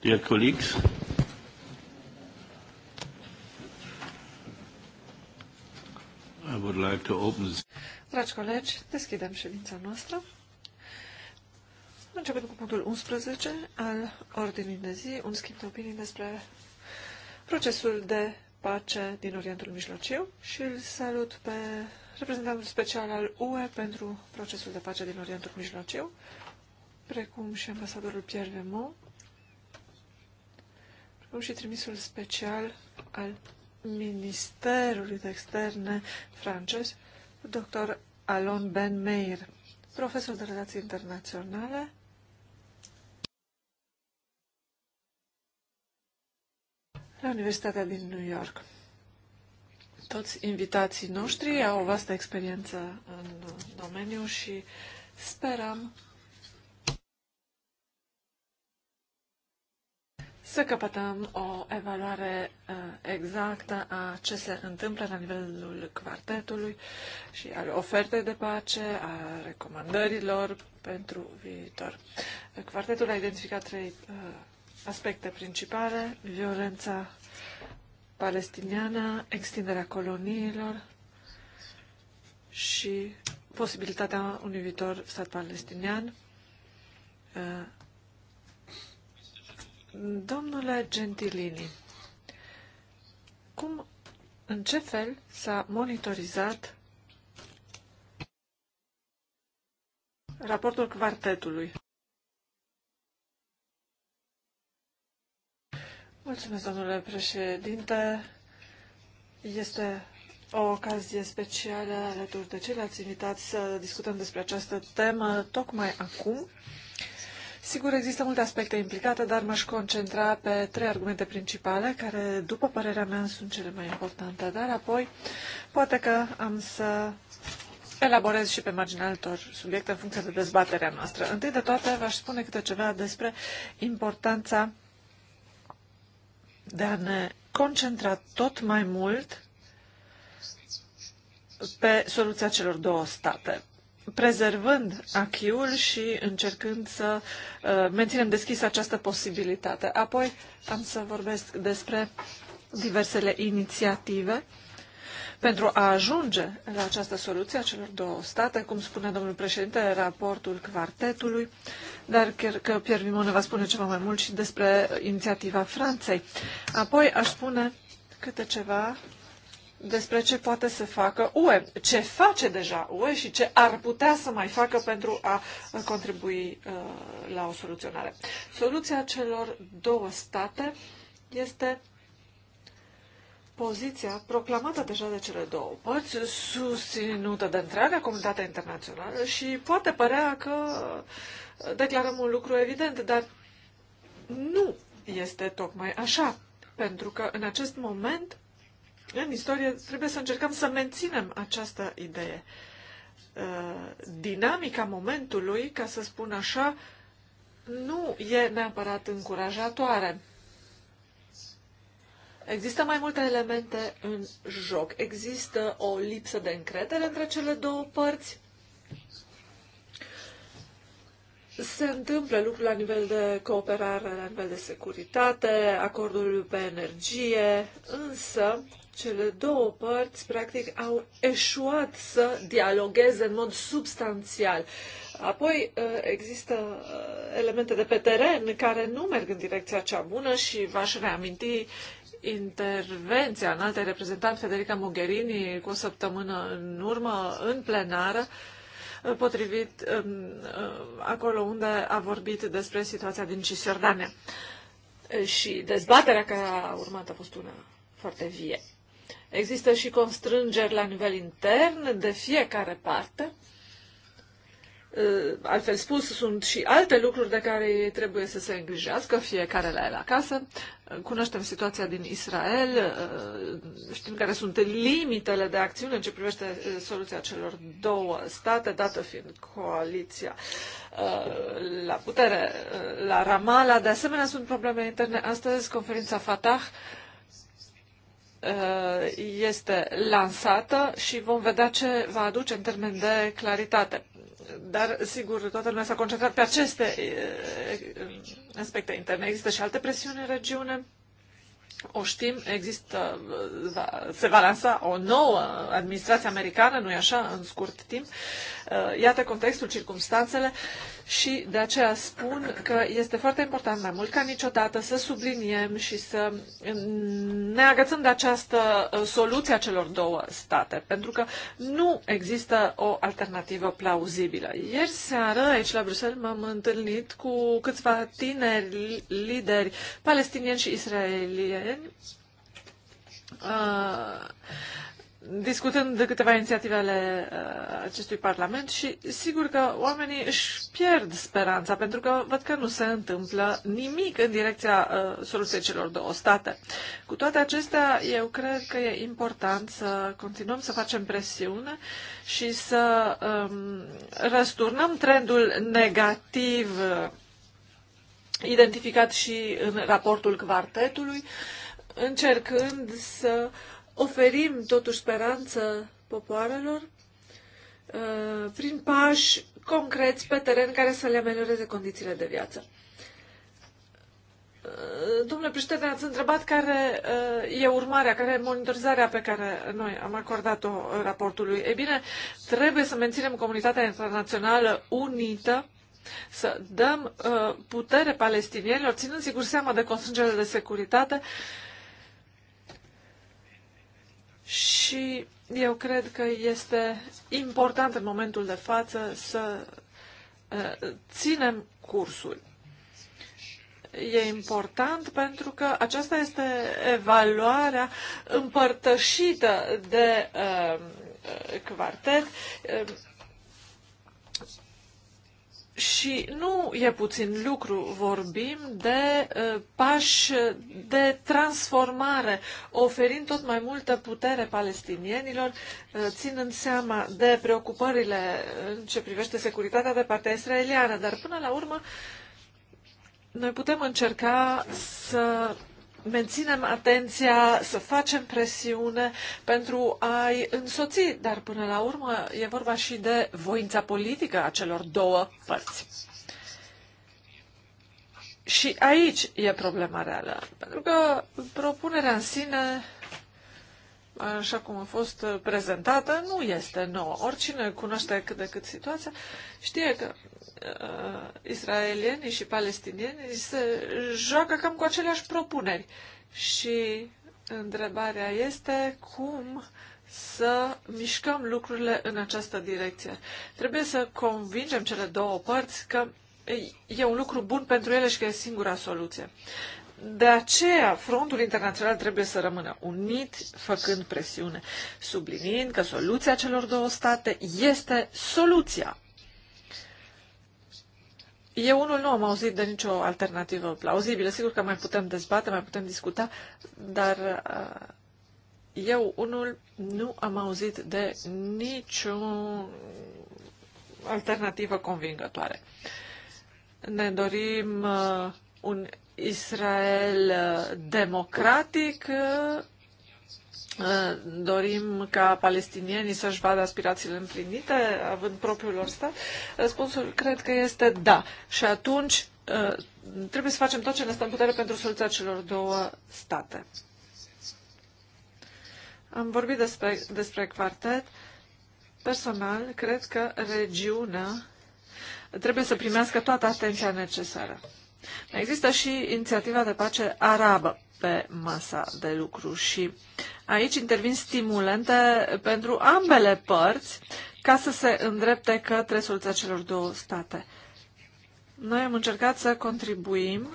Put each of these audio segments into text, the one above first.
Dear colleagues, I would like to open... Dragi colegi, deschidem ședința noastră. Începem cu punctul 11 al ordinii de zi, un schimb de opinii despre procesul de pace din Orientul Mijlociu și îl salut pe reprezentantul special al UE pentru procesul de pace din Orientul Mijlociu, precum și ambasadorul Pierre Vemont, am și trimisul special al Ministerului de Externe francez, dr. Alon Ben Meir, profesor de relații internaționale la Universitatea din New York. Toți invitații noștri au o vastă experiență în domeniu și sperăm să căpătăm o evaluare uh, exactă a ce se întâmplă la nivelul quartetului și al ofertei de pace, a recomandărilor pentru viitor. Quartetul a identificat trei uh, aspecte principale, violența palestiniană, extinderea coloniilor și posibilitatea unui viitor stat palestinian uh, Domnule Gentilini, cum, în ce fel s-a monitorizat raportul quartetului? Mulțumesc, domnule președinte. Este o ocazie specială alături de ceilalți invitați să discutăm despre această temă tocmai acum. Sigur, există multe aspecte implicate, dar m-aș concentra pe trei argumente principale, care, după părerea mea, sunt cele mai importante. Dar apoi, poate că am să elaborez și pe marginea altor subiecte în funcție de dezbaterea noastră. Întâi de toate, v-aș spune câte ceva despre importanța de a ne concentra tot mai mult pe soluția celor două state prezervând achiul și încercând să uh, menținem deschisă această posibilitate. Apoi am să vorbesc despre diversele inițiative pentru a ajunge la această soluție a celor două state, cum spune domnul președinte, raportul quartetului, dar chiar că Pierre Vimone va spune ceva mai mult și despre inițiativa Franței. Apoi aș spune câte ceva despre ce poate să facă UE, ce face deja UE și ce ar putea să mai facă pentru a contribui uh, la o soluționare. Soluția celor două state este poziția proclamată deja de cele două părți, susținută de întreaga comunitate internațională și poate părea că declarăm un lucru evident, dar nu este tocmai așa, pentru că în acest moment în istorie trebuie să încercăm să menținem această idee. Uh, dinamica momentului, ca să spun așa, nu e neapărat încurajatoare. Există mai multe elemente în joc. Există o lipsă de încredere între cele două părți. Se întâmplă lucruri la nivel de cooperare, la nivel de securitate, acordul pe energie, însă cele două părți, practic, au eșuat să dialogueze în mod substanțial. Apoi uh, există uh, elemente de pe teren care nu merg în direcția cea bună și v-aș reaminti intervenția în alte reprezentant Federica Mogherini cu o săptămână în urmă în plenară uh, potrivit um, acolo unde a vorbit despre situația din Cisjordania. Și dezbaterea care a urmat a fost una foarte vie. Există și constrângeri la nivel intern de fiecare parte. Uh, altfel spus, sunt și alte lucruri de care trebuie să se îngrijească, fiecare la el acasă. Uh, cunoaștem situația din Israel, uh, știm care sunt limitele de acțiune în ce privește soluția celor două state, dată fiind coaliția la putere la Ramala. De asemenea, sunt probleme interne. Astăzi, conferința Fatah Uh, este lansată și vom vedea ce va aduce în termen de claritate. Dar, sigur, toată lumea s-a concentrat pe aceste uh, aspecte interne. Există și alte presiuni în regiune. O știm, există, se va lansa o nouă administrație americană, nu-i așa, în scurt timp. Eh, iată contextul, circumstanțele și de aceea spun că este foarte important mai mult ca niciodată să subliniem și să ne agățăm de această eh, soluție a celor două state, pentru că nu există o alternativă plauzibilă. Ieri seară, aici la Bruxelles, m-am întâlnit cu câțiva tineri lideri palestinieni și israelieni Uh, discutând de câteva inițiative ale uh, acestui Parlament și sigur că oamenii își pierd speranța pentru că văd că nu se întâmplă nimic în direcția uh, soluției celor două state. Cu toate acestea, eu cred că e important să continuăm să facem presiune și să um, răsturnăm trendul negativ uh, identificat și în raportul quartetului, încercând să uh, oferim totuși speranță popoarelor uh, prin pași concreți pe teren care să le amelioreze condițiile de viață. Uh, domnule președinte, ați întrebat care uh, e urmarea, care e monitorizarea pe care noi am acordat-o raportului. E bine, trebuie să menținem comunitatea internațională unită, să dăm putere palestinienilor, ținând sigur seama de constrângerile de securitate, și eu cred că este important în momentul de față să uh, ținem cursul. E important pentru că aceasta este evaluarea împărtășită de uh, uh quartet. Uh, și nu e puțin lucru, vorbim de pași de transformare, oferind tot mai multă putere palestinienilor, ținând seama de preocupările în ce privește securitatea de partea israeliană. Dar până la urmă, noi putem încerca să menținem atenția, să facem presiune pentru a-i însoți, dar până la urmă e vorba și de voința politică a celor două părți. Și aici e problema reală, pentru că propunerea în sine așa cum a fost prezentată, nu este nouă. Oricine cunoaște cât de cât situația știe că uh, israelienii și palestinienii se joacă cam cu aceleași propuneri. Și întrebarea este cum să mișcăm lucrurile în această direcție. Trebuie să convingem cele două părți că e un lucru bun pentru ele și că e singura soluție. De aceea, frontul internațional trebuie să rămână unit, făcând presiune, subliniind că soluția celor două state este soluția. Eu unul nu am auzit de nicio alternativă plauzibilă. Sigur că mai putem dezbate, mai putem discuta, dar uh, eu unul nu am auzit de nicio alternativă convingătoare. Ne dorim uh, un Israel uh, democratic. Uh, uh, dorim ca palestinienii să-și vadă aspirațiile împlinite, având propriul lor stat? Răspunsul cred că este da. Și atunci trebuie să facem tot ce ne stă în putere pentru soluția celor două state. Am vorbit despre, despre quartet. Personal, cred că regiunea trebuie să primească toată atenția necesară. Există și inițiativa de pace arabă pe masa de lucru și aici intervin stimulente pentru ambele părți ca să se îndrepte către soluția celor două state. Noi am încercat să contribuim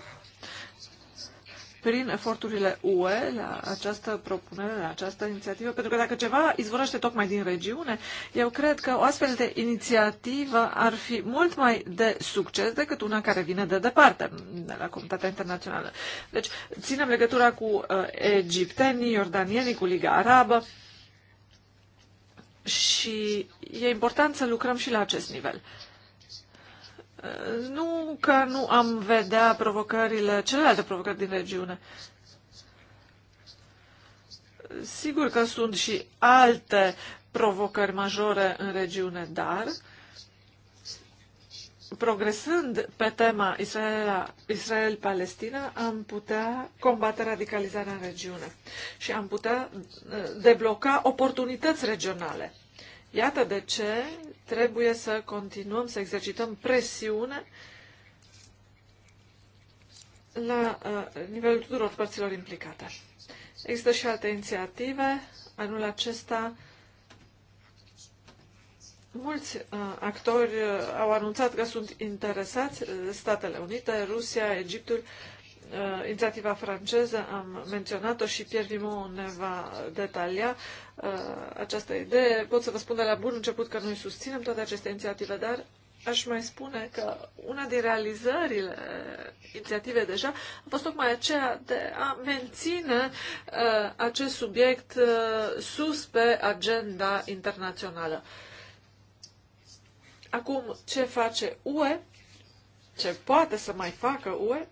prin eforturile UE la această propunere, la această inițiativă, pentru că dacă ceva izvorăște tocmai din regiune, eu cred că o astfel de inițiativă ar fi mult mai de succes decât una care vine de departe, de la comunitatea internațională. Deci, ținem legătura cu uh, egiptenii, iordanienii, cu Liga Arabă și e important să lucrăm și la acest nivel. Uh, nu că nu am vedea provocările, celelalte provocări din regiune. Sigur că sunt și alte provocări majore în regiune, dar progresând pe tema Israel-Palestina, Israel am putea combate radicalizarea în regiune și am putea uh, debloca oportunități regionale. Iată de ce Trebuie să continuăm să exercităm presiune la uh, nivelul tuturor părților implicate. Există și alte inițiative. Anul acesta mulți uh, actori uh, au anunțat că sunt interesați Statele Unite, Rusia, Egiptul, uh, inițiativa franceză, am menționat-o și Pierre Vimon ne va detalia, această idee. Pot să vă spun de la bun început că noi susținem toate aceste inițiative, dar aș mai spune că una din realizările inițiative deja a fost tocmai aceea de a menține uh, acest subiect uh, sus pe agenda internațională. Acum, ce face UE? Ce poate să mai facă UE?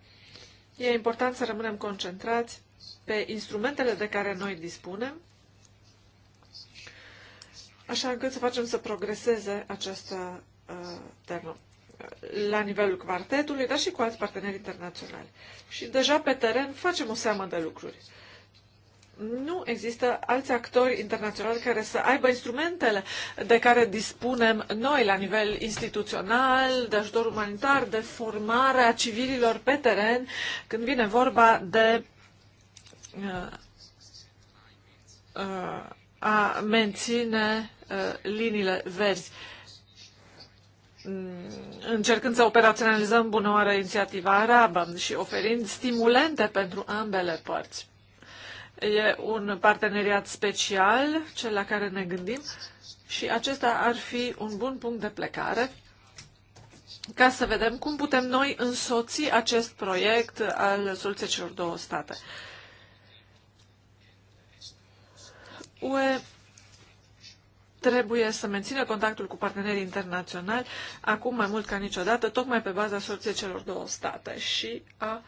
E important să rămânem concentrați pe instrumentele de care noi dispunem așa încât să facem să progreseze această uh, temă uh, la nivelul quartetului, dar și cu alți parteneri internaționali. Și deja pe teren facem o seamă de lucruri. Nu există alți actori internaționali care să aibă instrumentele de care dispunem noi la nivel instituțional, de ajutor umanitar, de formare a civililor pe teren, când vine vorba de uh, uh, a menține Uh, liniile verzi, mm, încercând să operaționalizăm bunăoară inițiativa arabă și oferind stimulente pentru ambele părți. E un parteneriat special, cel la care ne gândim, și acesta ar fi un bun punct de plecare ca să vedem cum putem noi însoți acest proiect al soluției celor două state. UE trebuie să mențină contactul cu partenerii internaționali, acum mai mult ca niciodată, tocmai pe baza soluției celor două state și a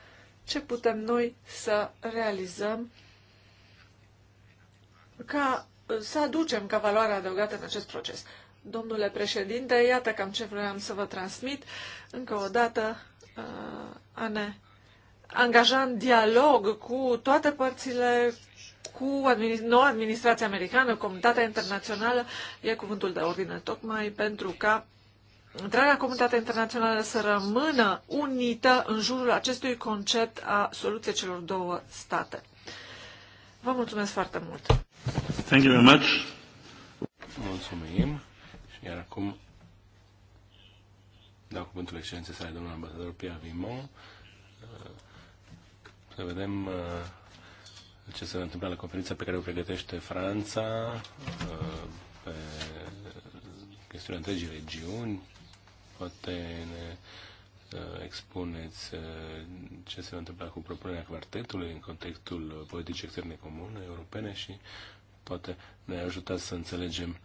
ce putem noi să realizăm ca să aducem ca valoare adăugată în acest proces. Domnule președinte, iată cam ce vreau să vă transmit. Încă o dată, uh, a ne angaja în dialog cu toate părțile, cu administ- noua administrație americană, comunitatea internațională, e cuvântul de ordine, tocmai pentru ca întreaga comunitate internațională să rămână unită în jurul acestui concept a soluției celor două state. Vă mulțumesc foarte mult! Thank you very much! Mulțumim! Și iar acum dau cuvântul excelenței sale, domnul ambasador Pierre Vimon, să vedem uh, ce se va întâmpla la conferința pe care o pregătește Franța uh, pe chestiunea întregii regiuni. Poate ne uh, expuneți uh, ce se va întâmpla cu propunerea quartetului în contextul politicii externe comune europene și poate ne ajuta să înțelegem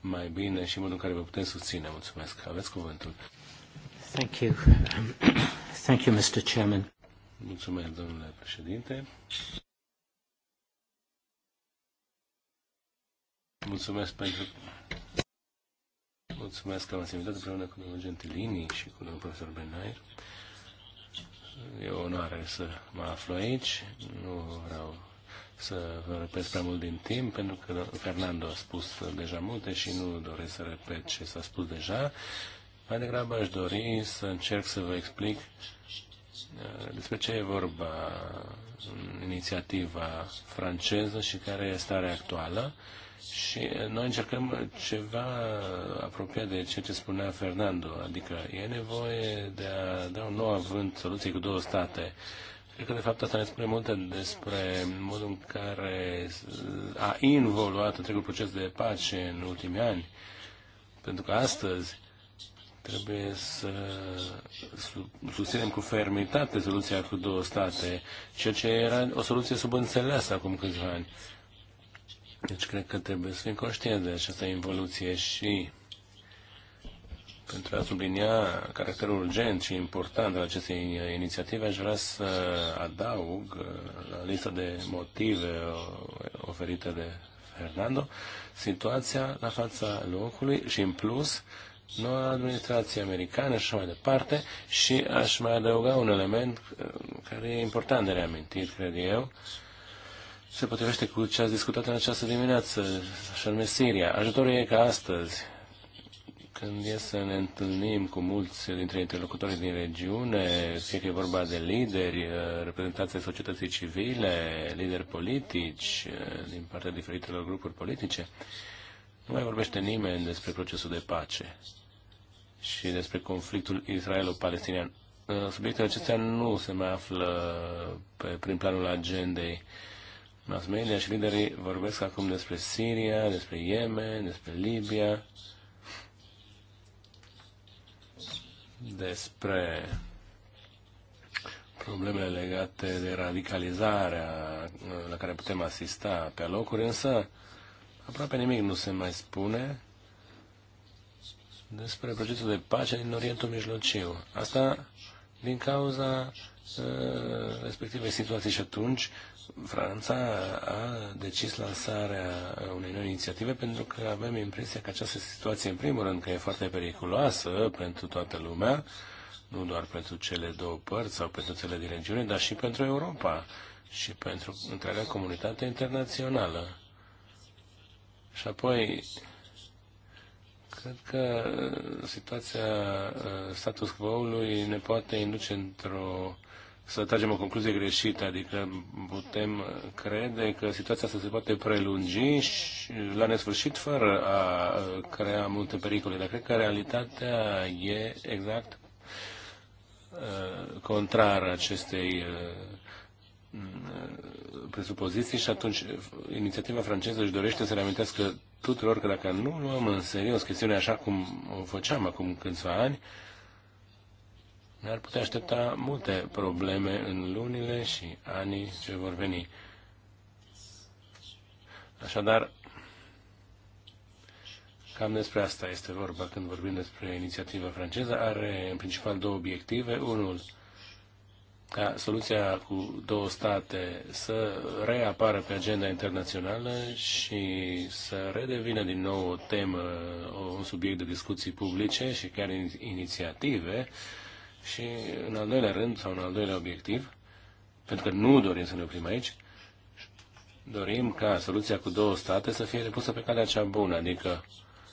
mai bine și modul în care vă putem susține. Mulțumesc. Aveți cuvântul. Thank you. Thank you, Mr. Chairman. Mulțumesc, domnule președinte. Mulțumesc pentru... Mulțumesc că m-ați invitat împreună cu domnul Gentilini și cu domnul profesor Benair. E o onoare să mă aflu aici. Nu vreau să vă repet prea mult din timp, pentru că Fernando a spus deja multe și nu doresc să repet ce s-a spus deja. Mai degrabă aș dori să încerc să vă explic uh, despre ce e vorba în inițiativa franceză și care e starea actuală și noi încercăm ceva apropiat de ceea ce spunea Fernando, adică e nevoie de a da un nou avânt soluției cu două state. Cred că, de fapt, asta ne spune multe despre modul în care a involuat întregul proces de pace în ultimii ani. Pentru că astăzi trebuie să susținem cu fermitate soluția cu două state, ceea ce era o soluție subînțeleasă acum câțiva ani. Deci cred că trebuie să fim conștienți de această evoluție și pentru a sublinia caracterul urgent și important al acestei inițiative, aș vrea să adaug uh, la lista de motive uh, oferite de Fernando situația la fața locului și, în plus, noua administrație americană și așa mai departe și aș mai adăuga un element uh, care e important de reamintit, cred eu, se potrivește cu ce ați discutat în această dimineață, așa nume Siria. Ajutorul e ca astăzi, când e să ne întâlnim cu mulți dintre interlocutorii din regiune, fie că e vorba de lideri, uh, reprezentanți ai societății civile, lideri politici uh, din partea diferitelor grupuri politice, nu mai vorbește nimeni despre procesul de pace și despre conflictul israelo-palestinian. Uh, subiectele acestea nu se mai află pe, prin planul agendei uh, mass media și liderii vorbesc acum despre Siria, despre Yemen, despre Libia, despre problemele legate de radicalizarea uh, la care putem asista pe locuri, însă aproape nimic nu se mai spune despre procesul de pace din Orientul Mijlociu. Asta din cauza uh, respectivei situații și atunci Franța a decis lansarea unei noi inițiative pentru că avem impresia că această situație, în primul rând, că e foarte periculoasă pentru toată lumea, nu doar pentru cele două părți sau pentru cele din regiune, dar și pentru Europa și pentru întreaga comunitate internațională. Și apoi, cred că uh, situația uh, status quo-ului ne poate induce într-o să tragem o concluzie greșită, adică putem crede că situația asta se poate prelungi și la nesfârșit fără a crea multe pericole, dar cred că realitatea e exact uh, contrar acestei uh, presupoziții și atunci inițiativa franceză își dorește să reamintească tuturor că dacă nu luăm în serios chestiunea așa cum o făceam acum câțiva ani, ne-ar putea aștepta multe probleme în lunile și anii ce vor veni. Așadar, Cam despre asta este vorba când vorbim despre inițiativa franceză. Are în principal două obiective. Unul, ca soluția cu două state să reapară pe agenda internațională și să redevină din nou o temă, un subiect de discuții publice și chiar inițiative și în al doilea rând, sau în al doilea obiectiv, pentru că nu dorim să ne oprim aici, dorim ca soluția cu două state să fie repusă pe calea cea bună, adică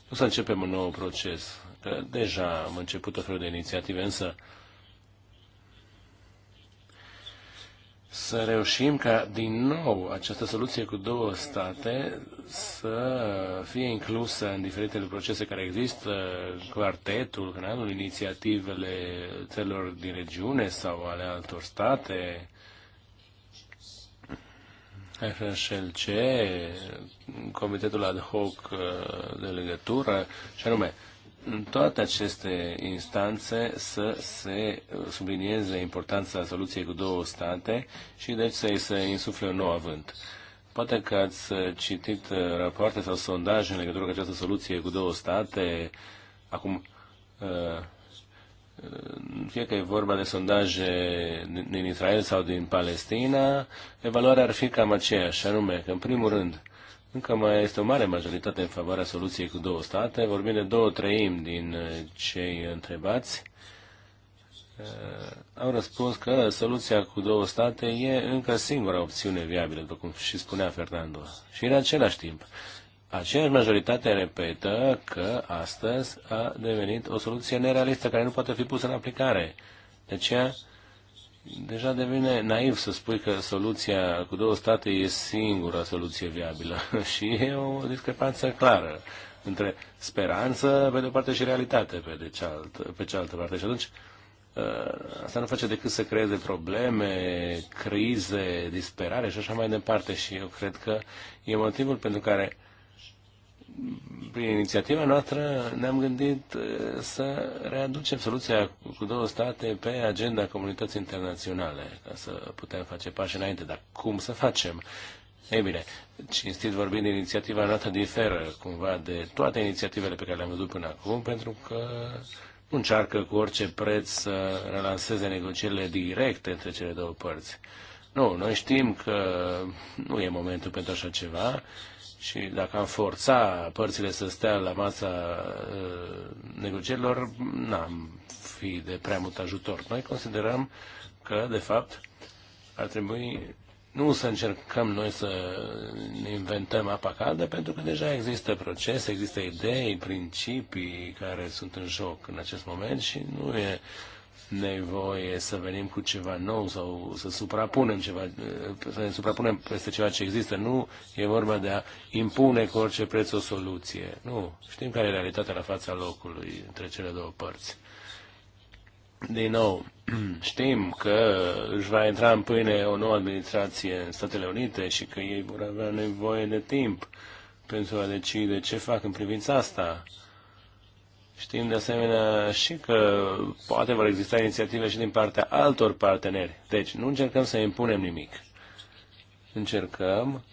nu să începem un nou proces, că deja am început o felul de inițiative, însă să reușim ca din nou această soluție cu două state să fie inclusă în diferitele procese care există, quartetul, canalul, inițiativele celor din regiune sau ale altor state, FHLC, Comitetul Ad Hoc uh, de Legătură, și anume, în toate aceste instanțe să se uh, sublinieze importanța soluției cu două state și deci să-i se insufle un nou avânt. Poate că ați uh, citit uh, rapoarte sau sondaje în legătură cu această soluție cu două state. Acum, fie că e vorba de sondaje din Israel sau din Palestina, evaluarea ar fi cam aceeași, anume că, în primul rând, încă mai este o mare majoritate în favoarea soluției cu două state. Vorbim de două treimi din uh, cei întrebați uh, au răspuns că soluția cu două state e încă singura opțiune viabilă, după cum și spunea Fernando. Și în același timp, aceeași majoritate repetă că astăzi a devenit o soluție nerealistă care nu poate fi pusă în aplicare. De aceea deja devine naiv să spui că soluția cu două state e singura soluție viabilă și e o discrepanță clară între speranță pe de o parte și realitate pe, de cealaltă, pe cealaltă parte. Și atunci uh, asta nu face decât să creeze probleme, crize, disperare și așa mai departe. Și eu cred că e motivul pentru care prin inițiativa noastră ne-am gândit uh, să readucem soluția cu două state pe agenda comunității internaționale, ca să putem face pași înainte. Dar cum să facem? Ei bine, cinstit vorbind, inițiativa noastră diferă cumva de toate inițiativele pe care le-am văzut până acum, pentru că nu încearcă cu orice preț să relanseze negocierile directe între cele două părți. Nu, noi știm că nu e momentul pentru așa ceva și dacă am forța părțile să stea la masa uh, negocierilor, n-am fi de prea mult ajutor. Noi considerăm că, de fapt, ar trebui nu să încercăm noi să ne inventăm apa caldă, pentru că deja există procese, există idei, principii care sunt în joc în acest moment și nu e uh, nevoie să venim cu ceva nou sau să suprapunem ceva, să ne suprapunem peste ceva ce există. Nu e vorba de a impune cu orice preț o soluție. Nu. Știm care e realitatea la fața locului între cele două părți. Din nou, știm că își va intra în pâine o nouă administrație în Statele Unite și că ei vor avea nevoie de timp pentru a decide ce fac în privința asta. Știm de asemenea și că poate vor exista inițiative și din partea altor parteneri. Deci nu încercăm să impunem nimic. Încercăm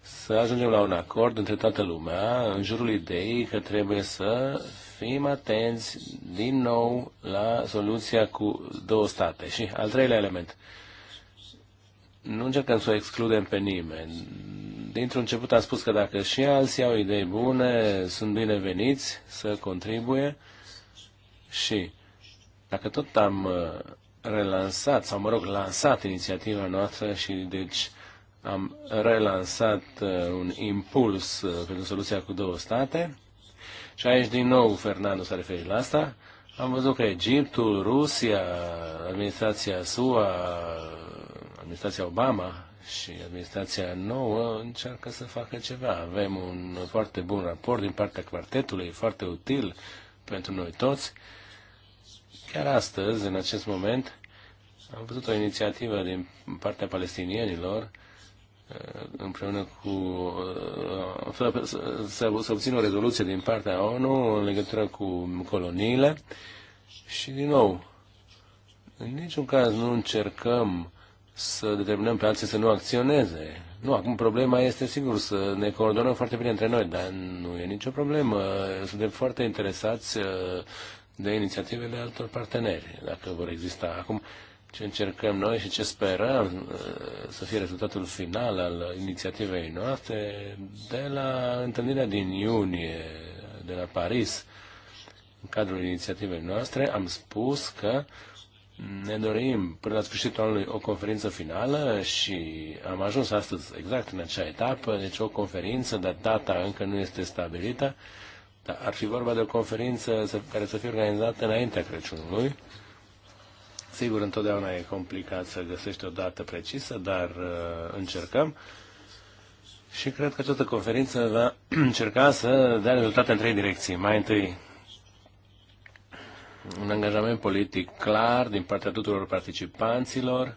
să ajungem la un acord între toată lumea în jurul ideii că trebuie să fim atenți din nou la soluția cu două state. Și al treilea element nu încercăm să o excludem pe nimeni. Dintr-un început am spus că dacă și alții au idei bune, sunt bineveniți să contribuie și dacă tot am uh, relansat, sau mă rog, lansat inițiativa noastră și deci am relansat uh, un impuls uh, pentru soluția cu două state. Și aici din nou Fernando s-a referit la asta. Am văzut că Egiptul, Rusia, administrația SUA, administrația Obama și administrația nouă încearcă să facă ceva. Avem un foarte bun raport din partea quartetului, foarte util pentru noi toți. Chiar astăzi, în acest moment, am văzut o inițiativă din partea palestinienilor eh, împreună cu eh, să, să obțin o rezoluție din partea ONU în legătură cu coloniile și din nou în niciun caz nu încercăm să determinăm pe alții să nu acționeze. Nu, acum problema este, sigur, să ne coordonăm foarte bine între noi, dar nu e nicio problemă. Suntem foarte interesați uh, de inițiativele altor parteneri, dacă vor exista. Acum, ce încercăm noi și ce sperăm uh, să fie rezultatul final al inițiativei noastre de la întâlnirea din iunie de la Paris, în cadrul inițiativei noastre, am spus că uh, ne dorim până la sfârșitul anului o conferință finală și am ajuns astăzi exact în acea etapă, deci o conferință, dar data încă nu este stabilită, dar ar fi vorba de o conferință care să fie organizată înaintea Crăciunului. Sigur, întotdeauna e complicat să găsești o dată precisă, dar uh, încercăm. Și cred că această conferință va încerca să dea rezultate în trei direcții. Mai întâi, un angajament politic clar din partea tuturor participanților,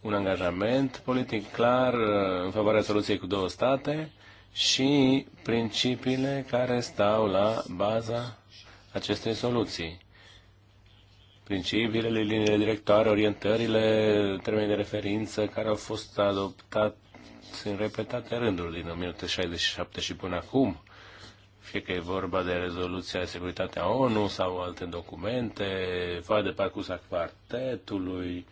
un angajament politic clar uh, în favoarea soluției cu două state și principiile care stau la baza acestei soluții. Principiile, liniile directoare, orientările, termenii de referință care au fost adoptate în repetate rânduri din 1967 și până acum fie că e vorba de rezoluția de securitate a ONU sau alte documente, foaia de parcurs a quartetului,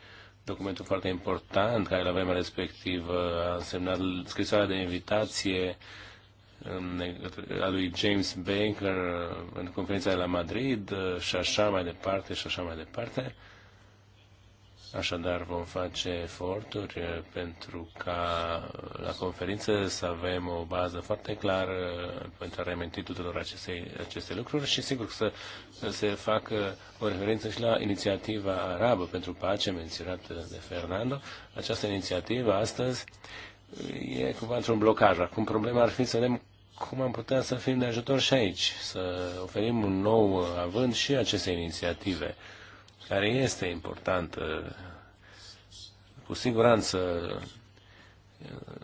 documentul foarte important care la vremea respectivă a însemnat scrisoarea de invitație a lui James Baker în conferința de la Madrid și așa mai departe și așa mai departe. Așadar, vom face eforturi eh, pentru ca eh, la conferință să avem o bază foarte clară eh, pentru a reaminti tuturor aceste, aceste lucruri și, sigur, să se facă o referință și la inițiativa arabă pentru pace menționată de Fernando. Această inițiativă astăzi e cumva într-un blocaj. Acum problema ar fi să vedem cum am putea să fim de ajutor și aici, să oferim un nou avânt și aceste inițiative care este importantă, cu siguranță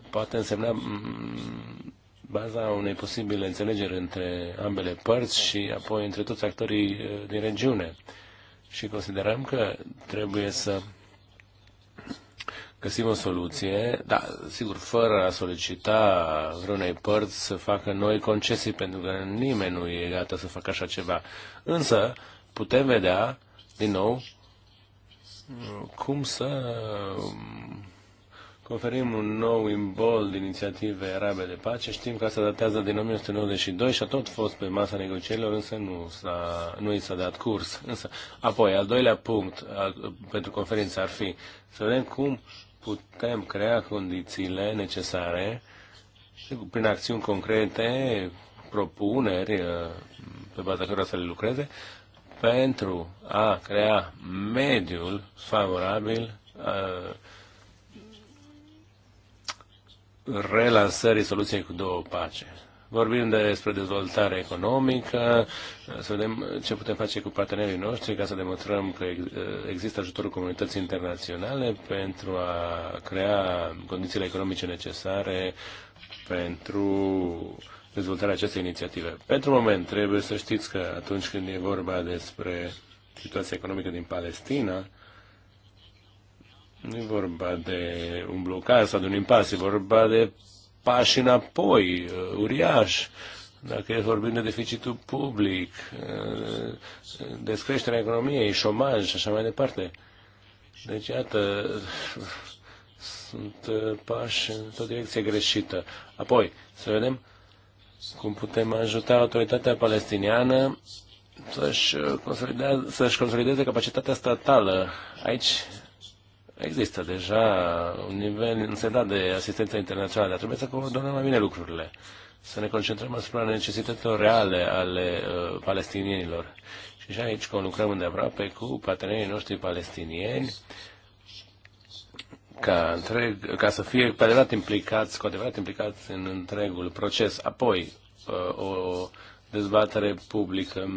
poate însemna mm, baza unei posibile înțelegeri între ambele părți și apoi între toți actorii eh, din regiune. Și considerăm că trebuie să găsim o soluție, da, sigur, fără a solicita vreunei părți să facă noi concesii, pentru că nimeni nu e gata să facă așa ceva. Însă, putem vedea din nou, cum să um, conferim un nou imbold inițiative arabe de pace. Știm că asta datează din 1992 și a tot fost pe masa negocierilor, însă nu, s-a, nu i s-a dat curs. Însă, apoi, al doilea punct al, pentru conferință ar fi să vedem cum putem crea condițiile necesare prin acțiuni concrete, propuneri uh, pe baza cărora să le lucreze, pentru a crea mediul favorabil relansării soluției cu două pace. Vorbim despre dezvoltare economică, să vedem ce putem face cu partenerii noștri ca să demonstrăm că există ajutorul comunității internaționale pentru a crea condițiile economice necesare pentru dezvoltarea acestei inițiative. Pentru moment, trebuie să știți că atunci când e vorba despre situația economică din Palestina, nu e vorba de un blocaj sau de un impas, e vorba de pași înapoi, uh, uriaș. Dacă e vorbim de deficitul public, uh, descreșterea economiei, șomaj și așa mai departe. Deci, iată, sunt uh, pași într-o direcție greșită. Apoi, să vedem cum putem ajuta autoritatea palestiniană să-și consolideze, să consolideze capacitatea statală. Aici există deja un nivel însemnat de asistență internațională, dar trebuie să coordonăm mai bine lucrurile, să ne concentrăm asupra necesităților reale ale uh, palestinienilor. Și și aici conlucrăm îndeaproape cu partenerii noștri palestinieni, uh, ca, întreg, ca să fie cu adevărat implicați, cu adevărat implicați în întregul proces. Apoi, uh, o dezbatere publică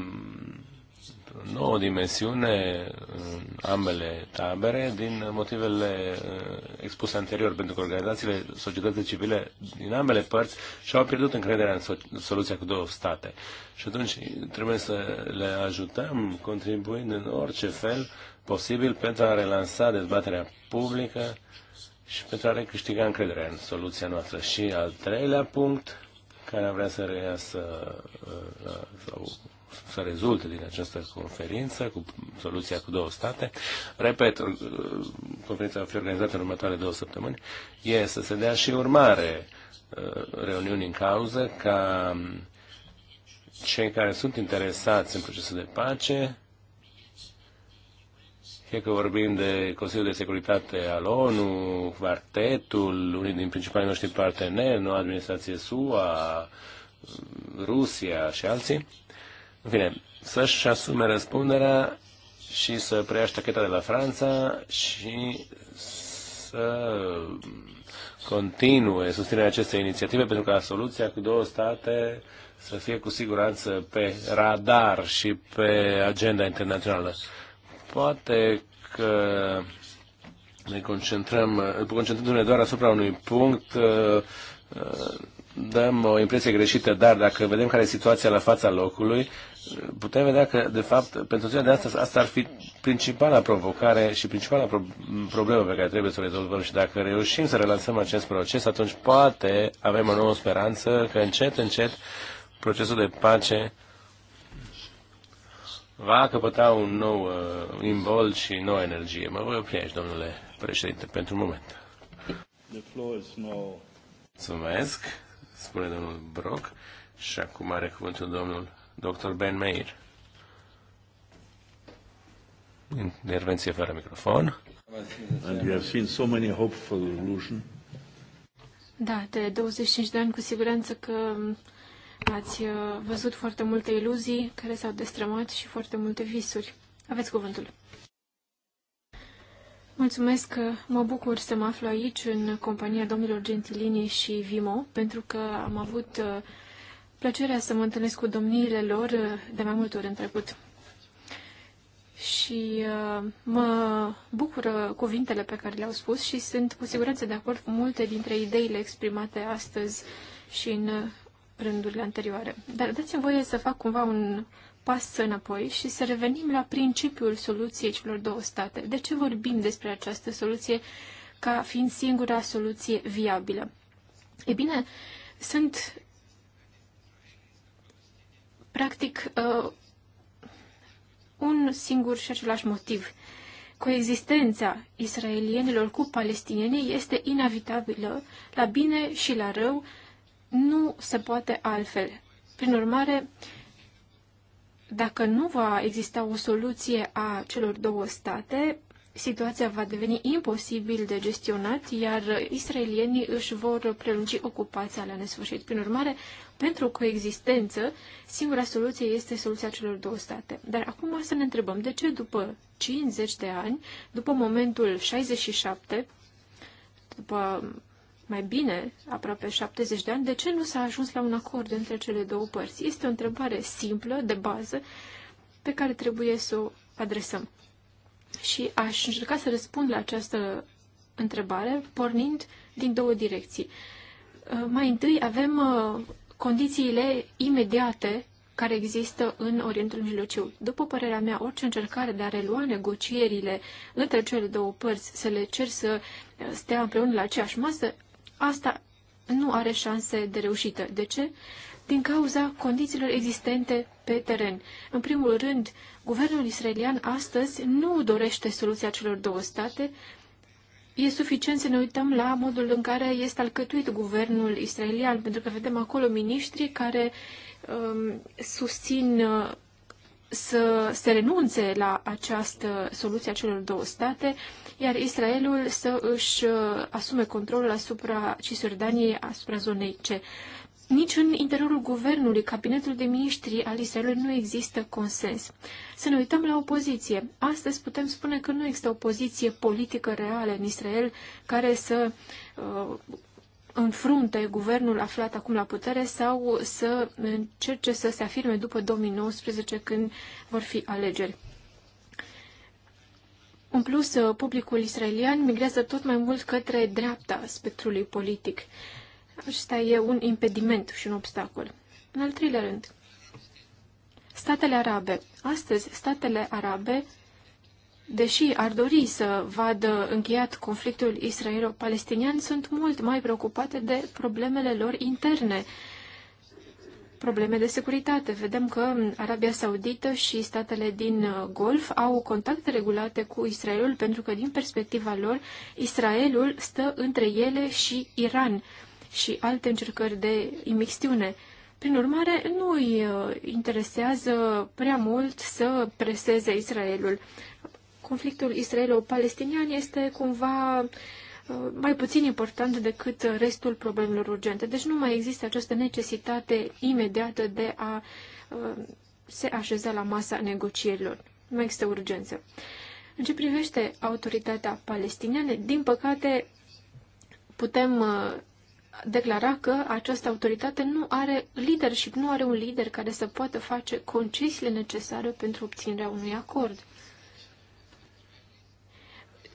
nouă dimensiune în ambele tabere din motivele uh, expuse anterior, pentru că organizațiile societății civile din ambele părți și-au pierdut încrederea în soluția cu două state. Și atunci trebuie să le ajutăm, contribuind în orice fel, posibil pentru a relansa dezbaterea publică și pentru a recâștiga încrederea în soluția noastră. Și al treilea punct, care am vrea să reiasă uh, sau să rezulte din această conferință cu soluția cu două state. Repet, uh, conferința va fi organizată în următoarele două săptămâni. E să se dea și urmare uh, reuniuni în cauză ca cei care sunt interesați în procesul de pace fie că vorbim de Consiliul de Securitate al ONU, Quartetul, unii din principalii noștri parteneri, noua administrație SUA, Rusia și alții, în fine, să-și asume răspunderea și să preia ștacheta de la Franța și să continue susținerea acestei inițiative pentru ca soluția cu două state să fie cu siguranță pe radar și pe agenda internațională. Poate că ne concentrăm, concentrându-ne doar asupra unui punct, uh, uh, dăm o impresie greșită, dar dacă vedem care e situația la fața locului, putem vedea că, de fapt, pentru ziua de astăzi, asta ar fi principala provocare și principala pro- problemă pe care trebuie să o rezolvăm și dacă reușim să relansăm acest proces, atunci poate avem o nouă speranță că încet, încet, procesul de pace va căpăta un nou uh, imbold și nouă energie. Mă voi opri aici, domnule președinte, pentru un moment. The floor is now... Mulțumesc, spune domnul Brock. Și acum are cuvântul domnul dr. Ben Meir. Intervenție fără microfon. And we have seen so many hopeful illusions. Da, de 25 de ani cu siguranță că Ați uh, văzut foarte multe iluzii care s-au destrămat și foarte multe visuri. Aveți cuvântul. Mulțumesc că mă bucur să mă aflu aici în compania domnilor Gentilini și Vimo, pentru că am avut uh, plăcerea să mă întâlnesc cu domniile lor uh, de mai multe ori în trecut. Și mă bucură cuvintele pe care le-au spus și sunt cu siguranță de acord cu multe dintre ideile exprimate astăzi și în rândurile anterioare. Dar dați-mi voie să fac cumva un pas înapoi și să revenim la principiul soluției celor două state. De ce vorbim despre această soluție ca fiind singura soluție viabilă? E bine, sunt practic uh, un singur și același motiv. Coexistența israelienilor cu palestinienii este inevitabilă, la bine și la rău, nu se poate altfel. Prin urmare, dacă nu va exista o soluție a celor două state, situația va deveni imposibil de gestionat, iar israelienii își vor prelungi ocupația la nesfârșit. Prin urmare, pentru coexistență, singura soluție este soluția celor două state. Dar acum să ne întrebăm de ce după 50 de ani, după momentul 67, după mai bine, aproape 70 de ani, de ce nu s-a ajuns la un acord între cele două părți? Este o întrebare simplă, de bază, pe care trebuie să o adresăm. Și aș încerca să răspund la această întrebare pornind din două direcții. Uh, mai întâi avem uh, condițiile imediate care există în Orientul Mijlociu. După părerea mea, orice încercare de a relua negocierile între cele două părți, să le cer să uh, stea împreună la aceeași masă, asta nu are șanse de reușită. De ce? Din cauza condițiilor existente pe teren. În primul rând, guvernul israelian astăzi nu dorește soluția celor două state. E suficient să ne uităm la modul în care este alcătuit guvernul israelian, pentru că vedem acolo miniștri care um, susțin uh, să se renunțe la această soluție a celor două state, iar Israelul să își uh, asume controlul asupra Cisjordaniei, asupra zonei C. Nici în interiorul guvernului, cabinetul de miniștri al Israelului nu există consens. Să ne uităm la opoziție. Astăzi putem spune că nu există opoziție politică reală în Israel care să uh, înfrunte guvernul aflat acum la putere sau să încerce să se afirme după 2019 când vor fi alegeri. În plus, uh, publicul israelian migrează tot mai mult către dreapta spectrului politic. Acesta e un impediment și un obstacol. În al treilea rând, statele arabe. Astăzi, statele arabe, deși ar dori să vadă încheiat conflictul israelo-palestinian, sunt mult mai preocupate de problemele lor interne, probleme de securitate. Vedem că Arabia Saudită și statele din Golf au contacte regulate cu Israelul pentru că, din perspectiva lor, Israelul stă între ele și Iran și alte încercări de imixtiune. Prin urmare, nu îi uh, interesează prea mult să preseze Israelul. Conflictul israelo-palestinian este cumva uh, Uh, mai puțin important decât restul problemelor urgente. Deci nu mai există această necesitate imediată de a uh, se așeza la masa negocierilor. Nu mai există urgență. În ce privește autoritatea palestiniană, din păcate putem uh, declara că această autoritate nu are leadership, nu are un lider care să poată face concesiile necesare pentru obținerea unui acord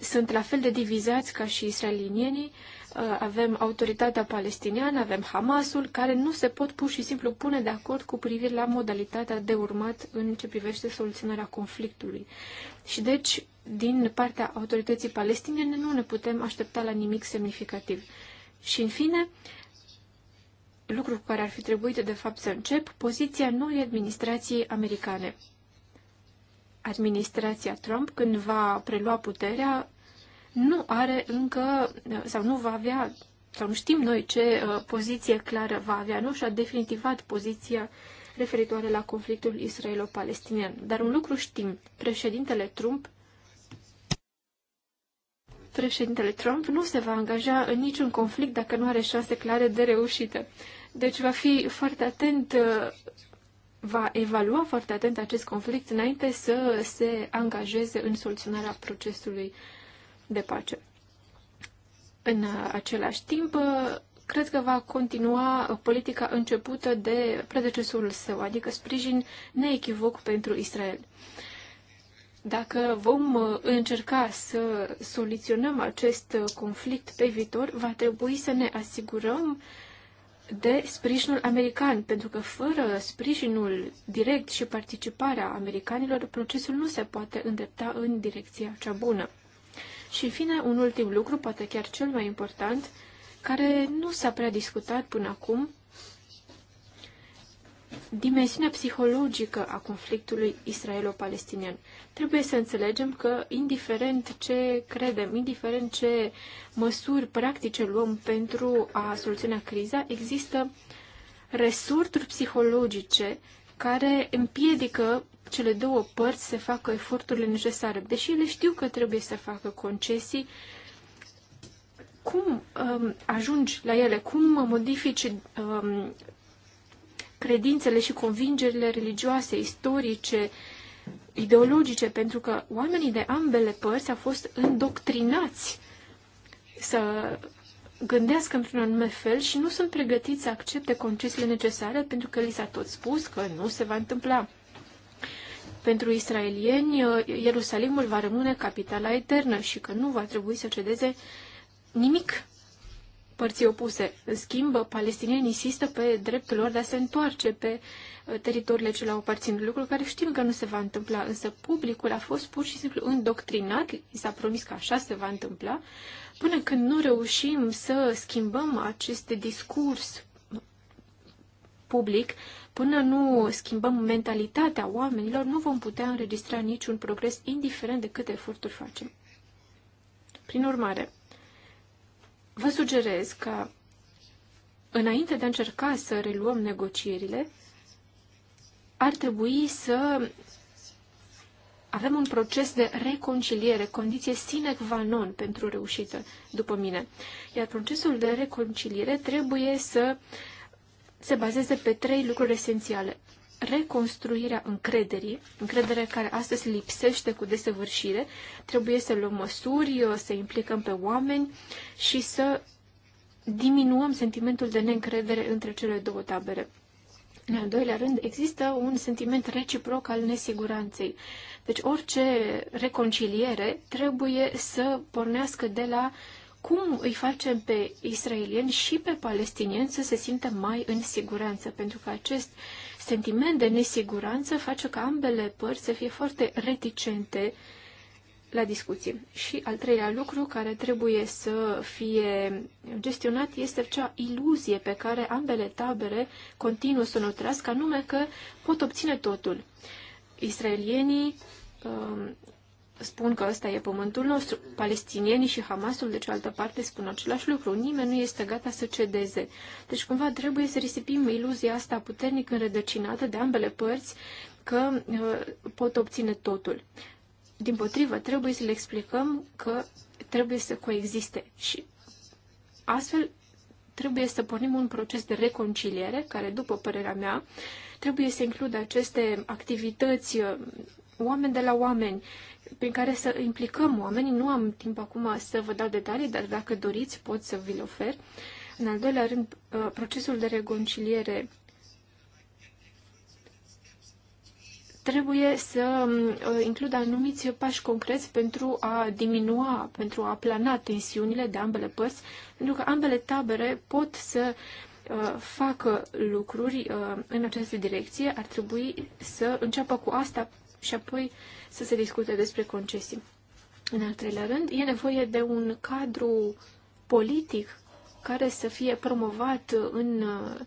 sunt la fel de divizați ca și israelienii. Uh, avem autoritatea palestiniană, avem Hamasul, care nu se pot pur și simplu pune de acord cu privire la modalitatea de urmat în ce privește soluționarea conflictului. Și deci, din partea autorității palestiniene, nu ne putem aștepta la nimic semnificativ. Și, în fine, lucru cu care ar fi trebuit de fapt să încep, poziția noii administrații americane administrația Trump, când va prelua puterea, nu are încă sau nu va avea sau nu știm noi ce uh, poziție clară va avea, nu și-a definitivat poziția referitoare la conflictul israelo-palestinian. Dar un lucru știm, președintele Trump președintele Trump nu se va angaja în niciun conflict dacă nu are șanse clare de reușită. Deci va fi foarte atent uh, va evalua foarte atent acest conflict înainte să se angajeze în soluționarea procesului de pace. În același timp, cred că va continua politica începută de predecesorul său, adică sprijin neechivoc pentru Israel. Dacă vom uh, încerca să soluționăm acest conflict pe viitor, va trebui să ne asigurăm uh, de sprijinul american, pentru că fără sprijinul direct și participarea americanilor, procesul nu se poate îndrepta în direcția cea bună. Și, în fine, un ultim lucru, poate chiar cel mai important, care nu s-a prea discutat până acum, dimensiunea psihologică a conflictului israelo-palestinian. Trebuie să înțelegem că, indiferent ce credem, indiferent ce măsuri practice luăm pentru a soluționa criza, există resorturi psihologice care împiedică cele două părți să facă eforturile necesare. Deși ele știu că trebuie să facă concesii, cum um, ajungi la ele? Cum modifici um, credințele și convingerile religioase, istorice, ideologice, pentru că oamenii de ambele părți au fost îndoctrinați să gândească într-un anume fel și nu sunt pregătiți să accepte concesiile necesare pentru că li s-a tot spus că nu se va întâmpla. Pentru israelieni, Ierusalimul va rămâne capitala eternă și că nu va trebui să cedeze nimic părții opuse. În schimb, palestinienii insistă pe dreptul lor de a se întoarce pe uh, teritoriile ce le-au aparținut, lucru care știm că nu se va întâmpla, însă publicul a fost pur și simplu îndoctrinat, i s-a promis că așa se va întâmpla, până când nu reușim să schimbăm acest discurs public, până nu schimbăm mentalitatea oamenilor, nu vom putea înregistra niciun progres, indiferent de câte eforturi facem. Prin urmare, Vă sugerez ca, înainte de a încerca să reluăm negocierile, ar trebui să avem un proces de reconciliere, condiție sine qua non pentru reușită, după mine. Iar procesul de reconciliere trebuie să se bazeze pe trei lucruri esențiale reconstruirea încrederii, încredere care astăzi lipsește cu desăvârșire, trebuie să luăm măsuri, uh, să implicăm pe oameni și să diminuăm sentimentul de neîncredere între cele două tabere. În al doilea rând, există un sentiment reciproc al nesiguranței. Deci orice reconciliere trebuie să pornească de la cum îi facem pe israelieni și pe palestinieni să se simtă mai în siguranță, pentru că acest uh, sentiment de nesiguranță face ca ambele părți să fie foarte reticente la discuții. Și al treilea lucru care trebuie să fie gestionat este acea iluzie pe care ambele tabere continuă să o nutrească, anume că pot obține totul. Israelienii um, spun că ăsta e pământul nostru. Palestinienii și Hamasul, de cealaltă parte, spun același lucru. Nimeni nu este gata să cedeze. Deci, cumva, trebuie să risipim iluzia asta puternic înrădăcinată de ambele părți că uh, pot obține totul. Din potrivă, trebuie să le explicăm că trebuie să coexiste și astfel trebuie să pornim un proces de reconciliere care, după părerea mea, trebuie să includă aceste activități uh, oameni de la oameni, prin care să implicăm oamenii. Nu am timp acum să vă dau detalii, dar dacă doriți pot să vi le ofer. În al doilea rând, uh, procesul de reconciliere trebuie să um, uh, includă anumiți pași concreți pentru a diminua, pentru a plana tensiunile de ambele părți, pentru că ambele tabere pot să uh, facă lucruri în această direcție, ar trebui să înceapă cu asta și apoi să se discute despre concesii. În al treilea rând, e nevoie de un cadru politic care să fie promovat în uh,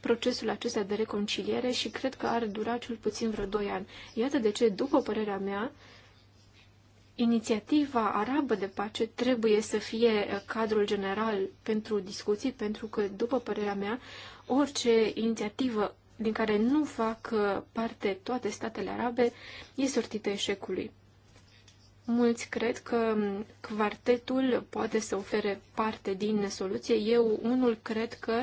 procesul acesta de reconciliere și cred că ar dura cel puțin vreo 2 ani. Iată de ce, după părerea mea, inițiativa arabă de pace trebuie să fie uh, cadrul general pentru discuții, pentru că, după părerea mea, orice inițiativă din care nu fac uh, parte toate statele arabe, e sortită eșecului. Mulți cred că um, quartetul poate să ofere parte din soluție. Eu, unul, cred că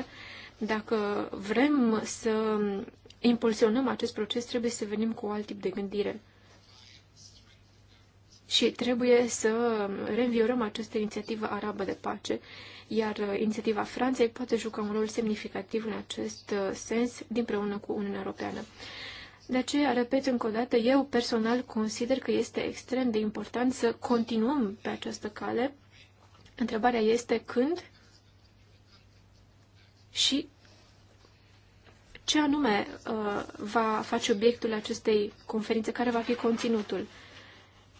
dacă vrem să um, impulsionăm acest proces, trebuie să venim cu alt tip de gândire. Și trebuie să um, reînviorăm această inițiativă arabă de pace iar uh, inițiativa Franței poate juca un rol semnificativ în acest uh, sens, împreună cu Uniunea Europeană. De aceea, repet încă o dată, eu personal consider că este extrem de important să continuăm pe această cale. Întrebarea este când și ce anume uh, va face obiectul acestei conferințe, care va fi conținutul.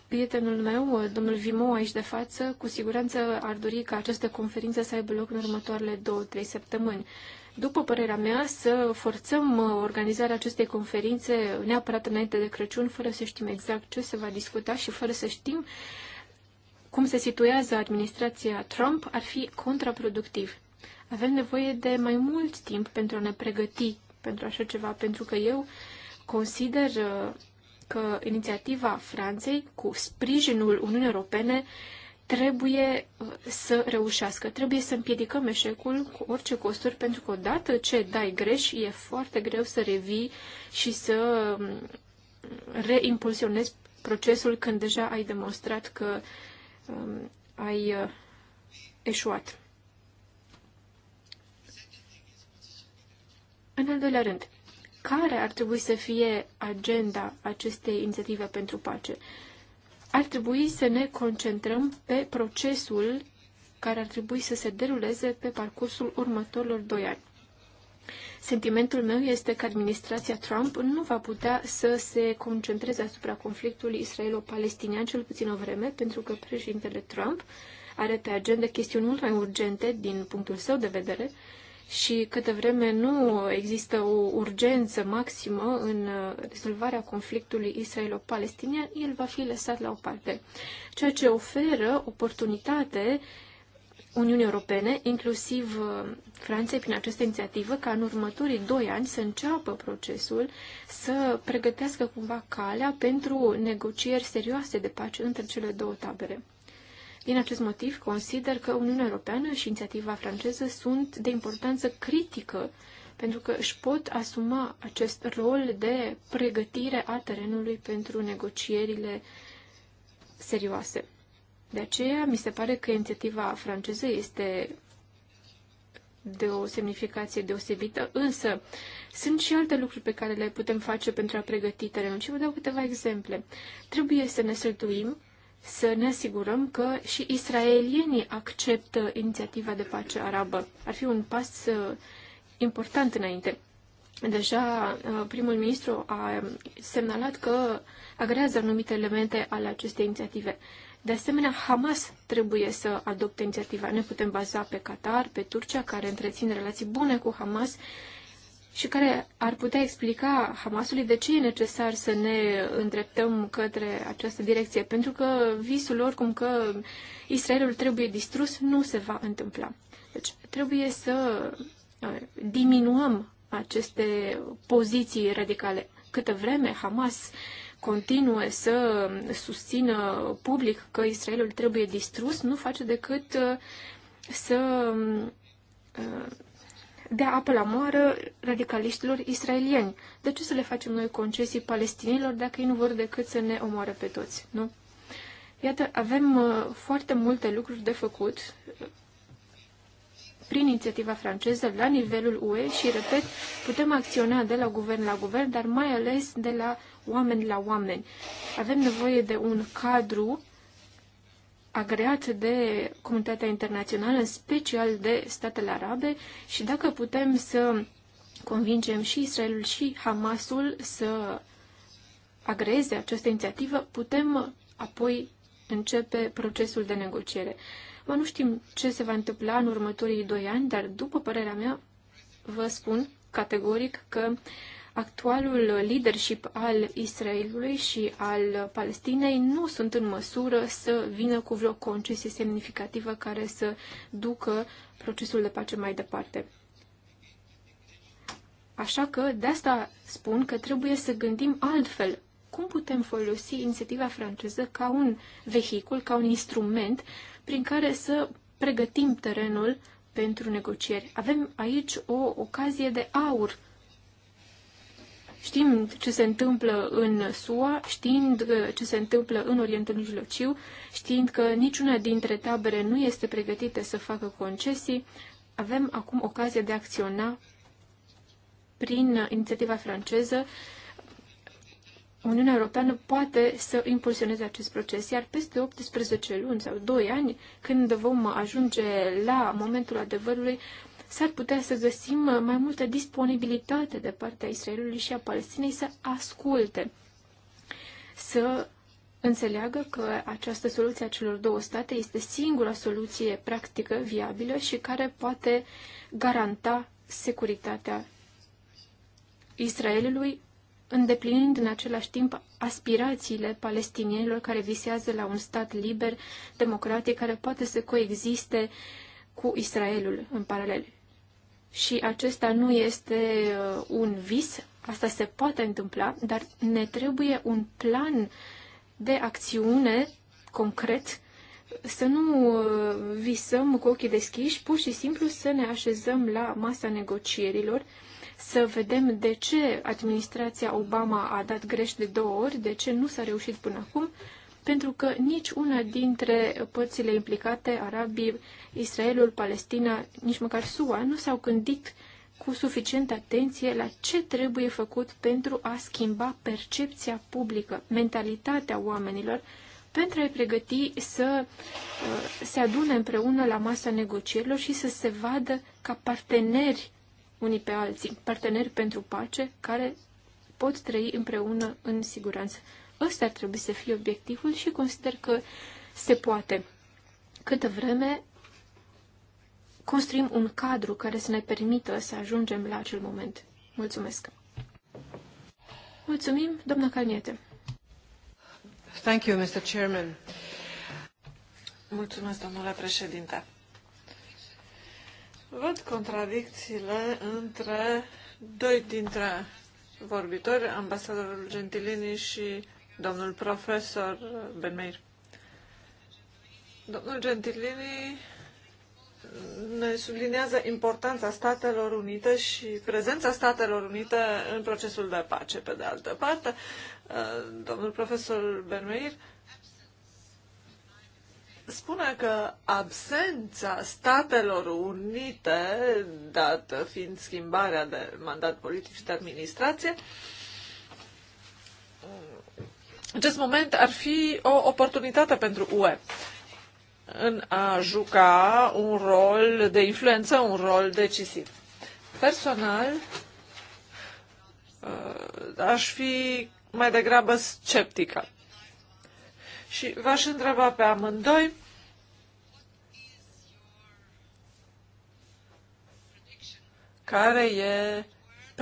Prietenul meu, domnul Vimo, aici de față, cu siguranță ar dori ca această conferință să aibă loc în următoarele două-trei săptămâni. După părerea mea, să forțăm uh, organizarea acestei conferințe neapărat înainte de Crăciun, fără să știm exact ce se va discuta și fără să știm cum se situează administrația Trump, ar fi contraproductiv. Avem nevoie de mai mult timp pentru a ne pregăti pentru așa ceva, pentru că eu consider uh, că inițiativa Franței, cu sprijinul Uniunii Europene, trebuie uh, să reușească. Trebuie să împiedicăm eșecul cu orice costuri, pentru că odată ce dai greș, e foarte greu să revii și să um, reimpulsionezi procesul când deja ai demonstrat că um, ai uh, eșuat. În al doilea rând, care ar trebui să fie agenda acestei inițiative pentru pace. Ar trebui să ne concentrăm pe procesul care ar trebui să se deruleze pe parcursul următorilor doi ani. Sentimentul meu este că administrația Trump nu va putea să se concentreze asupra conflictului israelo-palestinian cel puțin o vreme, pentru că președintele Trump are pe agenda chestiuni mult mai urgente din punctul său de vedere, și câte vreme nu există o urgență maximă în uh, rezolvarea conflictului israelo-palestinian, el va fi lăsat la o parte. Ceea ce oferă oportunitate Uniunii Europene, inclusiv uh, Franței, prin această inițiativă, ca în următorii doi ani să înceapă procesul, să pregătească cumva calea pentru negocieri serioase de pace între cele două tabere. Din acest motiv, consider că Uniunea Europeană și inițiativa franceză sunt de importanță critică pentru că își pot asuma acest rol de pregătire a terenului pentru negocierile serioase. De aceea, mi se pare că inițiativa franceză este de o semnificație deosebită, însă sunt și alte lucruri pe care le putem face pentru a pregăti terenul și vă dau câteva exemple. Trebuie să ne sătuim să ne asigurăm că și israelienii acceptă inițiativa de pace arabă. Ar fi un pas uh, important înainte. Deja uh, primul ministru a semnalat că agrează anumite elemente ale acestei inițiative. De asemenea, Hamas trebuie să adopte inițiativa. Ne putem baza pe Qatar, pe Turcia, care întrețin relații bune cu Hamas și care ar putea explica Hamasului de ce e necesar să ne îndreptăm către această direcție, pentru că visul lor cum că Israelul trebuie distrus nu se va întâmpla. Deci trebuie să uh, diminuăm aceste poziții radicale. Câtă vreme Hamas continuă să susțină public că Israelul trebuie distrus, nu face decât uh, să uh, dea apă la moară radicaliștilor israelieni. De ce să le facem noi concesii palestinilor dacă ei nu vor decât să ne omoare pe toți, nu? Iată, avem uh, foarte multe lucruri de făcut uh, prin inițiativa franceză la nivelul UE și, repet, putem acționa de la guvern la guvern, dar mai ales de la oameni la oameni. Avem nevoie de un cadru agreat de comunitatea internațională, în special de statele arabe, și dacă putem să convingem și Israelul și Hamasul să agreze această inițiativă, putem apoi începe procesul de negociere. Mă nu știm ce se va întâmpla în următorii doi ani, dar după părerea mea, vă spun categoric că uh, actualul leadership al Israelului și al Palestinei nu sunt în măsură să vină cu vreo concesie semnificativă care să ducă procesul de pace mai departe. Așa că de asta spun că trebuie să gândim altfel. Cum putem folosi inițiativa franceză ca un vehicul, ca un instrument prin care să pregătim terenul pentru negocieri? Avem aici o ocazie de aur Știm ce se întâmplă în SUA, știind ce se întâmplă în Orientul Mijlociu, știind că niciuna dintre tabere nu este pregătită să facă concesii, avem acum ocazia de a acționa prin inițiativa franceză. Uniunea Europeană poate să impulsioneze acest proces, iar peste 18 luni sau 2 ani, când vom ajunge la momentul adevărului, s-ar putea să găsim mai multă disponibilitate de partea Israelului și a Palestinei să asculte, să înțeleagă că această soluție a celor două state este singura soluție practică, viabilă și care poate garanta securitatea Israelului, îndeplinind în același timp aspirațiile palestinienilor care visează la un stat liber, democratic, care poate să coexiste cu Israelul în paralel și acesta nu este uh, un vis, asta se poate întâmpla, dar ne trebuie un plan de acțiune concret, să nu uh, visăm cu ochii deschiși, pur și simplu să ne așezăm la masa negocierilor, să vedem de ce administrația Obama a dat greș de două ori, de ce nu s-a reușit până acum pentru că nici una dintre părțile implicate, arabii, Israelul, Palestina, nici măcar SUA, nu s-au gândit cu suficientă atenție la ce trebuie făcut pentru a schimba percepția publică, mentalitatea oamenilor, pentru a-i pregăti să uh, se adune împreună la masa negocierilor și să se vadă ca parteneri unii pe alții, parteneri pentru pace, care pot trăi împreună în siguranță. Ăsta ar trebui să fie obiectivul și consider că se poate. Câtă vreme construim un cadru care să ne permită să ajungem la acel moment. Mulțumesc! Mulțumim, doamna Calniete! Thank you, Mr. Chairman. Mulțumesc, domnule președinte. Văd contradicțiile între doi dintre vorbitori, ambasadorul Gentilini și domnul profesor uh, Benmeir. Domnul Gentilini uh, ne sublinează importanța Statelor Unite și prezența Statelor Unite în procesul de pace. Pe de altă parte, uh, domnul profesor Benmeir spune că absența Statelor Unite, dată fiind schimbarea de mandat politic și de administrație, acest moment ar fi o oportunitate pentru UE în a juca un rol de influență, un rol decisiv. Personal, uh, aș fi mai degrabă sceptică. Și v-aș întreba pe amândoi care e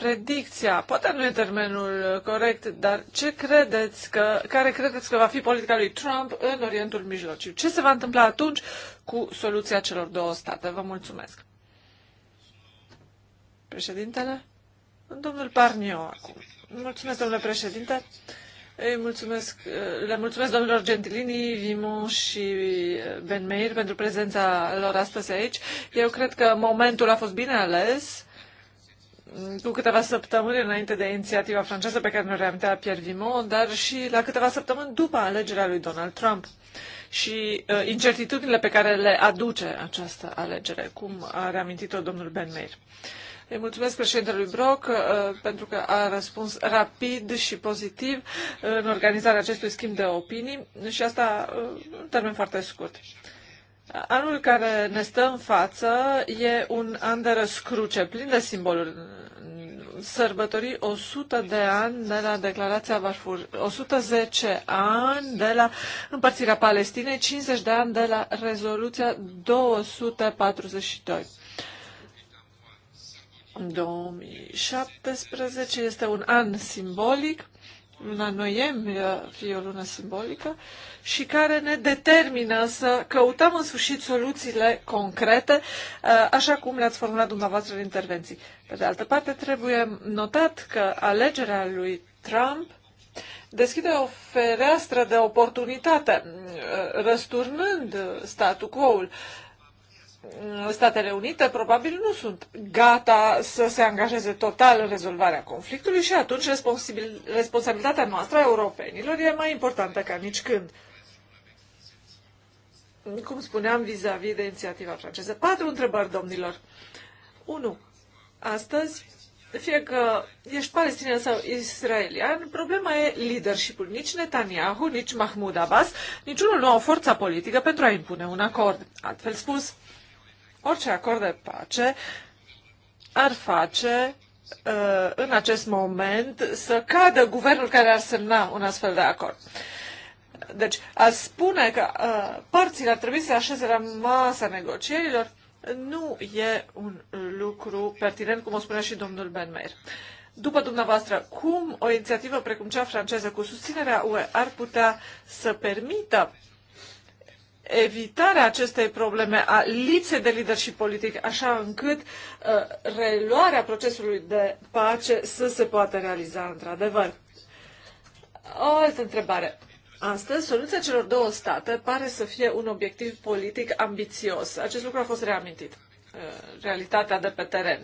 predicția, poate nu e termenul corect, dar ce credeți că, care credeți că va fi politica lui Trump în Orientul Mijlociu? Ce se va întâmpla atunci cu soluția celor două state? Vă mulțumesc. Președintele? Domnul Parnio acum. Mulțumesc, domnule președinte. Îi mulțumesc, le mulțumesc domnilor Gentilini, Vimo și Ben Meir pentru prezența lor astăzi aici. Eu cred că momentul a fost bine ales cu câteva săptămâni înainte de inițiativa franceză pe care ne reamintea Pierre Vimon, dar și la câteva săptămâni după alegerea lui Donald Trump și uh, incertitudinile pe care le aduce această alegere, cum a reamintit-o domnul Ben Meir. Îi mulțumesc președintelui Brock uh, pentru că a răspuns rapid și pozitiv în organizarea acestui schimb de opinii și asta uh, în termen foarte scurt. Anul care ne stă în față e un an de răscruce, plin de simboluri. Sărbători 100 de ani de la declarația Varfur, 110 ani de la împărțirea Palestinei, 50 de ani de la rezoluția 242. 2017 este un an simbolic luna noiembrie fie o lună simbolică și care ne determină să căutăm în sfârșit soluțiile concrete, uh, așa cum le-ați formulat dumneavoastră în intervenții. Pe de altă parte, trebuie notat că alegerea lui Trump deschide o fereastră de oportunitate, uh, răsturnând statul quo-ul. Statele Unite probabil nu sunt gata să se angajeze total în rezolvarea conflictului și atunci responsabilitatea noastră a europenilor e mai importantă ca nici când. Cum spuneam vis-a-vis -vis de inițiativa franceză. Patru întrebări, domnilor. 1. Astăzi, fie că ești palestinian sau israelian, problema e leadership-ul. Nici Netanyahu, nici Mahmoud Abbas, niciunul nu au forța politică pentru a impune un acord. Altfel spus, Orice acord de pace ar face uh, în acest moment să cadă guvernul care ar semna un astfel de acord. Deci, a spune că uh, părțile ar trebui să așeze la masa negocierilor nu e un lucru pertinent, cum o spunea și domnul Ben Meir. După dumneavoastră, cum o inițiativă precum cea franceză cu susținerea UE ar putea să permită evitarea acestei probleme a lipsei de leadership politic, așa încât uh, reluarea procesului de pace să se poată realiza într-adevăr. O altă întrebare. Astăzi, soluția celor două state pare să fie un obiectiv politic ambițios. Acest lucru a fost reamintit. Uh, realitatea de pe teren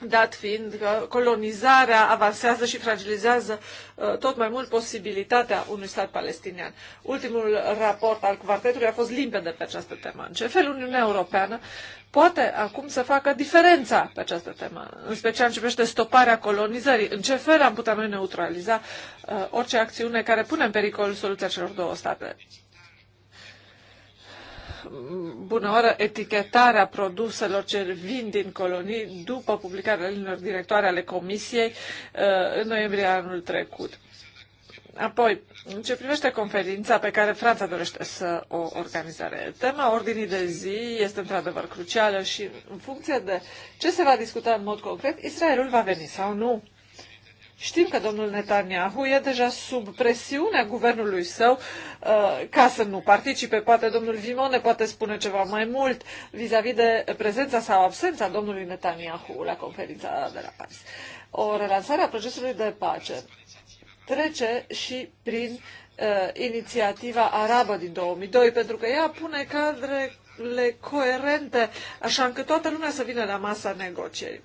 dat fiind că colonizarea avansează și fragilizează uh, tot mai mult posibilitatea unui stat palestinian. Ultimul raport al quartetului a fost limpede pe această temă. În ce fel Uniunea Europeană poate acum să facă diferența pe această temă, în special în ce privește stoparea colonizării? În ce fel am putea noi neutraliza uh, orice acțiune care pune în pericol soluția celor două state? bună oară etichetarea produselor ce vin din colonii după publicarea linilor directoare ale Comisiei uh, în noiembrie anul trecut. Apoi, în ce privește conferința pe care Franța dorește să o organizare, tema ordinii de zi este într-adevăr crucială și în funcție de ce se va discuta în mod concret, Israelul va veni sau nu. Știm că domnul Netanyahu e deja sub presiunea guvernului său uh, ca să nu participe. Poate domnul Vimone poate spune ceva mai mult vis-a-vis -vis de prezența sau absența domnului Netanyahu la conferința de la Paris. O relansare a procesului de pace trece și prin uh, inițiativa arabă din 2002, pentru că ea pune cadre regulile coerente, așa încât toată lumea să vină la masa negocierii.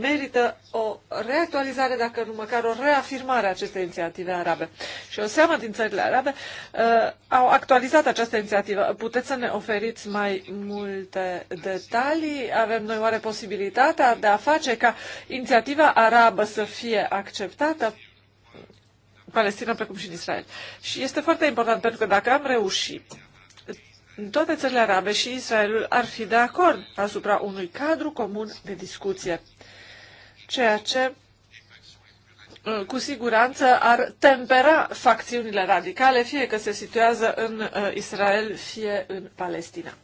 Merită o reactualizare, dacă nu măcar o reafirmare a acestei inițiative arabe. Și o seamă din țările arabe uh, au actualizat această inițiativă. Puteți să ne oferiți mai multe detalii? Avem noi oare posibilitatea de a face ca inițiativa arabă să fie acceptată? Palestina, precum și în Israel. Și este foarte important pentru că dacă am reușit toate țările arabe și Israelul ar fi de acord asupra unui cadru comun de discuție, ceea ce uh, cu siguranță ar tempera facțiunile radicale, fie că se situează în uh, Israel, fie în Palestina.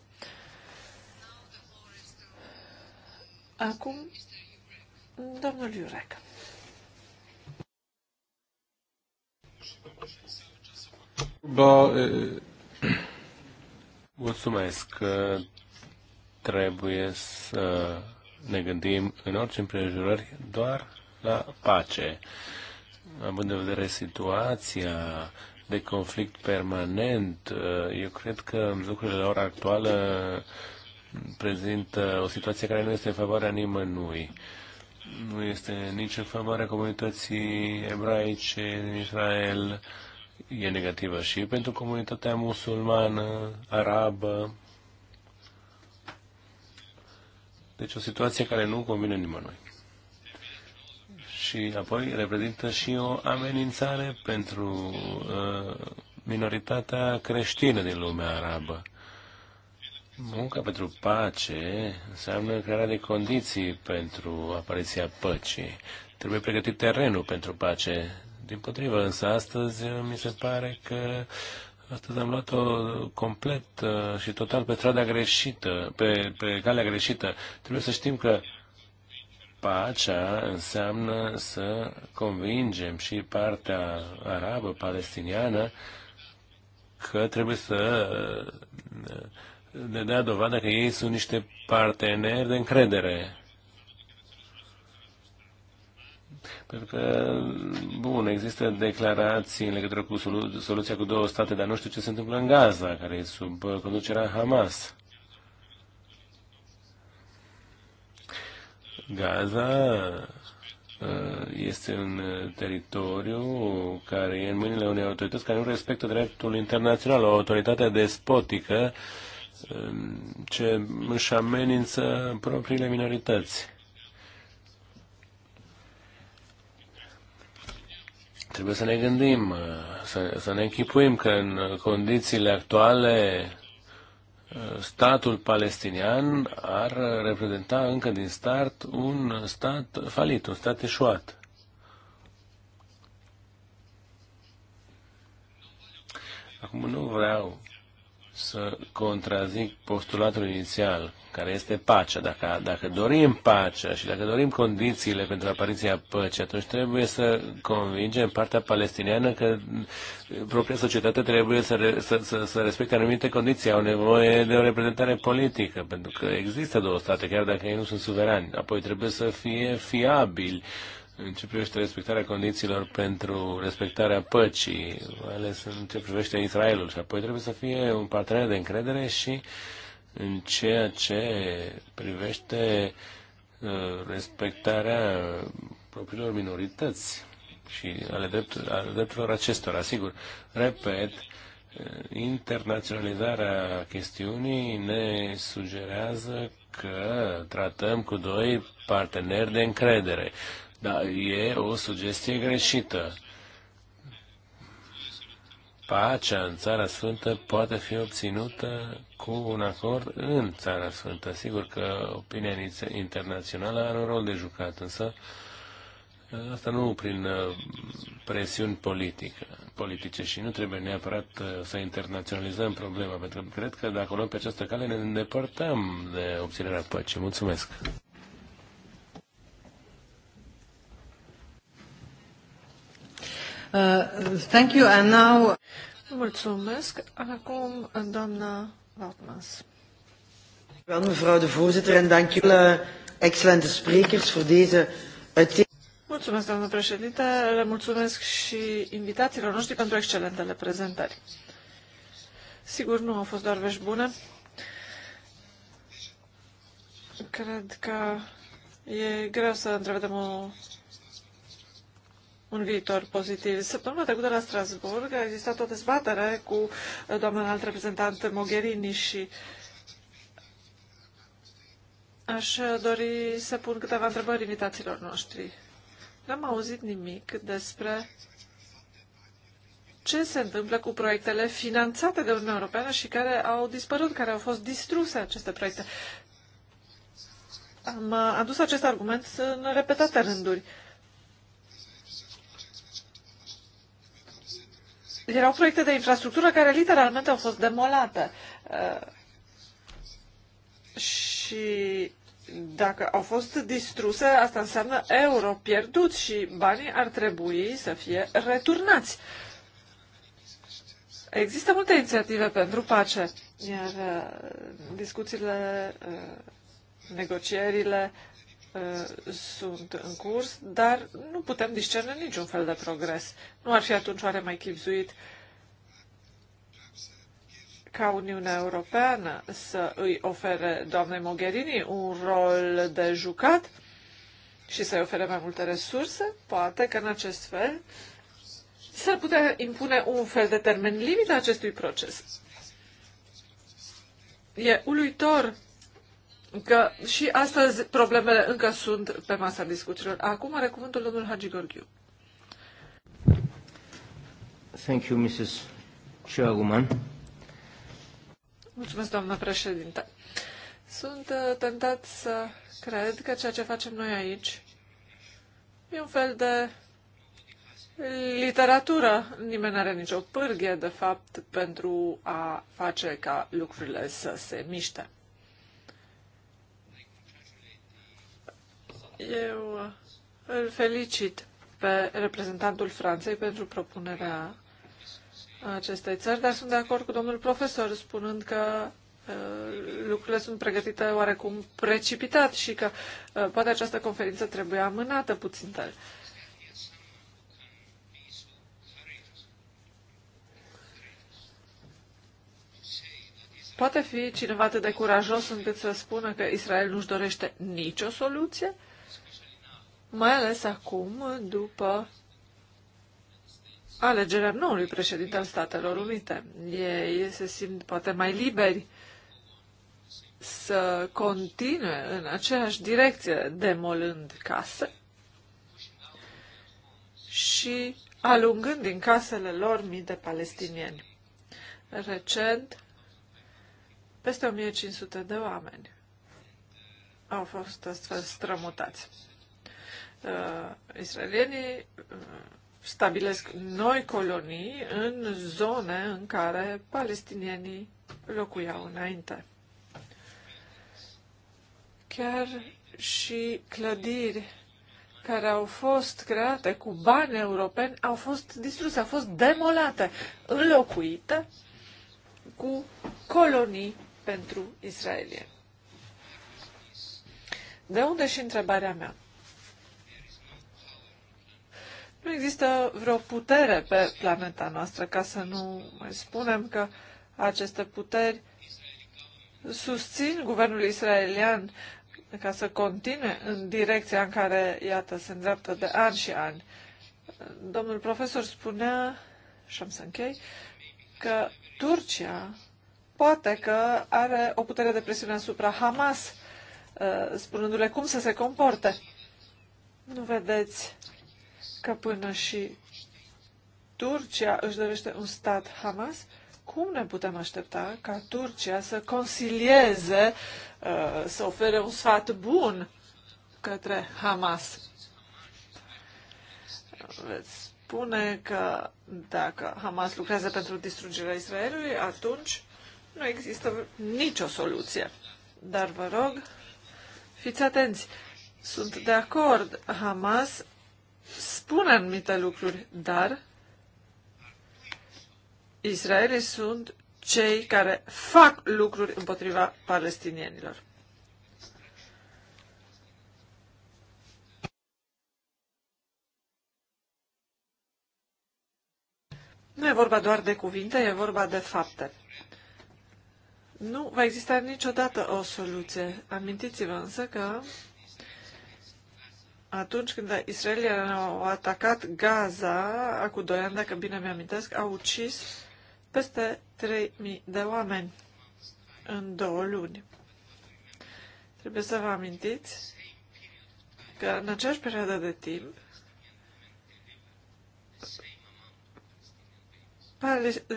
Acum, domnul Iurec. Ba, e... Mulțumesc. Trebuie să ne gândim în orice împrejurări doar la pace. Având în vedere situația de conflict permanent, eu cred că lucrurile la ora actuală prezintă o situație care nu este în favoarea nimănui. Nu este nici în favoarea comunității ebraice în Israel, e negativă și pentru comunitatea musulmană, arabă. Deci o situație care nu convine nimănui. Și apoi reprezintă și o amenințare pentru uh, minoritatea creștină din lumea arabă. Munca pentru pace înseamnă crearea de condiții pentru apariția păcii. Trebuie pregătit terenul pentru pace. Din potrivă, însă astăzi uh, mi se pare că astăzi am luat-o complet uh, și total pe strada greșită, pe, pe calea greșită. Trebuie să știm că pacea înseamnă să convingem și partea arabă, palestiniană, că trebuie să ne uh, dea dovadă că ei sunt niște parteneri de încredere Pentru că, bun, există declarații în legătură cu solu- soluția cu două state, dar nu știu ce se întâmplă în Gaza, care e sub uh, conducerea Hamas. Gaza uh, este un teritoriu care e în mâinile unei autorități care nu respectă dreptul internațional, o autoritate despotică uh, ce își amenință propriile minorități. Trebuie să ne gândim, uh, să, să ne închipuim că în uh, condițiile actuale uh, statul palestinian ar reprezenta încă din start un stat falit, un stat eșuat. Acum nu vreau să contrazic postulatul inițial care este pacea. Dacă, dacă dorim pacea și dacă dorim condițiile pentru apariția păcii, atunci trebuie să convingem partea palestiniană că propria societate trebuie să, re, să, să, să respecte anumite condiții. Au nevoie de o reprezentare politică, pentru că există două state, chiar dacă ei nu sunt suverani. Apoi trebuie să fie fiabili în ce privește respectarea condițiilor pentru respectarea păcii, mai ales în ce privește Israelul. Și apoi trebuie să fie un partener de încredere și uh, în ceea ce privește uh, respectarea propriilor minorități și ale, drept, ale drepturilor acestora. Sigur, repet, uh, internaționalizarea chestiunii ne sugerează că tratăm cu doi parteneri de încredere. Dar e o sugestie greșită. Pacea în Țara Sfântă poate fi obținută cu un acord în Țara Sfântă. Sigur că opinia internațională are un rol de jucat, însă uh, asta nu prin uh, presiuni politică, politice și nu trebuie neapărat uh, să internaționalizăm problema, pentru că cred că dacă o luăm pe această cale ne îndepărtăm de obținerea păcii. Mulțumesc! Uh, thank you. And now... Mulțumesc. Acum, doamna Altmans. Wel, mevrouw de voorzitter, en dank u wel, uh, excellente sprekers, voor deze uiteen... Mulțumesc, doamnă președinte, le mulțumesc și invitațiilor noștri pentru excelentele prezentări. Sigur, nu au fost doar vești bune. Cred că e greu să întrevedem o un viitor pozitiv. Săptămâna trecută la Strasburg a existat o dezbatere cu doamna înalt reprezentant Mogherini și aș dori să pun câteva întrebări invitaților noștri. N-am auzit nimic despre ce se întâmplă cu proiectele finanțate de Uniunea Europeană și care au dispărut, care au fost distruse aceste proiecte. Am adus acest argument în repetate rânduri. erau proiecte de infrastructură care literalmente au fost demolate. Uh, și dacă au fost distruse, asta înseamnă euro pierdut și banii ar trebui să fie returnați. Există multe inițiative pentru pace, iar uh, discuțiile, uh, negocierile Uh, sunt în curs, dar nu putem discerne niciun fel de progres. Nu ar fi atunci oare mai chipzuit ca Uniunea Europeană să îi ofere doamnei Mogherini un rol de jucat și să-i ofere mai multe resurse? Poate că în acest fel s-ar putea impune un fel de termen limită acestui proces. E uluitor că și astăzi problemele încă sunt pe masa discuțiilor. Acum are cuvântul domnul Hagi Gorghiu. Thank you, Mrs. Chairwoman. Mulțumesc, doamna președinte. Sunt uh, tentat să cred că ceea ce facem noi aici e un fel de literatură. Nimeni nu are nicio pârghie, de fapt, pentru a face ca lucrurile să se miște. Eu îl felicit pe reprezentantul Franței pentru propunerea acestei țări, dar sunt de acord cu domnul profesor spunând că uh, lucrurile sunt pregătite oarecum precipitat și că uh, poate această conferință trebuie amânată puțin tare. Poate fi cineva atât de curajos încât să spună că Israel nu-și dorește nicio soluție? Uh, mai ales acum, după alegerea noului președinte al Statelor Unite. Ei se simt poate mai liberi să continue în aceeași direcție, demolând case și alungând din casele lor mii de palestinieni. Recent, peste 1500 de oameni au fost astfel strămutați uh, israelienii uh, stabilesc noi colonii în zone în care palestinienii locuiau înainte. Chiar și clădiri care au fost create cu bani europeni au fost distruse, au fost demolate, înlocuite cu colonii pentru israelieni. De unde și întrebarea mea? Nu există vreo putere pe planeta noastră, ca să nu mai spunem că aceste puteri susțin guvernul israelian ca să continue în direcția în care, iată, se îndreaptă de ani și ani. Domnul profesor spunea, și am să închei, că Turcia poate că are o putere de presiune asupra Hamas, uh, spunându-le cum să se comporte. Nu vedeți că până și Turcia își dorește un stat Hamas, cum ne putem aștepta ca Turcia să consilieze, uh, să ofere un sfat bun către Hamas? Veți spune că dacă Hamas lucrează pentru distrugerea Israelului, atunci nu există nicio soluție. Dar vă rog, fiți atenți. Sunt de acord, Hamas spun anumite lucruri, dar Israelii sunt cei care fac lucruri împotriva palestinienilor. Nu e vorba doar de cuvinte, e vorba de fapte. Nu va exista niciodată o soluție. Amintiți-vă însă că atunci când israelienii au atacat Gaza, acum doi ani, dacă bine mi-amintesc, au ucis peste 3.000 de oameni în două luni. Trebuie să vă amintiți că în aceeași perioadă de timp,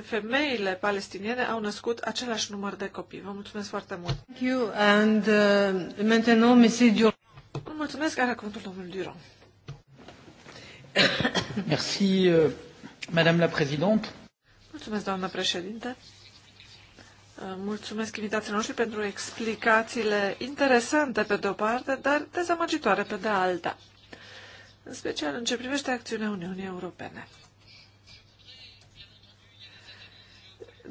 femeile palestiniene au născut același număr de copii. Vă mulțumesc foarte mult. Thank you and uh, maintenant Monsieur Mulțumesc, are cuvântul domnul Duron. Merci, euh, Madame la Présidente. Mulțumesc, doamnă președinte. Mulțumesc invitației noștri pentru explicațiile interesante pe de-o parte, dar dezamăgitoare pe de alta, în special în ce privește acțiunea Uniunii Europene.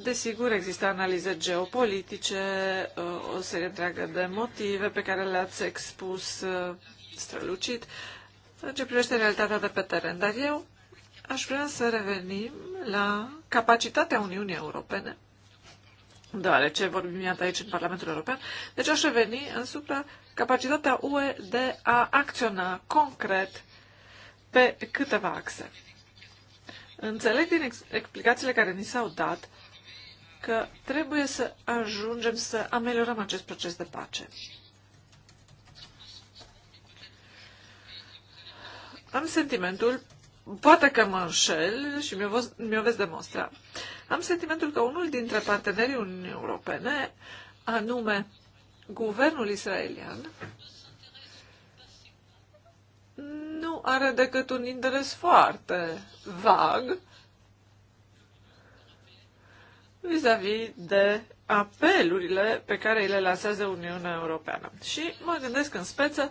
Desigur, există analize geopolitice, uh, o serie întreagă de motive pe care le-ați expus uh, strălucit în ce privește realitatea de pe teren. Dar eu aș vrea să revenim la capacitatea Uniunii Europene, deoarece vorbim iată aici în Parlamentul European, deci aș reveni însupra capacitatea UE de a acționa concret pe câteva axe. Înțeleg din explicațiile care ni s-au dat că trebuie să ajungem să ameliorăm acest proces de pace. Am sentimentul, poate că mă înșel și mi-o, veți demonstra, am sentimentul că unul dintre partenerii Uniunii Europene, anume guvernul israelian, nu are decât un interes foarte vag vis-a-vis -vis de apelurile pe care le lansează Uniunea Europeană. Și mă gândesc în speță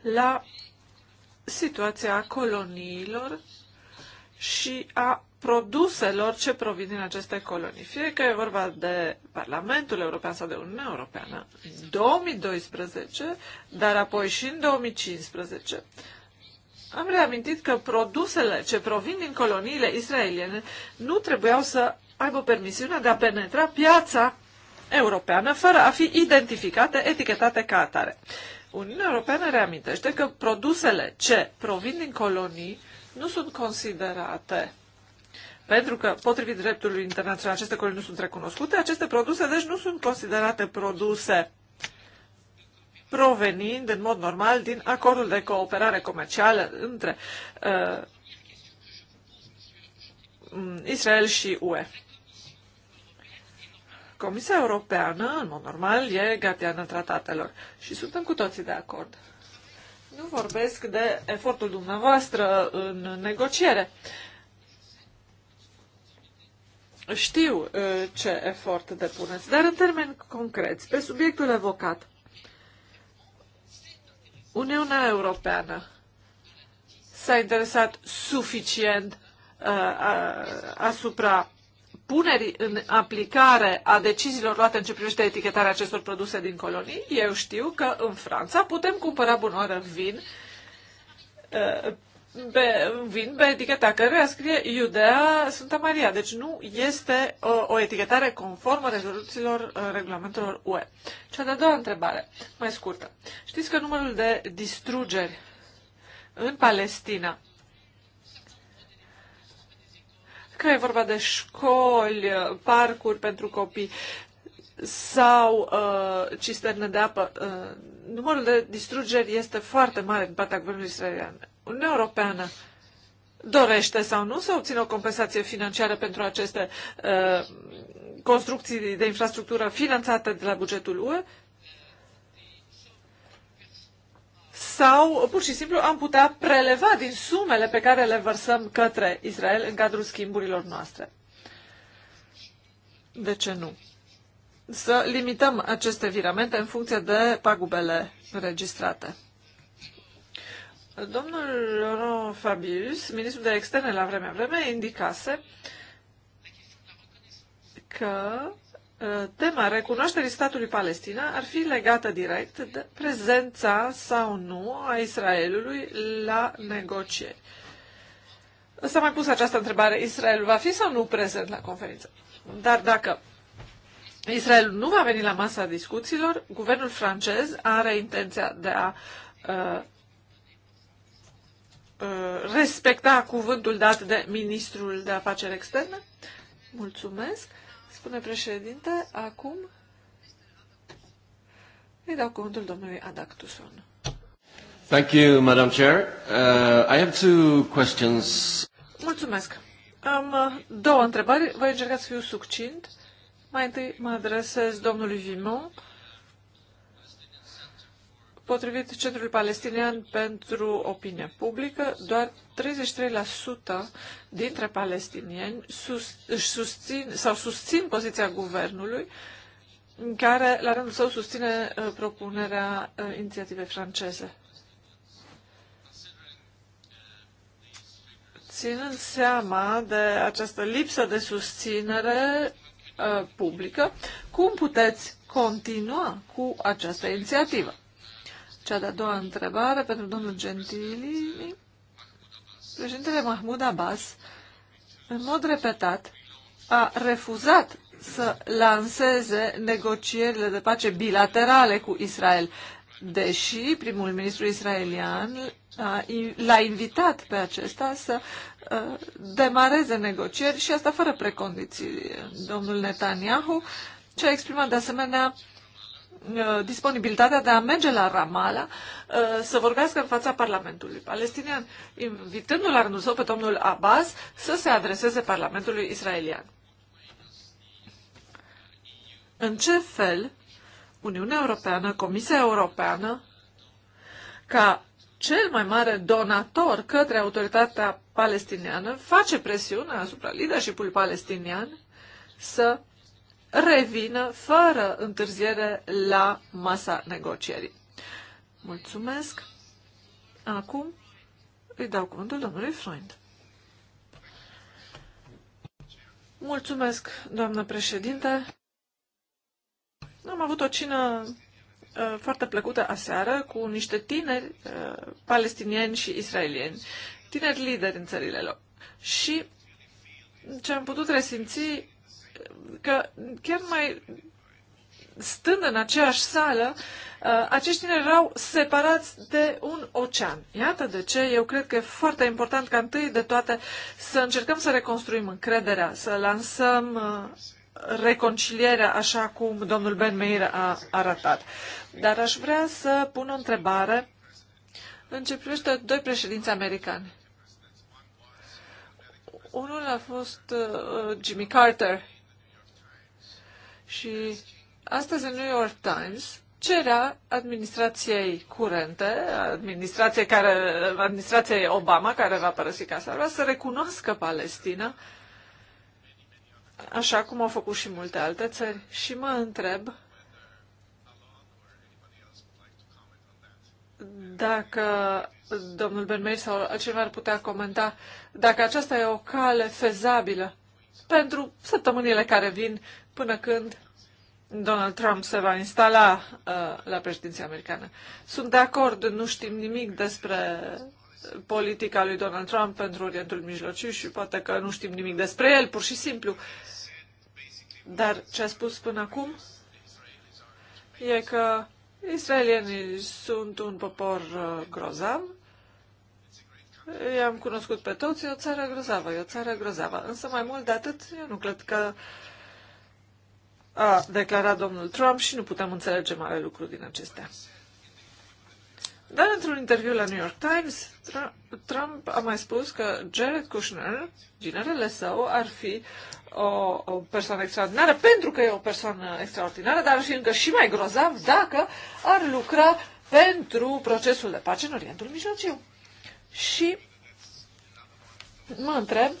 la situația coloniilor și a produselor ce provin din aceste colonii. Fie că e vorba de Parlamentul European sau de Uniunea Europeană, în 2012, dar apoi și în 2015, am reamintit că produsele ce provin din coloniile israeliene nu trebuiau să aibă permisiunea de a penetra piața europeană fără a fi identificate, etichetate ca atare. Uniunea Europeană reamintește că produsele ce provin din colonii nu sunt considerate. Pentru că, potrivit dreptului internațional, aceste colonii nu sunt recunoscute, aceste produse deci nu sunt considerate produse provenind în mod normal din acordul de cooperare comercială între uh, Mm, Israel și UE. Comisia Europeană, în mod normal, e gardiană tratatelor și suntem cu toții de acord. Nu vorbesc de efortul dumneavoastră în negociere. Știu uh, ce efort depuneți, dar în termeni concreți, pe subiectul evocat, Uniunea Europeană s-a interesat suficient asupra punerii în aplicare a deciziilor luate în ce privește etichetarea acestor produse din colonii, eu știu că în Franța putem cumpăra bunoară vin pe, vin pe eticheta căruia scrie Iudea Sfânta Maria. Deci nu este o, o etichetare conformă rezoluțiilor regulamentelor UE. Cea de-a doua întrebare, mai scurtă. Știți că numărul de distrugeri în Palestina că e vorba de școli, parcuri pentru copii sau uh, cisterne de apă, uh, numărul de distrugeri este foarte mare din partea guvernului israelian. Uniunea Europeană dorește sau nu să obțină o compensație financiară pentru aceste uh, construcții de infrastructură finanțate de la bugetul UE sau pur și simplu am putea preleva din sumele pe care le vărsăm către Israel în cadrul schimburilor noastre. De ce nu? Să limităm aceste viramente în funcție de pagubele registrate. Domnul Laurent Fabius, ministrul de externe la vremea vremea indicase că tema recunoașterii statului Palestina ar fi legată direct de prezența sau nu a Israelului la negocieri. S-a mai pus această întrebare, Israel va fi sau nu prezent la conferință? Dar dacă Israel nu va veni la masa discuțiilor, guvernul francez are intenția de a uh, uh, respecta cuvântul dat de ministrul de afaceri externe? Mulțumesc! spune președinte. Acum îi dau cuvântul domnului Adactuson. Thank you, Madam Chair. Uh, I have two questions. Mulțumesc. Am uh, două întrebări. Voi încerca să fiu succint. Mai întâi mă adresez domnului Vimont. Potrivit Centrului Palestinian pentru Opinie Publică, doar 33% dintre palestinieni sus, își susțin sau susțin poziția guvernului, care la rândul său susține uh, propunerea uh, inițiativei franceze. Ținând seama de această lipsă de susținere uh, publică, cum puteți continua cu această inițiativă? Cea de-a doua întrebare pentru domnul Gentili. Președintele Mahmoud Abbas, în mod repetat, a refuzat să lanseze negocierile de pace bilaterale cu Israel, deși primul ministru israelian l-a invitat pe acesta să uh, demareze negocieri și asta fără precondiții. Domnul Netanyahu și-a exprimat de asemenea Uh, disponibilitatea de a merge la Ramala uh, să vorbească în fața Parlamentului palestinian, invitându-l la rândul său pe domnul Abbas să se adreseze Parlamentului israelian. În ce fel Uniunea Europeană, Comisia Europeană, ca cel mai mare donator către autoritatea palestiniană, face presiune asupra leadership palestinian să revină fără întârziere la masa negocierii. Mulțumesc. Acum îi dau cuvântul domnului Freund. Mulțumesc, doamnă președinte. Am avut o cină uh, foarte plăcută aseară cu niște tineri uh, palestinieni și israelieni, tineri lideri în țările lor. Și ce am putut resimți că chiar mai stând în aceeași sală, uh, acești tineri erau separați de un ocean. Iată de ce eu cred că e foarte important ca întâi de toate să încercăm să reconstruim încrederea, să lansăm uh, reconcilierea, așa cum domnul Ben Meir a arătat. Dar aș vrea să pun o întrebare în ce privește doi președinți americani. Unul a fost uh, Jimmy Carter, și astăzi în New York Times cerea administrației curente, administrației, care, administrației Obama, care va părăsi casa, vrea să recunoască Palestina, așa cum au făcut și multe alte țări. Și mă întreb dacă domnul Benmeir sau altcineva ar putea comenta dacă aceasta e o cale fezabilă pentru săptămânile care vin până când Donald Trump se va instala uh, la președinția americană. Sunt de acord, nu știm nimic despre politica lui Donald Trump pentru Orientul Mijlociu și poate că nu știm nimic despre el, pur și simplu. Dar ce a spus până acum e că israelienii sunt un popor uh, grozav. I-am cunoscut pe toți, e o țară grozavă, e o țară grozavă. Însă mai mult de atât, eu nu cred că uh, a declarat domnul Trump și nu putem înțelege mare lucru din acestea. Dar într-un interviu la New York Times, Trump a mai spus că Jared Kushner, ginerele său, ar fi o, o persoană extraordinară, pentru că e o persoană extraordinară, dar ar fi încă și mai grozav dacă ar lucra pentru procesul de pace în Orientul Mijlociu. Și mă întreb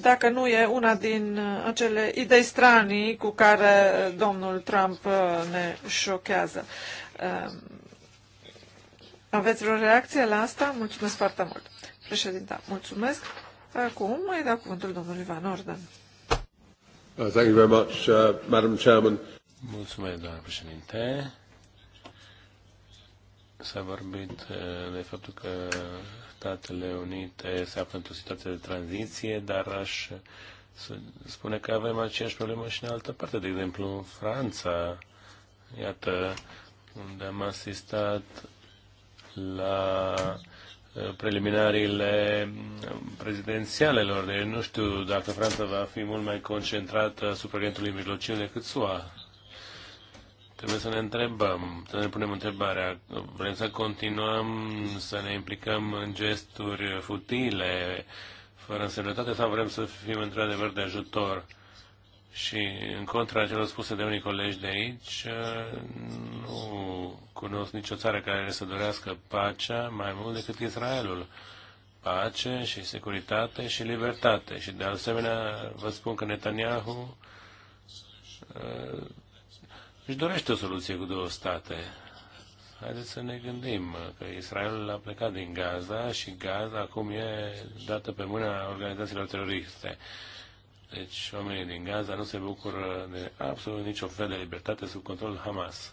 dacă nu e una din uh, acele idei stranii cu care uh, domnul Trump uh, ne șochează. Um, aveți vreo reacție la asta? Mulțumesc foarte mult. Președinta, mulțumesc. Acum mai dau cuvântul domnului Van Orden. Thank you very much, uh, Madam Chairman. Mulțumesc, doamnă președinte. S-a vorbit eh, de faptul că Statele Unite se află într-o situație de tranziție, dar aș spune că avem aceeași problemă și în altă parte. De exemplu, în Franța, iată, unde am asistat la eh, preliminariile prezidențialelor. Deci nu știu dacă Franța va fi mult mai concentrată asupra Orientului Mijlociu decât SUA. Trebuie să ne întrebăm, să ne punem întrebarea, vrem să continuăm să ne implicăm în gesturi futile, fără însemnătate, sau vrem să fim într-adevăr de ajutor? Și în contra celor spuse de unii colegi de aici, nu cunosc nicio țară care să dorească pacea mai mult decât Israelul. Pace și securitate și libertate. Și de asemenea vă spun că Netanyahu își dorește o soluție cu două state. Haideți să ne gândim că Israel a plecat din Gaza și Gaza acum e dată pe mâna organizațiilor teroriste. Deci oamenii din Gaza nu se bucură de absolut nicio fel de libertate sub controlul Hamas.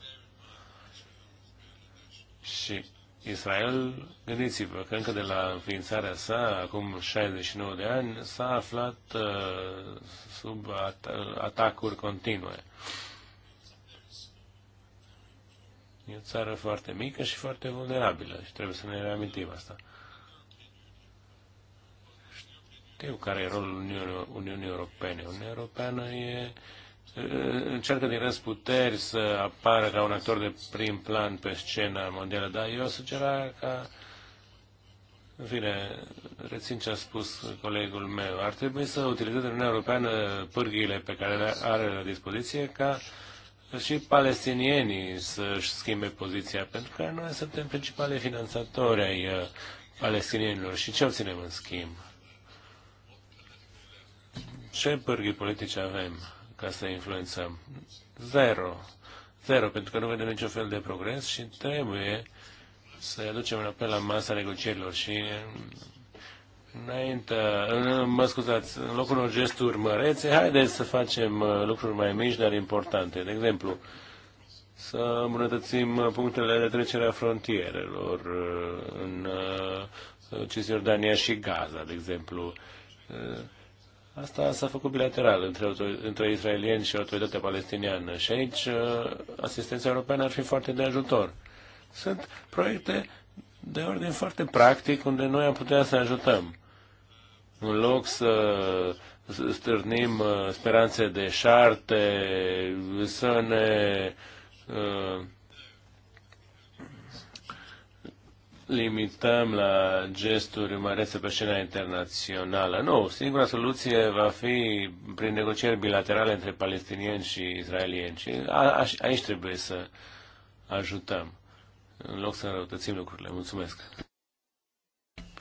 Și Israel, gândiți-vă că încă de la înființarea sa, acum 69 de ani, s-a aflat uh, sub at- atacuri continue. Uh, E o țară foarte mică și foarte vulnerabilă și trebuie să ne reamintim asta. Știu care e rolul Uniunii, Europene. Uniunea Europeană e, încearcă din puteri să apară ca un actor de prim plan pe scena mondială, dar eu sugera ca în fine, rețin ce a spus colegul meu. Ar trebui să utilizeze Uniunea Europeană pârghiile pe care le are la dispoziție ca uh, și palestinienii să-și schimbe poziția, pentru că noi suntem principale finanțatori ai uh, palestinienilor. Și ce obținem în schimb? Ce pârghii politice avem ca să influențăm? Zero. Zero, pentru că nu vedem niciun fel de progres și trebuie să aducem înapoi la masa negocierilor. Și Înainte, mă scuzați, în locul unor gesturi mărețe, haideți să facem uh, lucruri mai mici, dar importante. De exemplu, să îmbunătățim punctele de trecere a frontierelor uh, în uh, Cisjordania și Gaza, de exemplu. Asta s-a făcut bilateral între, între israelieni și autoritatea palestiniană și aici asistența europeană ar fi foarte de ajutor. Sunt proiecte de ordin foarte practic unde noi am putea să ajutăm. În loc să stârnim uh, speranțe de șarte, să ne uh, limităm la gesturi mărețe pe scena internațională. Nu, singura soluție va fi prin negocieri bilaterale între palestinieni și israelieni. Și a, a, aici trebuie să ajutăm, în loc să înrăutățim lucrurile. Mulțumesc.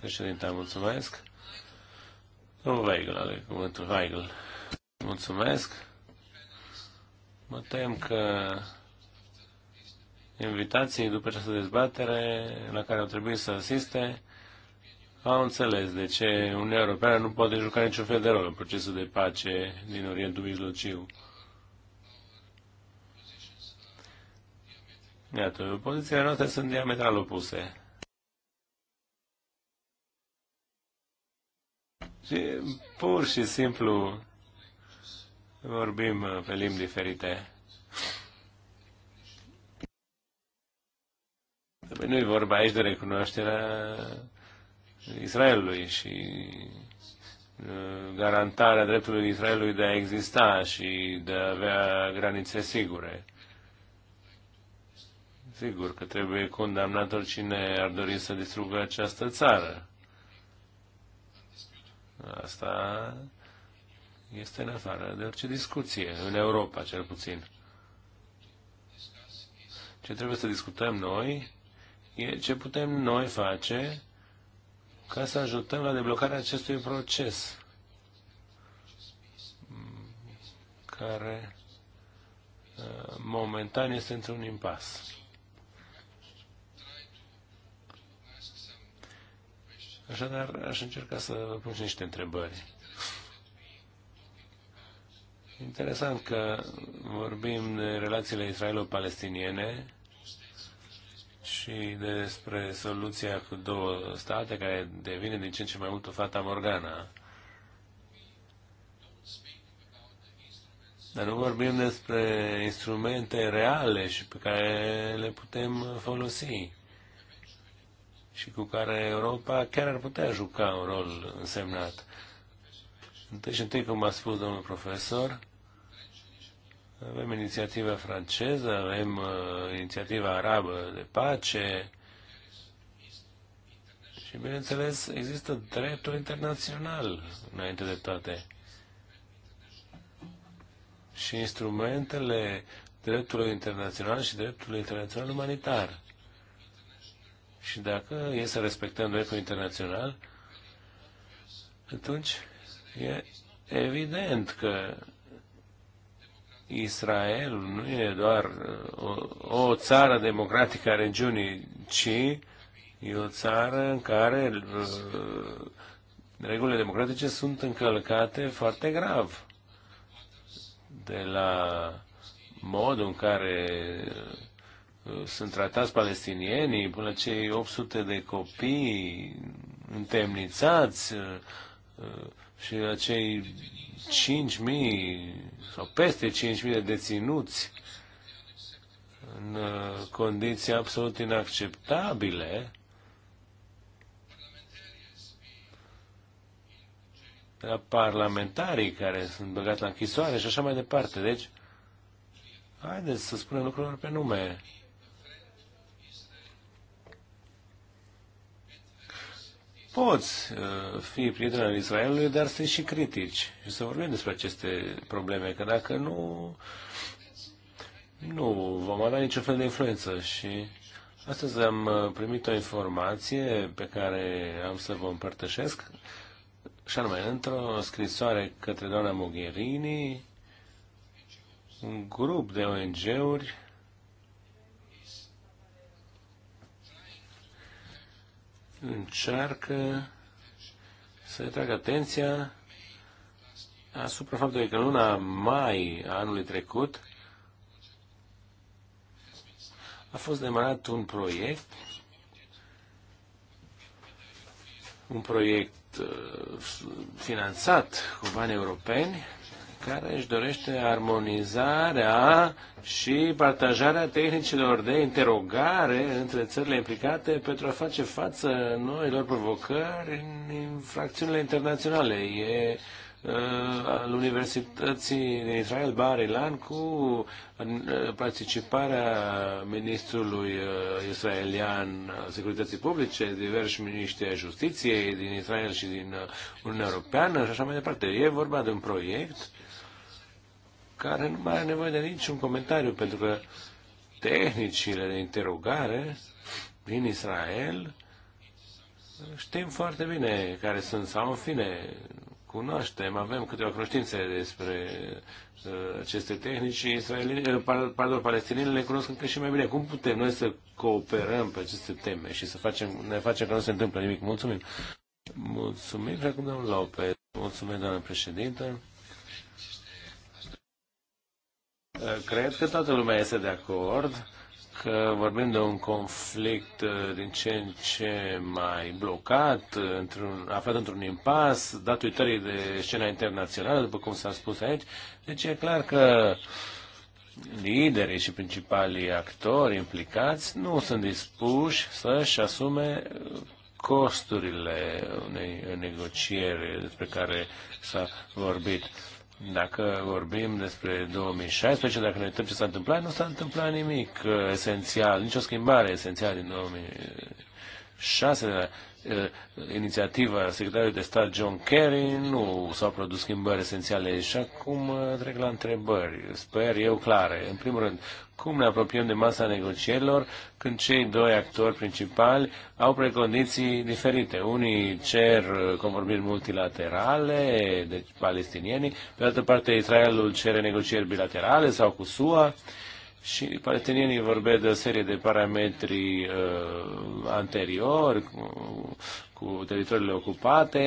Președinte, mulțumesc. Domnul Weigel are cuvântul. Weigel. Mulțumesc. Mă tem că invitații după această dezbatere la care au trebuit să asiste au înțeles de ce Uniunea Europeană nu poate juca niciun fel de rol în procesul de pace din Orientul Mijlociu. Iată, pozițiile noastre sunt diametral opuse. Și pur și simplu vorbim pe limbi diferite. Păi nu e vorba aici de recunoașterea Israelului și uh, garantarea dreptului Israelului de a exista și de a avea granițe sigure. Sigur că trebuie condamnat oricine ar dori să distrugă această țară. Asta este în afară de orice discuție, în Europa cel puțin. Ce trebuie să discutăm noi e ce putem noi face ca să ajutăm la deblocarea acestui proces care uh, momentan este într-un impas. Așadar, aș încerca să pun și niște întrebări. Interesant că vorbim de relațiile israelo-palestiniene și despre soluția cu două state care devine din ce în ce mai mult o fata morgana. Dar nu vorbim despre instrumente reale și pe care le putem folosi și cu care Europa chiar ar putea juca un rol însemnat. Deci, întâi, cum a spus domnul profesor, avem inițiativa franceză, avem uh, inițiativa arabă de pace și, bineînțeles, există dreptul internațional înainte de toate. Și instrumentele dreptului internațional și dreptului internațional umanitar. Și dacă e să respectăm dreptul internațional, atunci e evident că Israelul nu e doar uh, o, o țară democratică a regiunii, ci e o țară în care uh, regulile democratice sunt încălcate foarte grav. De la modul în care sunt tratați palestinienii, până cei 800 de copii întemnițați uh, uh, și la cei 5.000 sau peste 5.000 de deținuți în uh, condiții absolut inacceptabile, la parlamentarii care sunt băgați la închisoare și așa mai departe. Deci, haideți să spunem lucrurile pe nume. poți uh, fi prieten al Israelului, dar să și critici și să vorbim despre aceste probleme, că dacă nu, nu vom avea niciun fel de influență și astăzi am uh, primit o informație pe care am să vă împărtășesc și anume, într-o scrisoare către doamna Mogherini, un grup de ONG-uri încearcă să atragă atenția asupra faptului că în luna mai a anului trecut a fost demarat un proiect un proiect uh, finanțat cu bani europeni care își dorește armonizarea și partajarea tehnicilor de interogare între țările implicate pentru a face față noilor provocări în infracțiunile internaționale. E uh, al Universității din Israel, Bar Ilan, cu uh, participarea ministrului uh, israelian al Securității Publice, diversi miniștri ai Justiției din Israel și din Uniunea Europeană și așa mai departe. E vorba de un proiect care nu mai are nevoie de niciun comentariu, pentru că tehnicile de interogare din Israel știm foarte bine care sunt, sau în fine, cunoaștem, avem câteva cunoștințe despre uh, aceste tehnici și israelieni, uh, pardon, palestinienii le cunosc încă și mai bine. Cum putem noi să cooperăm pe aceste teme și să facem, ne facem că nu se întâmplă nimic? Mulțumim! Mulțumim și acum domnul Lopez. Mulțumesc, doamnă președintă. cred că toată lumea este de acord că vorbim de un conflict uh, din ce în ce mai blocat, uh, într-un, aflat într-un impas, dat uitării de scena internațională, după cum s-a spus aici. Deci e clar că liderii și principalii actori implicați nu sunt dispuși să-și asume costurile unei negocieri despre care s-a vorbit. Dacă vorbim despre 2016, dacă ne uităm ce s-a întâmplat, nu s-a întâmplat nimic uh, esențial, nicio schimbare esențială din 2016. Eh, inițiativa secretarului de stat John Kerry nu s-au produs schimbări esențiale și acum eh, trec la întrebări, sper eu clare. În primul rând, cum ne apropiem de masa negocierilor când cei doi actori principali au precondiții diferite. Unii cer eh, convorbiri multilaterale, deci palestinienii, pe altă parte Israelul cere negocieri bilaterale sau cu SUA. Uh, și palestinienii vorbesc de o serie de parametri uh, anteriori, cu, cu teritoriile ocupate,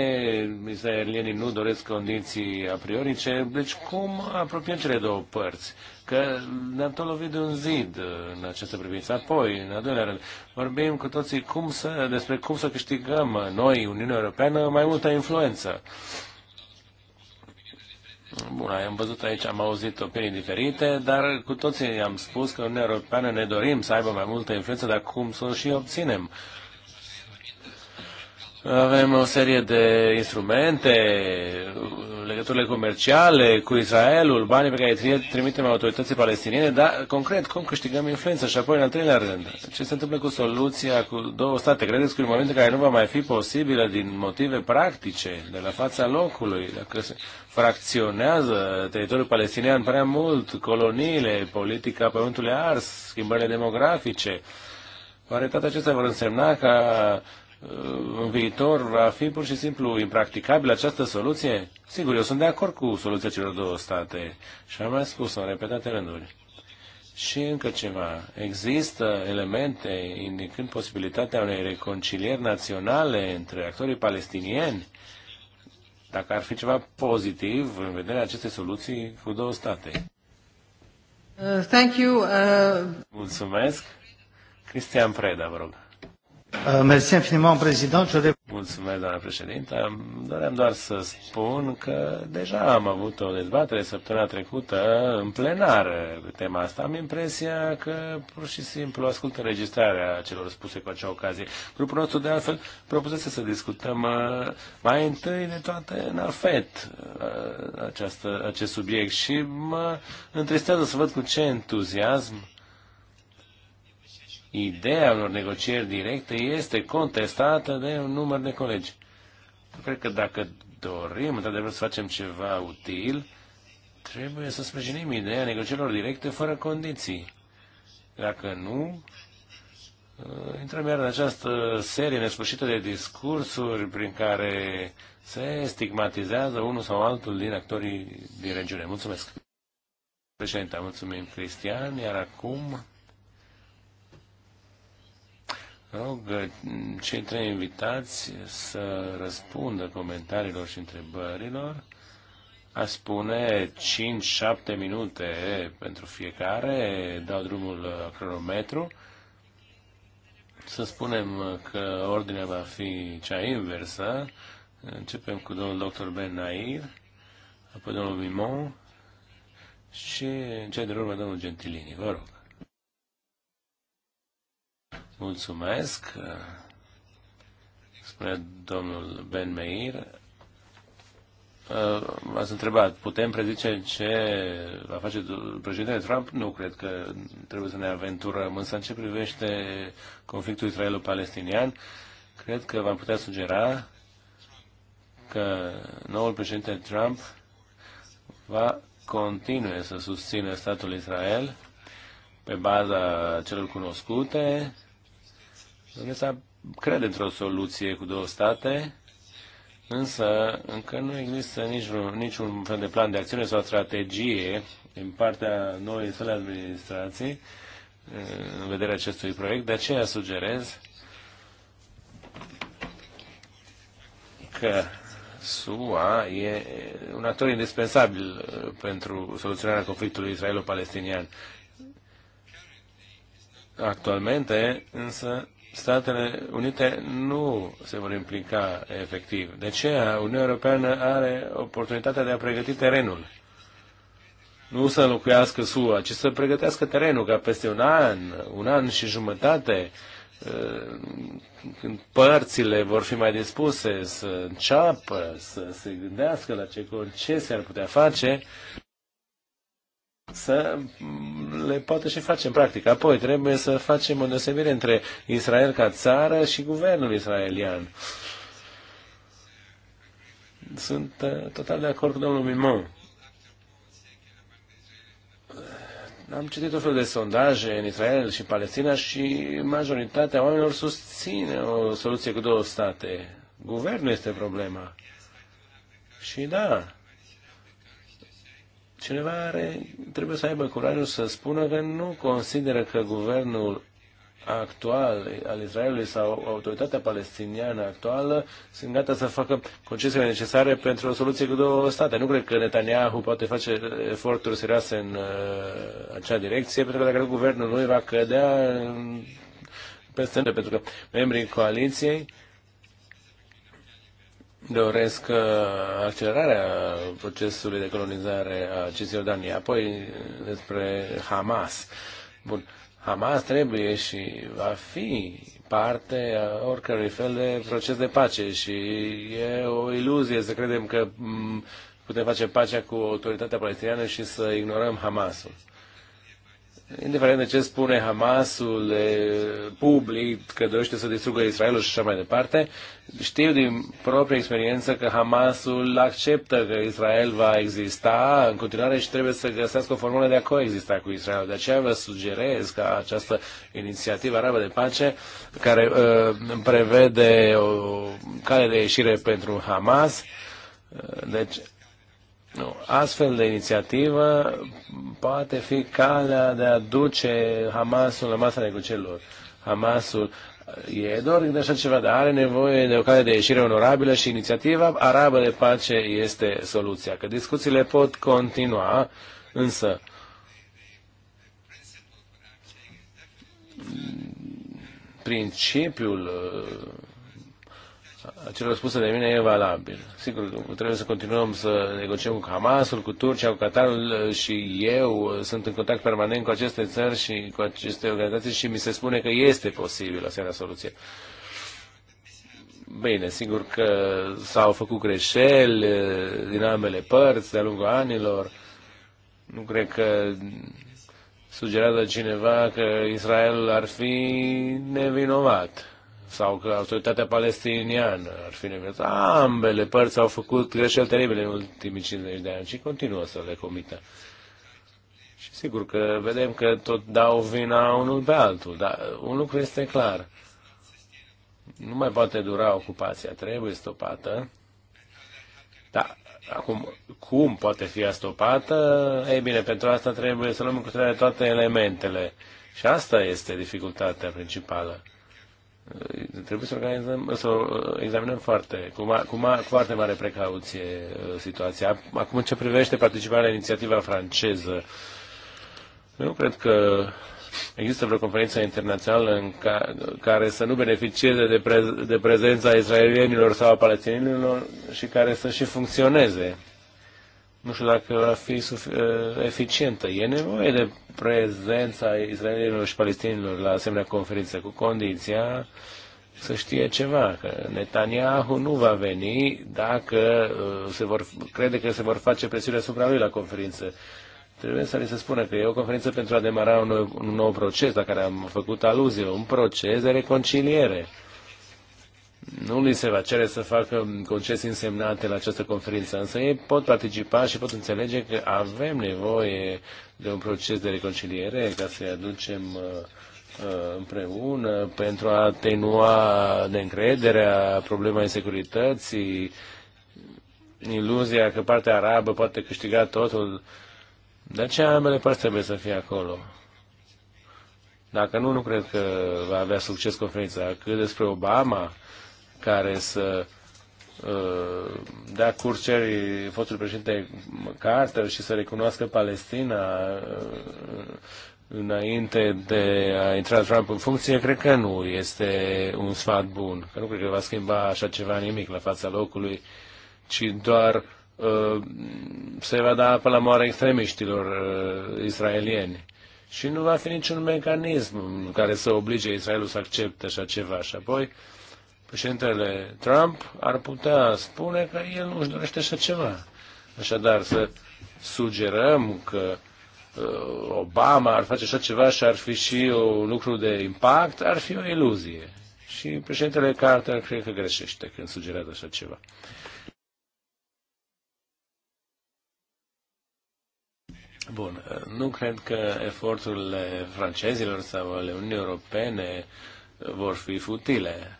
israelienii nu doresc condiții a priorice, deci cum apropiem cele două părți? Că ne-am tot lovit de un zid în această privință. Apoi, în al doilea rând, vorbim cu toții cum să, despre cum să câștigăm noi, Uniunea Europeană, mai multă influență. Uh, Bun, am văzut aici, am auzit opinii diferite, dar cu toții am spus că Uniunea Europeană ne dorim să aibă mai multă influență, dar cum să o și obținem? Avem o serie de instrumente, legăturile comerciale cu Israelul, banii pe care îi trimitem autorității palestiniene, dar concret, cum câștigăm influență? Și apoi, în al treilea rând, ce se întâmplă cu soluția cu două state? Credeți că în momentul în care nu va mai fi posibilă din motive practice, de la fața locului, dacă se fracționează teritoriul palestinian prea mult, coloniile, politica pământului ars, schimbările demografice, oare toate acestea vor însemna ca în viitor va fi pur și simplu impracticabilă această soluție? Sigur, eu sunt de acord cu soluția celor două state și am mai spus în repetate rânduri. Și încă ceva. Există elemente indicând posibilitatea unei reconcilieri naționale între actorii palestinieni? Dacă ar fi ceva pozitiv în vederea acestei soluții cu două state. Uh, thank you. Uh... Mulțumesc. Cristian Preda, vă rog. Uh, Mulțumesc, doamna președintă. Doream doar să spun că deja am avut o dezbatere săptămâna trecută în plenar pe tema asta. Am impresia că pur și simplu ascultă înregistrarea celor spuse cu acea ocazie. Grupul nostru de altfel propusese să discutăm uh, mai întâi de toate în afet uh, această, acest subiect și mă întristează să văd cu ce entuziasm ideea unor negocieri directe este contestată de un număr de colegi. Eu cred că dacă dorim, într-adevăr, să facem ceva util, trebuie să sprijinim ideea negocierilor directe fără condiții. Dacă nu, uh, intrăm iar în această serie nesfârșită de discursuri prin care se stigmatizează unul sau altul din actorii din regiune. Mulțumesc! Președinte, mulțumim, Cristian, iar acum rog uh, cei trei invitați să răspundă comentariilor și întrebărilor. A spune 5-7 minute pentru fiecare, dau drumul uh, cronometru. Să spunem uh, că ordinea va fi cea inversă. Începem cu domnul dr. Ben Nair, apoi domnul Mimon și în cea de urmă domnul Gentilini. Vă rog. Mulțumesc, uh, spune domnul Ben Meir. V-ați uh, întrebat, putem prezice ce va face președintele Trump? Nu cred că trebuie să ne aventurăm. Însă în ce privește conflictul israelo-palestinian, cred că v-am putea sugera că noul președinte Trump va continue să susțină statul Israel pe baza celor cunoscute, s-a crede într-o soluție cu două state, însă încă nu există niciun, niciun fel de plan de acțiune sau strategie din partea noii sale administrații eh, în vederea acestui proiect. De aceea sugerez că SUA e un actor indispensabil eh, pentru soluționarea conflictului israelo-palestinian. Actualmente, însă, Statele Unite nu se vor implica efectiv. De aceea, Uniunea Europeană are oportunitatea de a pregăti terenul. Nu să înlocuiască SUA, ci să pregătească terenul ca peste un an, un an și jumătate, eh, când părțile vor fi mai dispuse să înceapă, să se gândească la ce concesii ar putea face, să le poată și face în practică. Apoi trebuie să facem o deosebire între Israel ca țară și guvernul israelian. Sunt uh, total de acord cu domnul Mimon. am citit o fel de sondaje în Israel și Palestina și majoritatea oamenilor susține o soluție cu două state. Guvernul este problema. Și da, cineva are, trebuie să aibă curajul să spună că nu consideră că guvernul actual al Israelului sau autoritatea palestiniană actuală sunt gata să facă concesiile necesare pentru o soluție cu două state. Nu cred că Netanyahu poate face eforturi serioase în uh, acea direcție, pentru că dacă guvernul lui va cădea peste pentru că membrii coaliției doresc uh, accelerarea procesului de colonizare a Cisjordaniei. Apoi despre Hamas. Bun. Hamas trebuie și va fi parte a oricărui fel de proces de pace și e o iluzie să credem că mm, putem face pacea cu autoritatea palestiniană și să ignorăm Hamasul indiferent de ce spune Hamasul public că dorește să distrugă Israelul și așa mai departe, știu din proprie experiență că Hamasul acceptă că Israel va exista în continuare și trebuie să găsească o formulă de a coexista cu Israel. De aceea vă sugerez ca această inițiativă arabă de pace, care uh, prevede o cale de ieșire pentru Hamas, uh, deci nu. Astfel de inițiativă poate fi calea de a duce Hamasul la masa negocierilor. Hamasul e doar de așa ceva, dar are nevoie de o cale de ieșire onorabilă și inițiativa arabă de pace este soluția. Că discuțiile pot continua, însă principiul acel răspuns de mine e valabil. Sigur trebuie să continuăm să negociem cu Hamasul, cu Turcia, cu Qatarul uh, și eu uh, sunt în contact permanent cu aceste țări și cu aceste organizații și mi se spune că este posibil asemenea soluție. Bine, sigur că s-au făcut greșeli uh, din ambele părți de-a lungul anilor. Nu cred că sugerează cineva că Israel ar fi nevinovat sau că autoritatea palestiniană ar fi nevinovată. Ambele părți au făcut greșeli teribile în ultimii 50 de ani și continuă să le comită. Și sigur că vedem că tot dau vina unul pe altul, dar un lucru este clar. Nu mai poate dura ocupația, trebuie stopată. Dar Acum, cum poate fi stopată? Ei bine, pentru asta trebuie să luăm în considerare toate elementele. Și asta este dificultatea principală trebuie să organizăm, să examinăm foarte, cu, ma, cu, ma, cu foarte mare precauție uh, situația. Acum, în ce privește participarea la inițiativa franceză, nu cred că există vreo conferință internațională în ca, care să nu beneficieze de, pre, de prezența israelienilor sau a palestinienilor și care să și funcționeze nu știu dacă va fi ă, eficientă. E nevoie de prezența israelienilor și palestinilor la asemenea conferință, cu condiția să știe ceva, că Netanyahu nu va veni dacă ă, se vor, crede că se vor face presiune asupra lui la conferință. Trebuie să li se spună că e o conferință pentru a demara un nou, un nou proces la care am făcut aluzie, un proces de reconciliere nu li se va cere să facă concesii însemnate la această conferință, însă ei pot participa și pot înțelege că avem nevoie de un proces de reconciliere ca să-i aducem uh, uh, împreună pentru a atenua neîncrederea, problema insecurității, iluzia că partea arabă poate câștiga totul. De aceea ambele părți trebuie să fie acolo. Dacă nu, nu cred că va avea succes conferința. Cât despre Obama, care să uh, dea curs cerii fostului președinte Carter și să recunoască Palestina uh, înainte de a intra Trump în funcție, cred că nu este un sfat bun. Că nu cred că va schimba așa ceva nimic la fața locului, ci doar uh, se va da apă la moare extremiștilor uh, israelieni. Și nu va fi niciun mecanism care să oblige Israelul să accepte așa ceva. Și apoi uh, președintele Trump ar putea spune că el nu își dorește așa ceva. Așadar, să sugerăm că uh, Obama ar face așa ceva și ar fi și un lucru de impact, ar fi o iluzie. Și președintele Carter cred că greșește când sugerează așa ceva. Bun, uh, nu cred că eforturile francezilor sau ale Uniunii Europene vor fi futile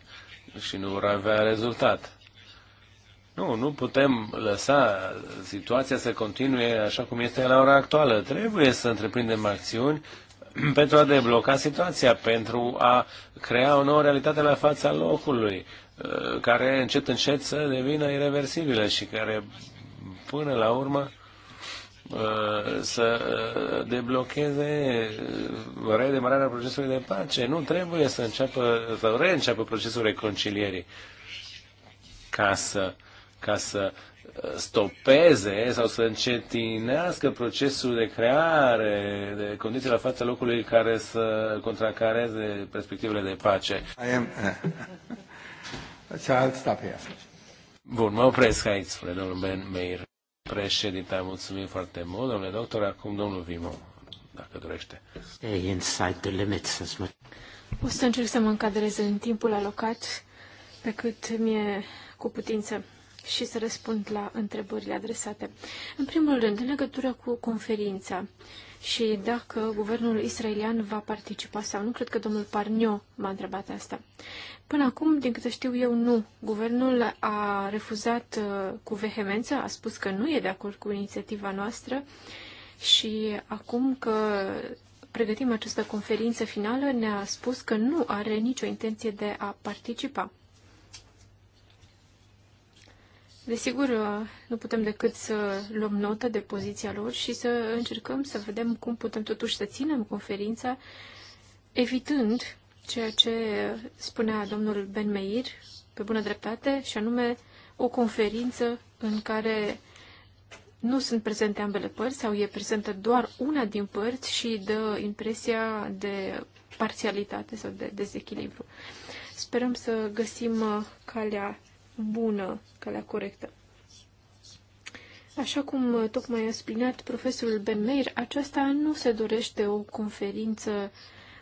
și nu vor avea rezultat. Nu, nu putem lăsa situația să continue așa cum este la ora actuală. Trebuie să întreprindem acțiuni pentru a debloca situația, pentru a crea o nouă realitate la fața locului, uh, care încet încet să devină irreversibilă și care până la urmă să uh, deblocheze uh, redemararea procesului de pace. Nu trebuie să înceapă să reînceapă procesul reconcilierii ca să, ca să uh, stopeze sau să încetinească procesul de creare de condiții la fața locului care să contracareze perspectivele de pace. I am... Let's stop here. Bun, mă opresc aici, spune domnul Ben Meir. Președinte, mulțumit foarte mult, domnule doctor. Acum domnul Vimo, dacă dorește. Stay inside the limits, as much. O să încerc să mă încadrez în timpul alocat pe cât mi-e cu putință și să răspund la întrebările adresate. În primul rând, în legătură cu conferința, și dacă guvernul israelian va participa sau nu. Cred că domnul Parnio m-a întrebat asta. Până acum, din câte știu eu, nu. Guvernul a refuzat uh, cu vehemență, a spus că nu e de acord cu inițiativa noastră și acum că pregătim această conferință finală, ne-a spus că nu are nicio intenție de a participa. Desigur, uh, nu putem decât să luăm notă de poziția lor și să încercăm să vedem cum putem totuși să ținem conferința, evitând ceea ce spunea domnul Ben Meir, pe bună dreptate, și anume o conferință în care nu sunt prezente ambele părți sau e prezentă doar una din părți și dă impresia de parțialitate sau de dezechilibru. Sperăm să găsim uh, calea bună, calea corectă. Așa cum tocmai a spinat profesorul Ben Meir, aceasta nu se dorește o conferință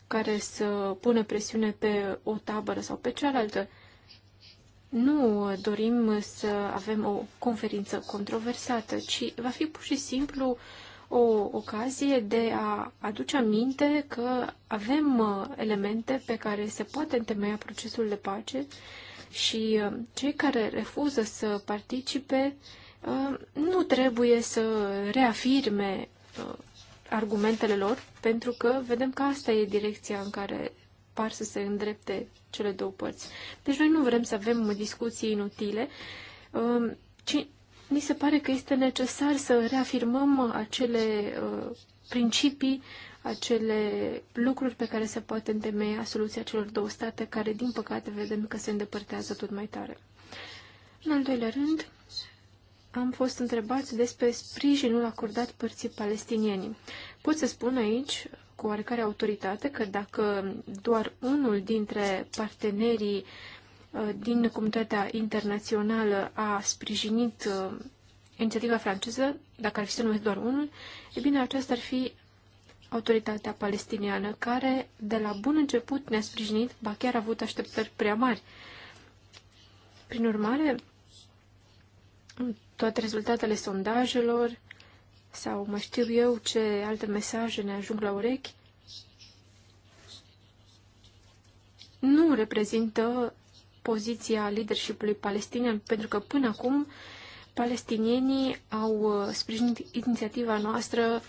care să pună presiune pe o tabără sau pe cealaltă. Nu dorim să avem o conferință controversată, ci va fi pur și simplu o ocazie de a aduce aminte că avem elemente pe care se poate întemeia procesul de pace și uh, cei care refuză să participe uh, nu trebuie să reafirme uh, argumentele lor, pentru că vedem că asta e direcția în care par să se îndrepte cele două părți. Deci noi nu vrem să avem discuții inutile, ci mi se pare că este necesar să reafirmăm acele principii acele lucruri pe care se poate întemeia soluția celor două state, care, din păcate, vedem că se îndepărtează tot mai tare. În al doilea rând, am fost întrebați despre sprijinul acordat părții palestinienii. Pot să spun aici, cu oarecare autoritate, că dacă doar unul dintre partenerii uh, din comunitatea internațională a sprijinit uh, inițiativa franceză, dacă ar fi să numesc doar unul, e bine, aceasta ar fi autoritatea palestiniană, care de la bun început ne-a sprijinit, ba chiar a avut așteptări prea mari. Prin urmare, toate rezultatele sondajelor sau mai știu eu ce alte mesaje ne ajung la urechi, nu reprezintă poziția leadership-ului palestinian, pentru că până acum palestinienii au uh, sprijinit inițiativa noastră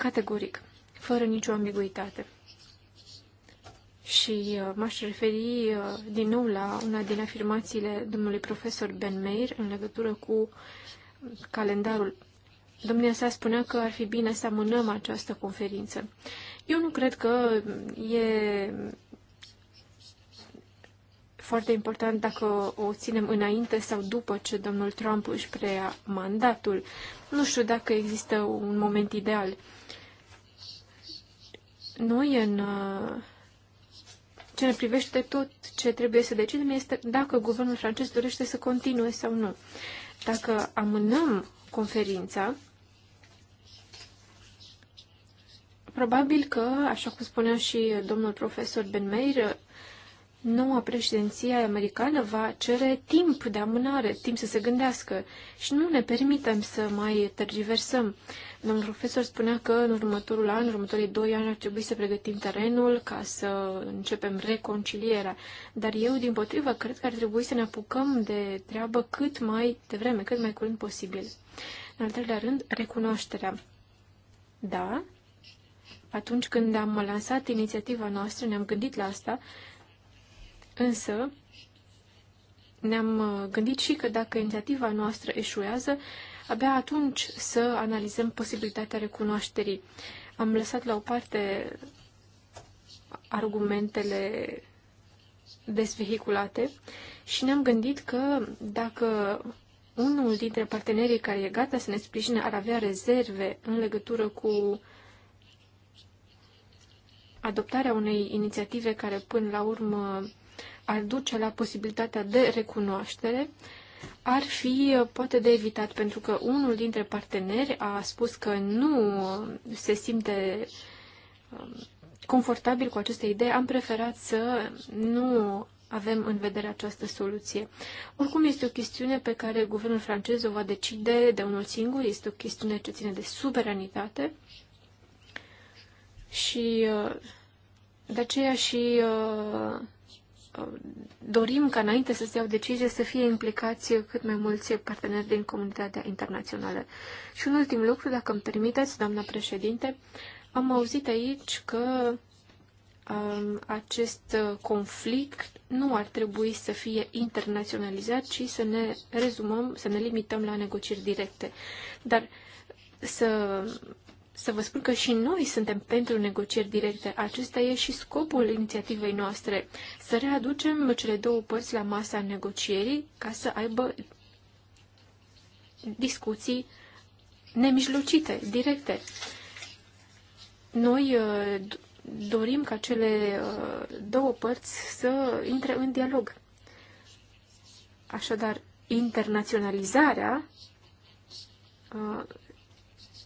Categoric, fără nicio ambiguitate. Și uh, m-aș referi uh, din nou la una din afirmațiile domnului profesor Ben Meir în legătură cu calendarul. Domnul sa spunea că ar fi bine să amânăm această conferință. Eu nu cred că e foarte important dacă o ținem înainte sau după ce domnul Trump își preia mandatul. Nu știu dacă există un moment ideal. Noi, în uh, ce ne privește, tot ce trebuie să decidem este dacă guvernul francez dorește să continue sau nu. Dacă amânăm conferința, probabil că, așa cum spunea și domnul profesor Ben Meir, noua președinție americană va cere timp de amânare, timp să se gândească și nu ne permitem să mai tergiversăm. Domnul profesor spunea că în următorul an, în următorii doi ani ar trebui să pregătim terenul ca să începem reconcilierea. Dar eu, din potrivă, cred că ar trebui să ne apucăm de treabă cât mai devreme, cât mai curând posibil. În al treilea rând, recunoașterea. Da, atunci când am lansat inițiativa noastră, ne-am gândit la asta Însă, ne-am uh, gândit și că dacă inițiativa noastră eșuează, abia atunci să analizăm posibilitatea recunoașterii. Am lăsat la o parte argumentele desvehiculate și ne-am gândit că dacă unul dintre partenerii care e gata să ne sprijine ar avea rezerve în legătură cu adoptarea unei inițiative care până la urmă ar duce la posibilitatea de recunoaștere ar fi uh, poate de evitat, pentru că unul dintre parteneri a spus că nu uh, se simte um, confortabil cu aceste idei, am preferat să nu avem în vedere această soluție. Oricum, este o chestiune pe care guvernul francez o va decide de unul singur, este o chestiune ce ține de suveranitate și uh, de aceea și dorim ca înainte să se iau decizie să fie implicați cât mai mulți parteneri din comunitatea internațională. Și un ultim lucru, dacă îmi permiteți, doamna președinte, am auzit aici că um, acest conflict nu ar trebui să fie internaționalizat, ci să ne rezumăm, să ne limităm la negocieri directe. Dar să să vă spun că și noi suntem pentru negocieri directe. Acesta e și scopul inițiativei noastre, să readucem cele două părți la masa negocierii ca să aibă discuții nemijlocite, directe. Noi uh, dorim ca cele uh, două părți să intre în dialog. Așadar, internaționalizarea uh,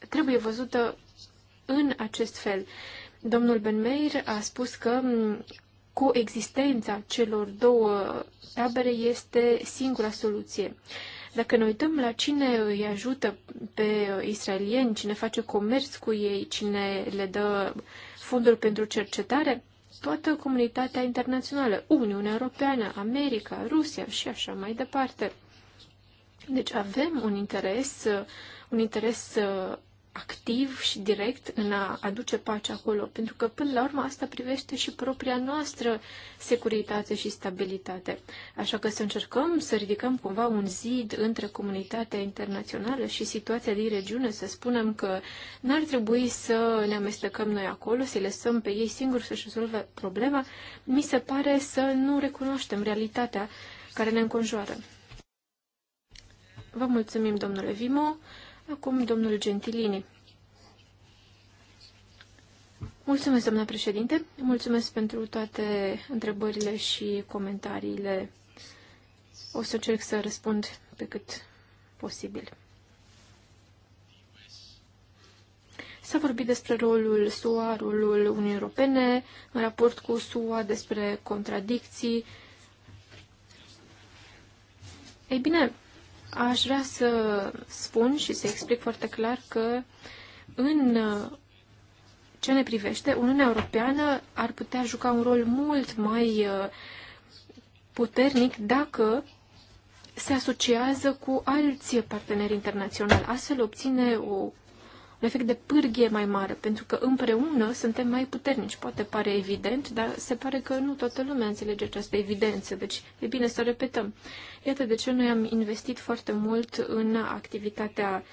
trebuie văzută în acest fel. Domnul Ben Meir a spus că coexistența celor două tabere este singura soluție. Dacă ne uităm la cine îi ajută pe israelieni, cine face comerț cu ei, cine le dă fonduri pentru cercetare, toată comunitatea internațională, Uniunea Europeană, America, Rusia și așa mai departe. Deci avem un interes, un interes activ și direct în a aduce pace acolo, pentru că până la urmă asta privește și propria noastră securitate și stabilitate. Așa că să încercăm să ridicăm cumva un zid între comunitatea internațională și situația din regiune, să spunem că n-ar trebui să ne amestecăm noi acolo, să-i lăsăm pe ei singuri să-și rezolve problema, mi se pare să nu recunoaștem realitatea care ne înconjoară. Vă mulțumim, domnule Vimo. Acum, domnul Gentilini. Mulțumesc, doamna președinte. Mulțumesc pentru toate întrebările și comentariile. O să încerc să răspund pe cât posibil. S-a vorbit despre rolul SUA, rolul Uniunii Europene, în raport cu SUA, despre contradicții. Ei bine, Aș vrea să spun și să explic foarte clar că în uh, ce ne privește, Uniunea Europeană ar putea juca un rol mult mai uh, puternic dacă se asociază cu alți parteneri internaționali. Astfel obține o un efect de pârghie mai mare, pentru că împreună suntem mai puternici. Poate pare evident, dar se pare că nu toată lumea înțelege această evidență, deci e bine să o repetăm. Iată de ce noi am investit foarte mult în activitatea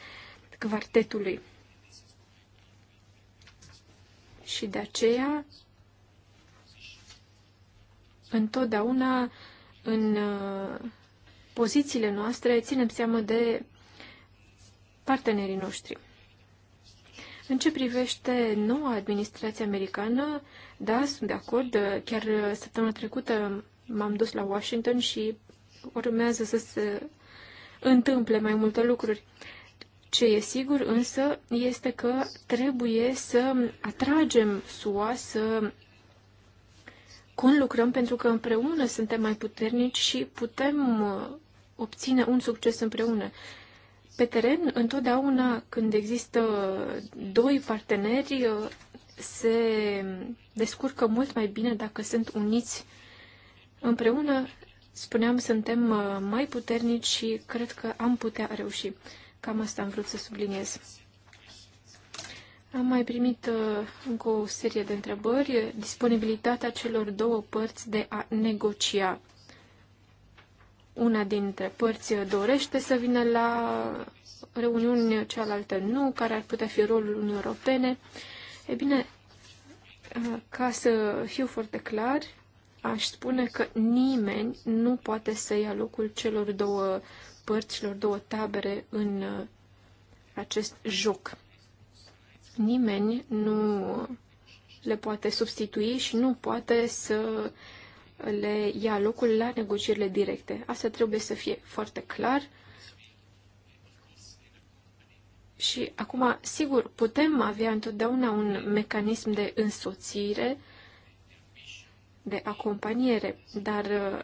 quartetului. Și de aceea, întotdeauna, în uh, pozițiile noastre, ținem seama de partenerii noștri. În ce privește noua administrație americană, da, sunt de acord. Chiar uh, săptămâna trecută m-am dus la Washington și urmează să se întâmple mai multe lucruri. Ce e sigur însă este că trebuie să atragem SUA, să conlucrăm pentru că împreună suntem mai puternici și putem uh, obține un succes împreună. Pe teren, întotdeauna când există doi parteneri, se descurcă mult mai bine dacă sunt uniți împreună. Spuneam, suntem uh, mai puternici și cred că am putea reuși. Cam asta am vrut să subliniez. Am mai primit uh, încă o serie de întrebări. Disponibilitatea celor două părți de a negocia una dintre părți dorește să vină la reuniune, cealaltă nu, care ar putea fi rolul Uniunii Europene. E bine, ca să fiu foarte clar, aș spune că nimeni nu poate să ia locul celor două părți, celor două tabere în acest joc. Nimeni nu le poate substitui și nu poate să le ia locul la negocierile directe. Asta trebuie să fie foarte clar. Și acum, sigur, putem avea întotdeauna un mecanism de însoțire, de acompaniere, dar uh,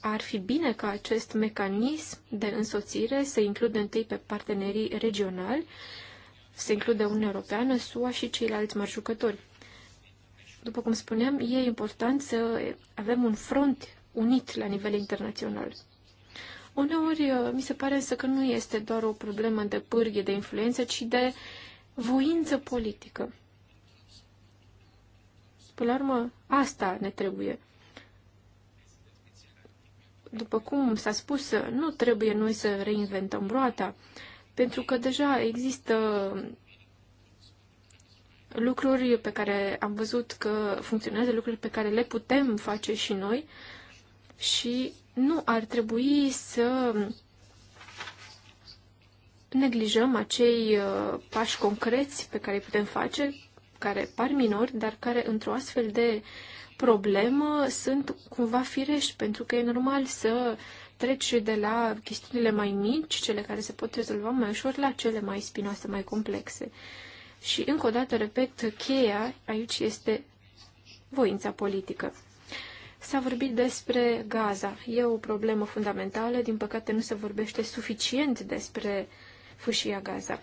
ar fi bine ca acest mecanism de însoțire să includă întâi pe partenerii regionali, să includă Uniunea Europeană, SUA și ceilalți mari jucători. După cum spuneam, e important să avem un front unit la nivel internațional. Uneori, uh, mi se pare însă că nu este doar o problemă de pârghie, de influență, ci de voință politică. Până la urmă, asta ne trebuie. După cum s-a spus, nu trebuie noi să reinventăm roata, pentru că deja există lucruri pe care am văzut că funcționează, lucruri pe care le putem face și noi și nu ar trebui să neglijăm acei uh, pași concreți pe care îi putem face, care par minori, dar care într-o astfel de problemă sunt cumva firești, pentru că e normal să treci de la chestiunile mai mici, cele care se pot rezolva mai ușor, la cele mai spinoase, mai complexe. Și încă o dată, repet, cheia aici este voința politică. S-a vorbit despre Gaza. E o problemă fundamentală, din păcate nu se vorbește suficient despre fâșia Gaza.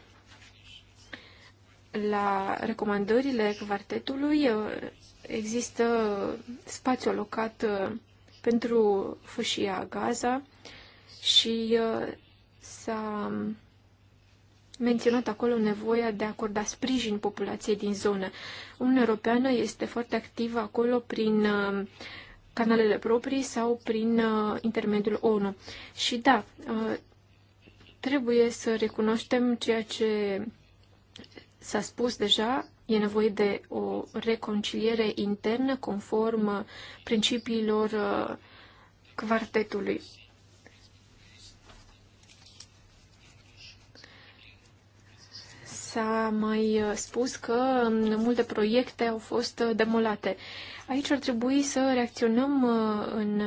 La recomandările quartetului uh, există spațiu alocat uh, pentru fâșia Gaza și uh, s-a menționat acolo nevoia de a acorda sprijin populației din zonă. Uniunea Europeană este foarte activă acolo prin uh, canalele proprii sau prin uh, intermediul ONU. Și da, uh, trebuie să recunoaștem ceea ce s-a spus deja, e nevoie de o reconciliere internă conform principiilor quartetului. S-a mai uh, spus că um, multe proiecte au fost uh, demolate. Aici ar trebui să reacționăm uh, în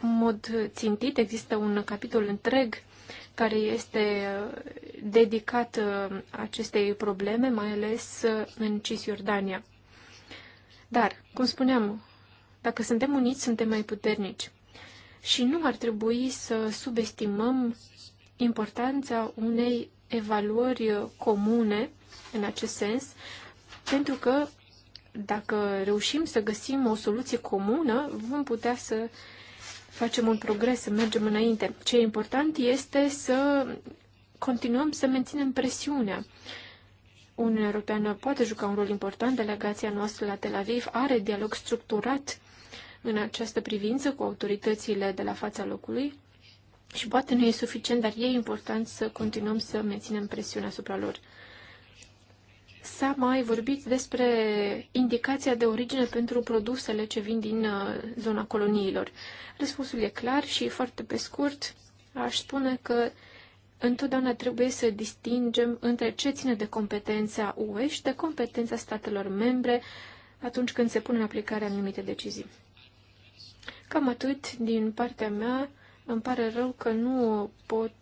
mod țintit. Există un capitol întreg care este dedicat acestei probleme, mai ales în Cisjordania. Dar, cum spuneam, dacă suntem uniți, suntem mai puternici. Și nu ar trebui să subestimăm importanța unei evaluări uh, comune în acest sens, pentru că dacă reușim să găsim o soluție comună, vom putea să facem un progres, să mergem înainte. Ce e important este să continuăm să menținem presiunea. Uniunea Europeană poate juca un rol important. Delegația noastră la Tel Aviv are dialog structurat în această privință cu autoritățile de la fața locului și poate nu e suficient, dar e important să continuăm să menținem presiunea asupra lor. S-a mai vorbit despre indicația de origine pentru produsele ce vin din uh, zona coloniilor. Răspunsul e clar și foarte pe scurt. Aș spune că întotdeauna trebuie să distingem între ce ține de competența UE și de competența statelor membre atunci când se pun în aplicare anumite decizii. Cam atât din partea mea. Îmi pare rău că nu pot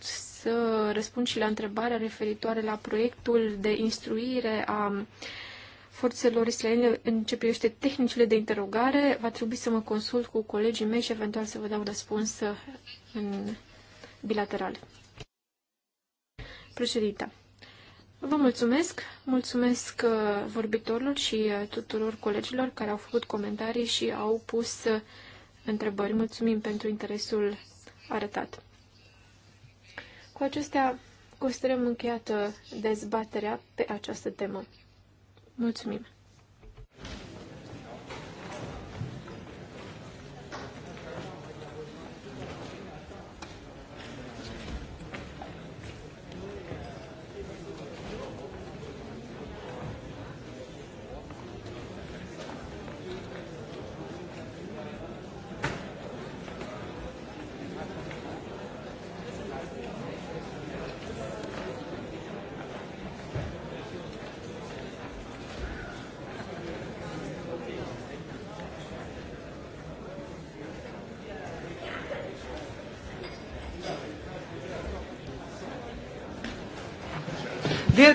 să răspund și la întrebarea referitoare la proiectul de instruire a forțelor israeliene în ce privește tehnicile de interogare. Va trebui să mă consult cu colegii mei și eventual să vă dau răspuns în bilateral. Președinte, vă mulțumesc, mulțumesc uh, vorbitorilor și uh, tuturor colegilor care au făcut comentarii și au pus uh, întrebări. Mulțumim pentru interesul arătat. Cu acestea, considerăm încheiată dezbaterea pe această temă. Mulțumim!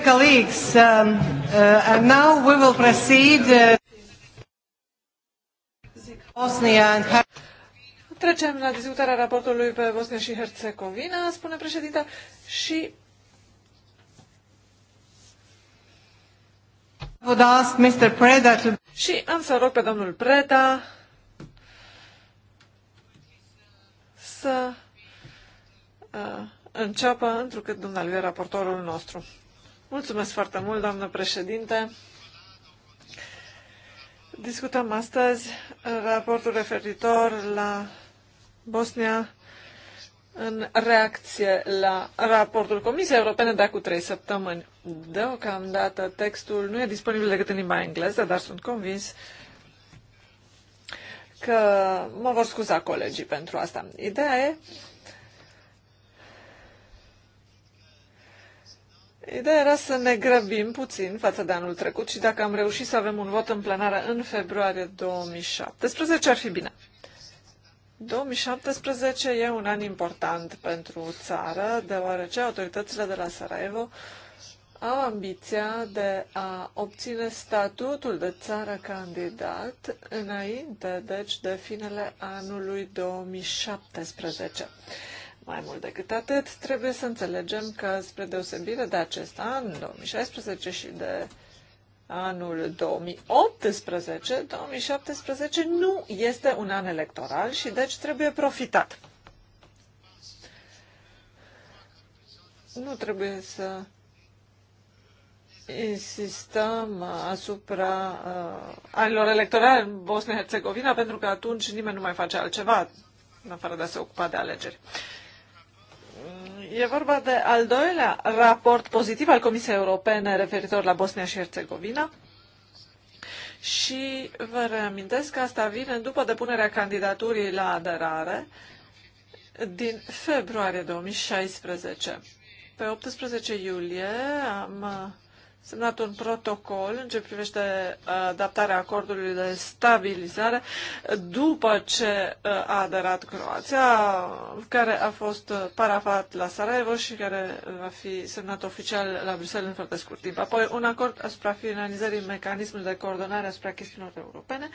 colleagues, um, uh, and now we will proceed uh, Bosnia and Trecem la discutarea raportului pe Bosnia și Herțegovina, spune președinta, și Would ask Mr. Preda to... Și am să rog pe domnul Preda să uh, înceapă, întrucât dumneavoastră raportorul nostru. Mulțumesc foarte mult, doamnă președinte. Discutăm astăzi raportul referitor la Bosnia în reacție la raportul Comisiei Europene de acum trei săptămâni. Deocamdată textul nu e disponibil decât în limba engleză, dar sunt convins că mă vor scuza colegii pentru asta. Ideea e Ideea era să ne grăbim puțin față de anul trecut și dacă am reușit să avem un vot în plenară în februarie 2017 ar fi bine. 2017 e un an important pentru țară, deoarece autoritățile de la Sarajevo au ambiția de a obține statutul de țară candidat înainte, deci, de finele anului 2017. Mai mult decât atât, trebuie să înțelegem că, spre deosebire de acest an, 2016 și de anul 2018, 2017 nu este un an electoral și deci trebuie profitat. Nu trebuie să insistăm asupra uh, anilor electorale în Bosnia-Herzegovina pentru că atunci nimeni nu mai face altceva în afară de a se ocupa de alegeri. Uh, E vorba de al doilea raport pozitiv al Comisiei Europene referitor la Bosnia și Herțegovina. Și vă reamintesc că asta vine după depunerea candidaturii la aderare din februarie 2016. Pe 18 iulie am semnat un protocol în ce privește uh, adaptarea acordului de stabilizare după ce uh, a aderat Croația, care a fost uh, parafat la Sarajevo și care va fi semnat oficial la Bruxelles în foarte scurt timp. Apoi un acord asupra finalizării mecanismului de coordonare asupra chestiunilor europene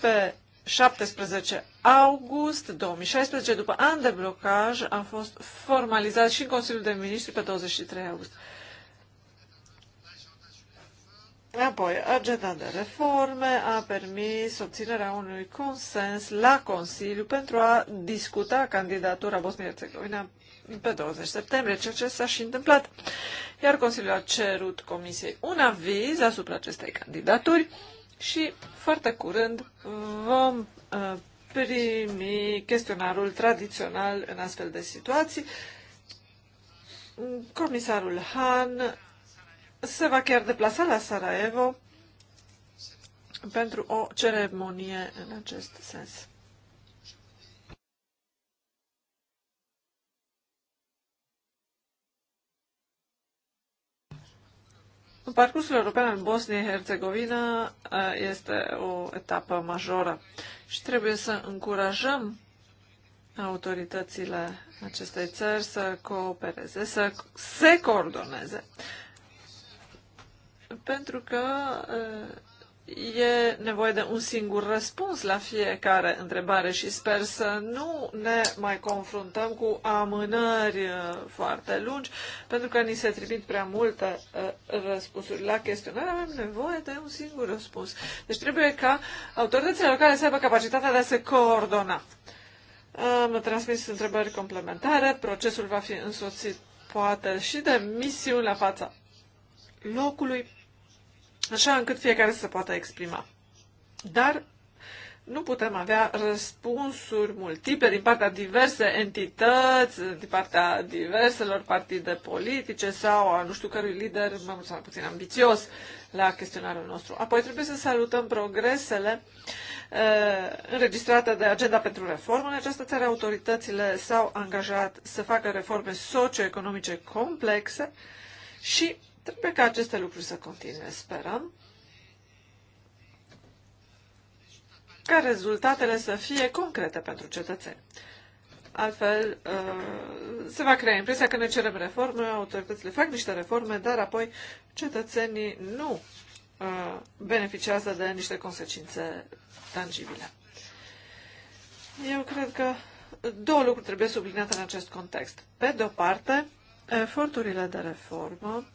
pe 17 august 2016, după ani de blocaj, a fost formalizat și Consiliul de Ministri pe 23 august. Apoi, agenda de reforme a permis obținerea unui consens la Consiliu pentru a discuta candidatura Bosnia-Herzegovina pe 20 septembrie, ceea ce s-a și întâmplat. Iar Consiliul a cerut Comisiei un aviz asupra acestei candidaturi și foarte curând vom uh, primi chestionarul tradițional în astfel de situații. Comisarul Han se va chiar deplasa la Sarajevo pentru o ceremonie în acest sens. Parcursul european al Bosniei-Herzegovina uh, este o etapă majoră și trebuie să încurajăm autoritățile acestei țări să coopereze, să se coordoneze pentru că uh, e nevoie de un singur răspuns la fiecare întrebare și sper să nu ne mai confruntăm cu amânări uh, foarte lungi, pentru că ni se trimit prea multe uh, răspunsuri. La chestionare avem nevoie de un singur răspuns. Deci trebuie ca autoritățile locale să aibă capacitatea de a se coordona. Am transmis întrebări complementare, procesul va fi însoțit poate și de misiuni la fața locului așa încât fiecare să se poată exprima. Dar nu putem avea răspunsuri multiple din partea diverse entități, din partea diverselor partide politice sau a nu știu cărui lider mai mult sau puțin ambițios la chestionarul nostru. Apoi trebuie să salutăm progresele uh, înregistrate de Agenda pentru Reformă. În această țară autoritățile s-au angajat să facă reforme socioeconomice complexe și Trebuie ca aceste lucruri să continue, sperăm. Ca rezultatele să fie concrete pentru cetățeni. Altfel, uh, se va crea impresia că ne cerem reforme, autoritățile fac niște reforme, dar apoi cetățenii nu uh, beneficiază de niște consecințe tangibile. Eu cred că două lucruri trebuie subliniate în acest context. Pe de o parte, eforturile de reformă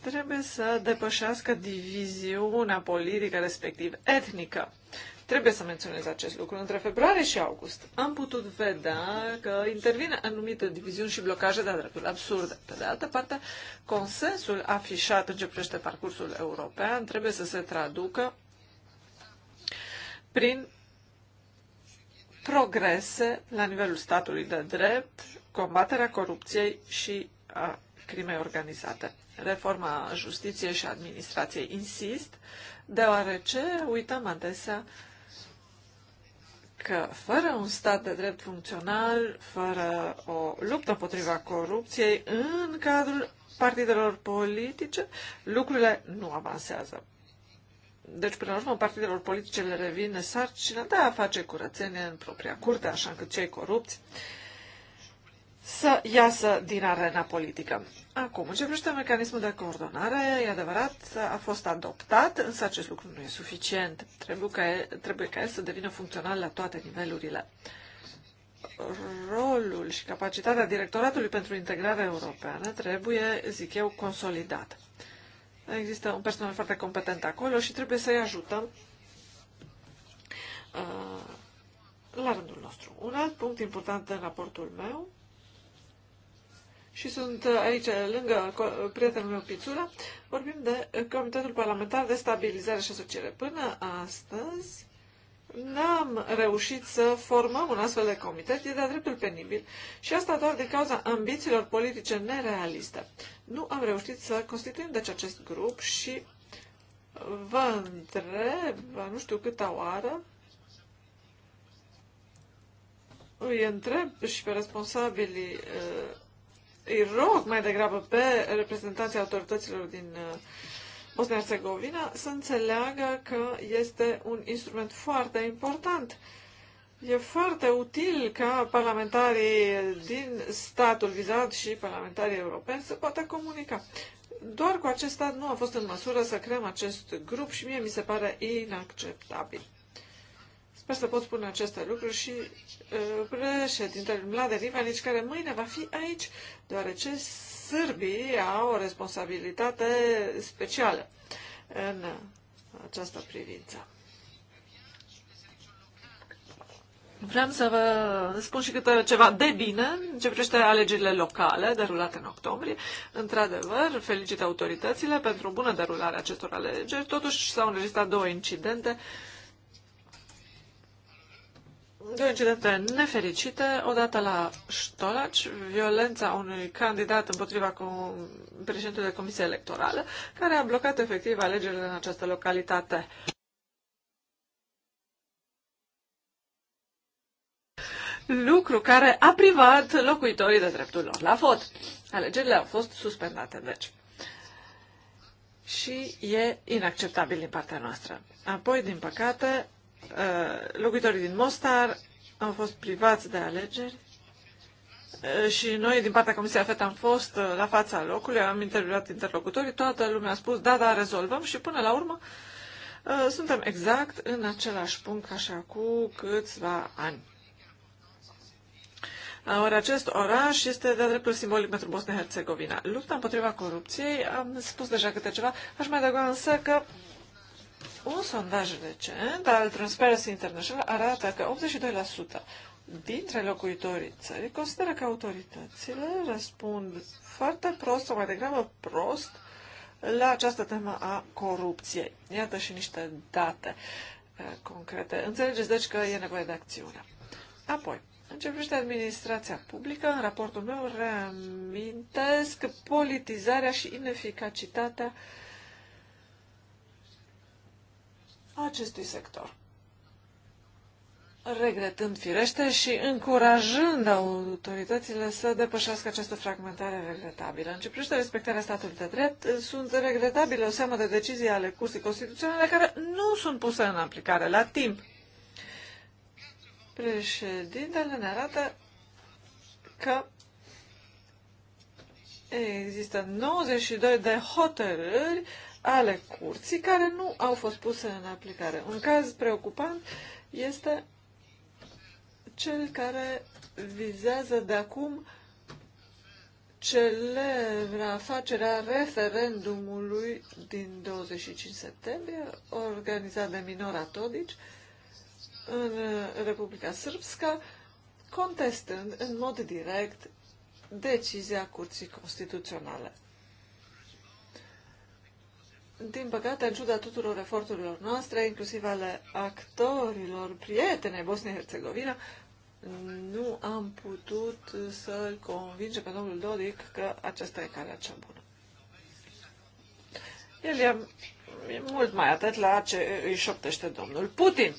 trebuie să depășească diviziunea politică, respectiv etnică. Trebuie să menționez acest lucru. Între februarie și august am putut vedea că intervine anumite diviziuni și blocaje de-a dreptul absurde. Pe de altă parte, consensul afișat în ce privește parcursul european trebuie să se traducă prin progrese la nivelul statului de drept, combaterea corupției și a crimei organizate. Reforma justiției și administrației insist, deoarece uităm adesea că fără un stat de drept funcțional, fără o luptă împotriva corupției în cadrul partidelor politice, lucrurile nu avansează. Deci, până la urmă, partidelor politice le revine sarcina de a face curățenie în propria curte, așa încât cei corupți uh, să iasă din arena politică. Acum, în ce privește mecanismul de coordonare, e adevărat, a fost adoptat, însă acest lucru nu e suficient. Trebuie ca, el, trebuie ca el să devină funcțional la toate nivelurile. Rolul și capacitatea Directoratului pentru Integrare Europeană trebuie, zic eu, consolidat. Există un personal foarte competent acolo și trebuie să-i ajutăm uh, la rândul nostru. Un alt punct important în raportul meu și sunt uh, aici lângă uh, prietenul meu Pițula, vorbim de uh, Comitetul Parlamentar de Stabilizare și Asociere. Până astăzi n-am reușit să formăm un astfel de comitet, e de-a dreptul penibil și asta doar de cauza ambițiilor politice nerealiste. Nu am reușit să constituim deci acest grup și vă întreb, nu știu câta oară, îi întreb și pe responsabilii uh, îi rog mai degrabă pe reprezentanții autorităților din uh, Bosnia-Herzegovina să înțeleagă că este un instrument foarte important. E foarte util ca parlamentarii din statul vizat și parlamentarii europeni să poată comunica. Doar cu acest stat nu a fost în măsură să creăm acest grup și mie mi se pare inacceptabil. Sper să pot spune aceste lucruri și uh, președintele Mladen Ivanic, care mâine va fi aici, deoarece sârbii au o responsabilitate specială în această privință. Vreau să vă spun și câte ceva de bine ce privește alegerile locale derulate în octombrie. Într-adevăr, felicit autoritățile pentru bună derulare acestor alegeri. Totuși s-au înregistrat două incidente uh, Două incidente nefericite, odată la Ștolaci, violența unui candidat împotriva președintele de comisie electorală, care a blocat efectiv alegerile în această localitate. lucru care a privat locuitorii de dreptul lor la vot. Alegerile au fost suspendate, deci. Și e inacceptabil din partea noastră. Apoi, din păcate, Uh, locuitorii din Mostar au fost privați de alegeri uh, și noi, din partea Comisiei AFET, am fost uh, la fața locului, am interviuat interlocutorii, toată lumea a spus, da, da, rezolvăm și până la urmă suntem exact în același punct ca și acum câțiva ani. Ori acest oraș este de dreptul simbolic pentru Bosnia-Herzegovina. Lupta împotriva corupției, am spus deja câte ceva, aș mai adăuga însă că un sondaj recent al Transparency International arată că 82% dintre locuitorii țării consideră că autoritățile răspund foarte prost sau mai degrabă prost la această temă a corupției. Iată și niște date eh, concrete. Înțelegeți deci că e nevoie de acțiune. Apoi, în ce privește administrația publică, în raportul meu reamintesc politizarea și ineficacitatea uh, acestui sector. Regretând firește și încurajând autoritățile să depășească această fragmentare regretabilă. În ce privește respectarea statului de drept, sunt regretabile o seamă de decizii ale cursii Constituționale care nu sunt puse în aplicare la timp. Președintele ne arată că există 92 de hotărâri ale curții care nu au fost puse în aplicare. Un caz preocupant este cel care vizează de acum celebra afacerea referendumului din 25 septembrie, organizat de Minora Todici în Republica Srpska, contestând în mod direct decizia Curții Constituționale din păcate, în ciuda tuturor eforturilor noastre, inclusiv ale actorilor prietene ai Bosnia-Herzegovina, nu am putut să-l convinge pe domnul Dodic că aceasta e calea cea bună. El e, e mult mai atent la ce îi șoptește domnul Putin,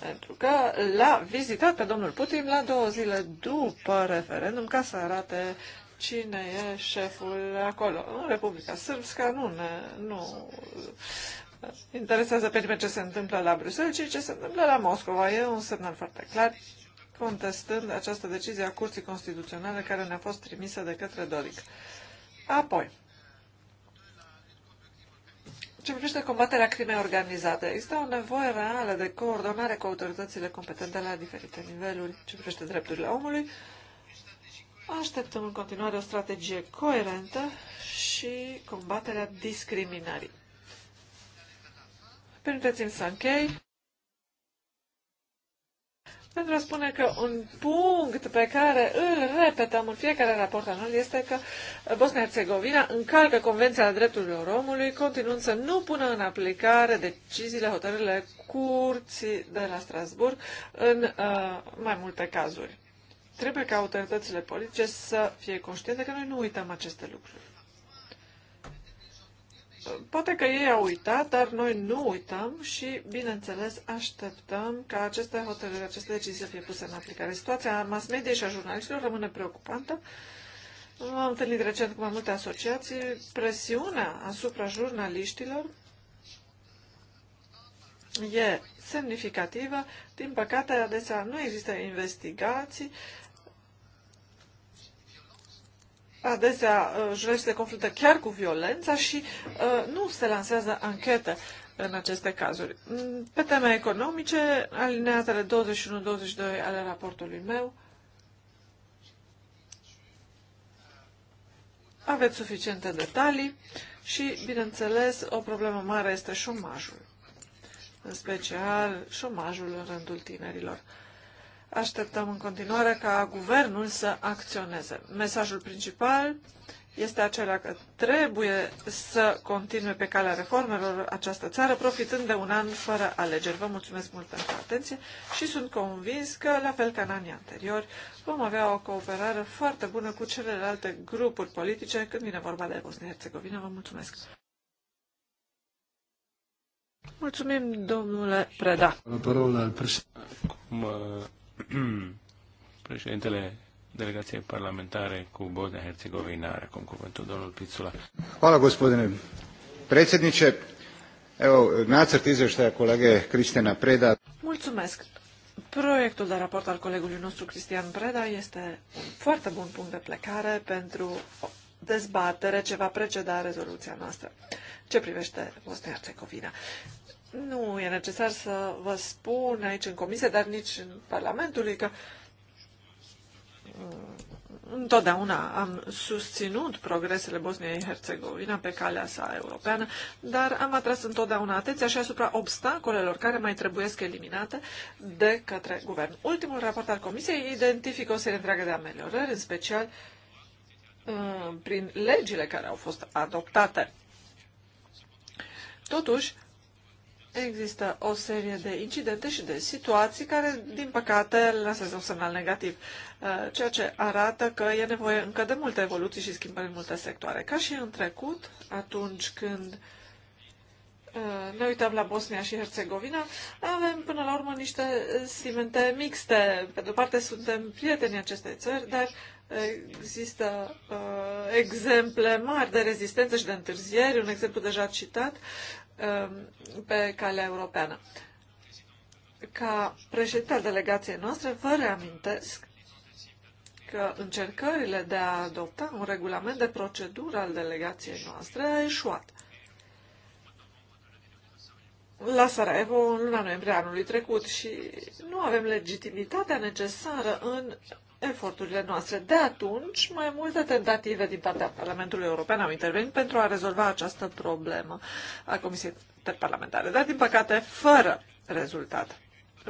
pentru că l-a vizitat pe domnul Putin la două zile după referendum ca să arate cine e șeful acolo. În Republica Sârbscă nu, ne, nu uh, interesează pe nimeni ce se întâmplă la Bruxelles, ci ce se întâmplă la Moscova. E un semnal foarte clar contestând această decizie a Curții Constituționale care ne-a fost trimisă de către Doric. Apoi, ce privește combaterea crimei organizate, există o nevoie reală de coordonare cu autoritățile competente la diferite niveluri, ce privește drepturile omului, Așteptăm în continuare o strategie coerentă și combaterea discriminării. Permiteți-mi să închei pentru a spune că un punct pe care îl repetăm în fiecare raport anual este că Bosnia-Herzegovina încalcă Convenția Drepturilor Omului, continuând să nu pună în aplicare deciziile, hotărârile curții de la Strasburg în uh, mai multe cazuri. Trebuie ca autoritățile politice să fie conștiente că noi nu uităm aceste lucruri. Poate că ei au uitat, dar noi nu uităm și, bineînțeles, așteptăm ca aceste hotărâri, aceste decizii să fie puse în aplicare. Situația mass media și a jurnalistilor rămâne preocupantă. M-am întâlnit recent cu mai multe asociații. Presiunea asupra jurnaliștilor e semnificativă. Din păcate, adesea nu există investigații adesea uh, jurnaliștii confruntă chiar cu violența și uh, nu se lansează anchete în aceste cazuri. Mm, pe teme economice, alineatele 21-22 ale raportului meu, aveți suficiente detalii și, bineînțeles, o problemă mare este șomajul, în special șomajul în rândul tinerilor. Așteptăm în continuare ca guvernul să acționeze. Mesajul principal este acela că trebuie să continue pe calea reformelor această țară, profitând de un an fără alegeri. Vă mulțumesc mult pentru atenție și sunt convins că, la fel ca în anii anteriori, vom avea o cooperare foarte bună cu celelalte grupuri politice când vine vorba de Bosnia-Herzegovina. Vă mulțumesc! Mulțumim, domnule Preda. Parola al Președintele Delegației Parlamentare cu Bosnia-Herzegovina are acum cuvântul domnul Pițula. Hvala, gospodine predsjedniče. Evo, nacrt izveštaja kolege Cristina Preda. Mulțumesc. Proiectul de raport al colegului nostru Cristian Preda este un foarte bun punct de plecare pentru o dezbatere ce va preceda rezoluția noastră ce privește Bosnia-Herzegovina. Nu e necesar să vă spun aici în comisie, dar nici în Parlamentul, că mm, întotdeauna am susținut progresele Bosniei-Herzegovina pe calea sa europeană, dar am atras întotdeauna atenția și asupra obstacolelor care mai trebuiesc eliminate de către guvern. Ultimul raport al Comisiei identifică o serie întreagă de ameliorări, în special mm, prin legile care au fost adoptate. Totuși, există o serie de incidente și de situații care, din păcate, lasă un semnal negativ, uh, ceea ce arată că e nevoie încă de multe evoluții și schimbări în multe sectoare. Ca și în trecut, atunci când uh, ne uităm la Bosnia și Herțegovina, avem până la urmă niște uh, simente mixte. Pe de o parte suntem prietenii acestei țări, dar există uh, exemple mari de rezistență și de întârzieri, un exemplu deja citat, Um, pe calea europeană. Ca președinte al delegației noastre, vă reamintesc că încercările de a adopta un regulament de procedură al delegației noastre a eșuat. La Sarajevo, în luna noiembrie anului trecut și nu avem legitimitatea necesară în eforturile noastre. De atunci, mai multe tentative din partea Parlamentului European au intervenit pentru a rezolva această problemă a Comisiei Interparlamentare, dar, din păcate, fără rezultat.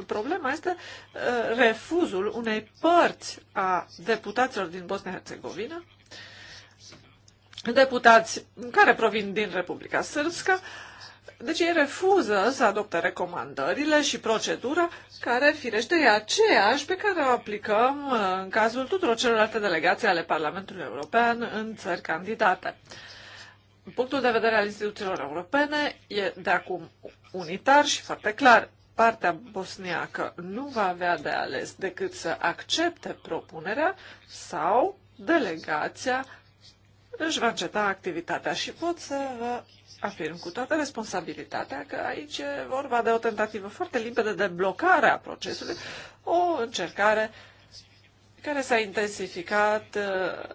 Problema este uh, refuzul unei părți a deputaților din Bosnia-Herzegovina, deputați care provin din Republica Sârbscă, uh, deci ei refuză să adopte recomandările și procedura care, firește, e aceeași pe care o aplicăm uh, în cazul tuturor celorlalte delegații ale Parlamentului European în țări candidate. Punctul de vedere al instituțiilor europene e de acum unitar și foarte clar. Partea bosniacă nu va avea de ales decât să accepte propunerea sau delegația își va înceta activitatea și pot să vă afirm cu toată responsabilitatea că aici e vorba de o tentativă foarte limpede de blocare a procesului, o încercare care s-a intensificat uh,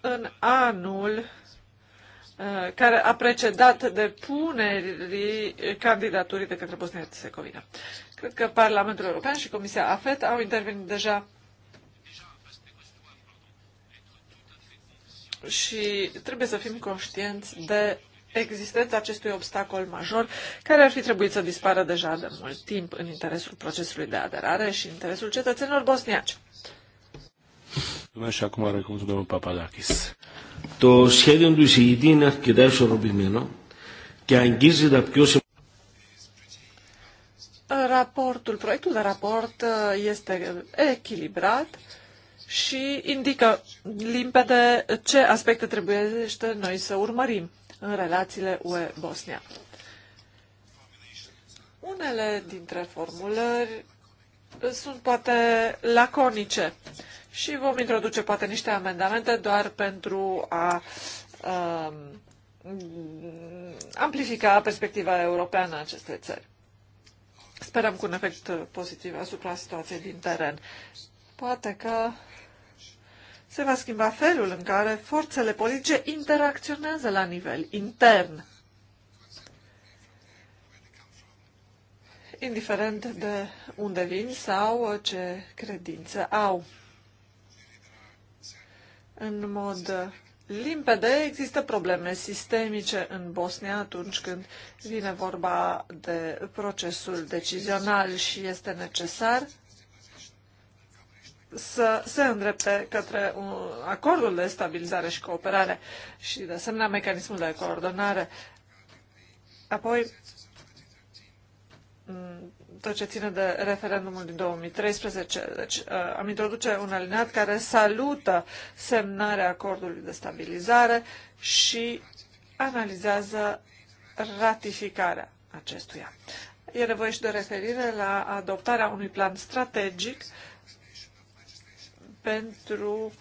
în anul uh, care a precedat depunerii candidaturii de către Bosnia-Herzegovina. Cred că Parlamentul European și Comisia AFET au intervenit deja și trebuie să fim conștienți de existența acestui obstacol major care ar fi trebuit să dispară deja de mult timp în interesul procesului de aderare și în interesul cetățenilor bosniaci. și acum are cuvântul domnul Papadakis. Το σχέδιο του εισηγητή είναι αρκετά ισορροπημένο că αγγίζει de πιο σημαντικά. Raportul, proiectul de raport uh, este echilibrat și indică limpede ce aspecte trebuie noi să urmărim în relațiile UE-Bosnia. Unele dintre formulări sunt poate laconice și vom introduce poate niște amendamente doar pentru a um, amplifica perspectiva europeană a acestei țări. Sperăm cu un efect pozitiv asupra situației din teren. Poate că se va schimba felul în care forțele politice interacționează la nivel intern. indiferent de unde vin sau ce credință au. În mod limpede există probleme sistemice în Bosnia atunci când vine vorba de procesul decizional și este necesar să se îndrepte către un acordul de stabilizare și cooperare și, de asemenea, mecanismul de coordonare. Apoi, tot ce ține de referendumul din 2013. Deci uh, am introduce un alineat care salută semnarea acordului de stabilizare și analizează ratificarea acestuia. E nevoie și de referire la adoptarea unui plan strategic pentru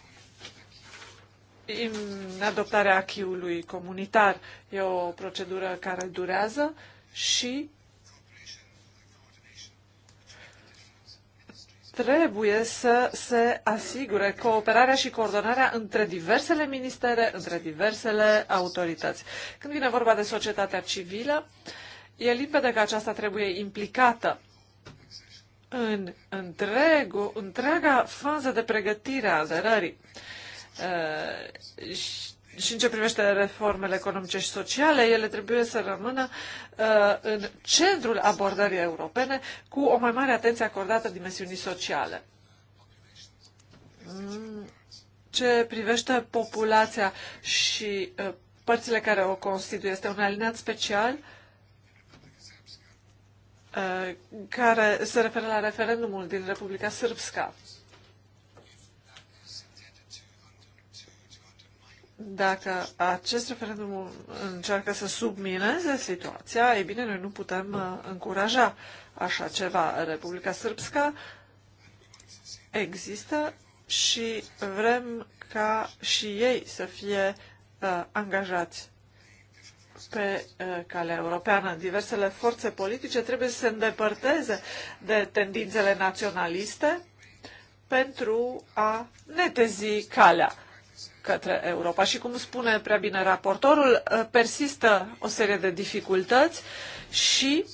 adoptarea achiului comunitar. E o procedură care durează și trebuie să se asigure cooperarea și coordonarea între diversele ministere, între diversele autorități. Când vine vorba de societatea civilă, e limpede că aceasta trebuie implicată în întregul, întreaga fază de pregătire a aderării. Uh, și, și în ce privește reformele economice și sociale, ele trebuie să rămână uh, în centrul abordării europene cu o mai mare atenție acordată dimensiunii sociale. Mm, ce privește populația și uh, părțile care o constituie, este un alineat special uh, Uh, care se referă la referendumul din Republica Sârbska. Dacă acest referendum încearcă să submineze situația, e bine, noi nu putem uh, încuraja așa ceva. Republica Sârbska există și vrem ca și ei să fie uh, angajați pe eh, calea europeană. Diversele forțe politice trebuie să se îndepărteze de tendințele naționaliste pentru a netezi calea către Europa. Și cum spune prea bine raportorul, eh, persistă o serie de dificultăți și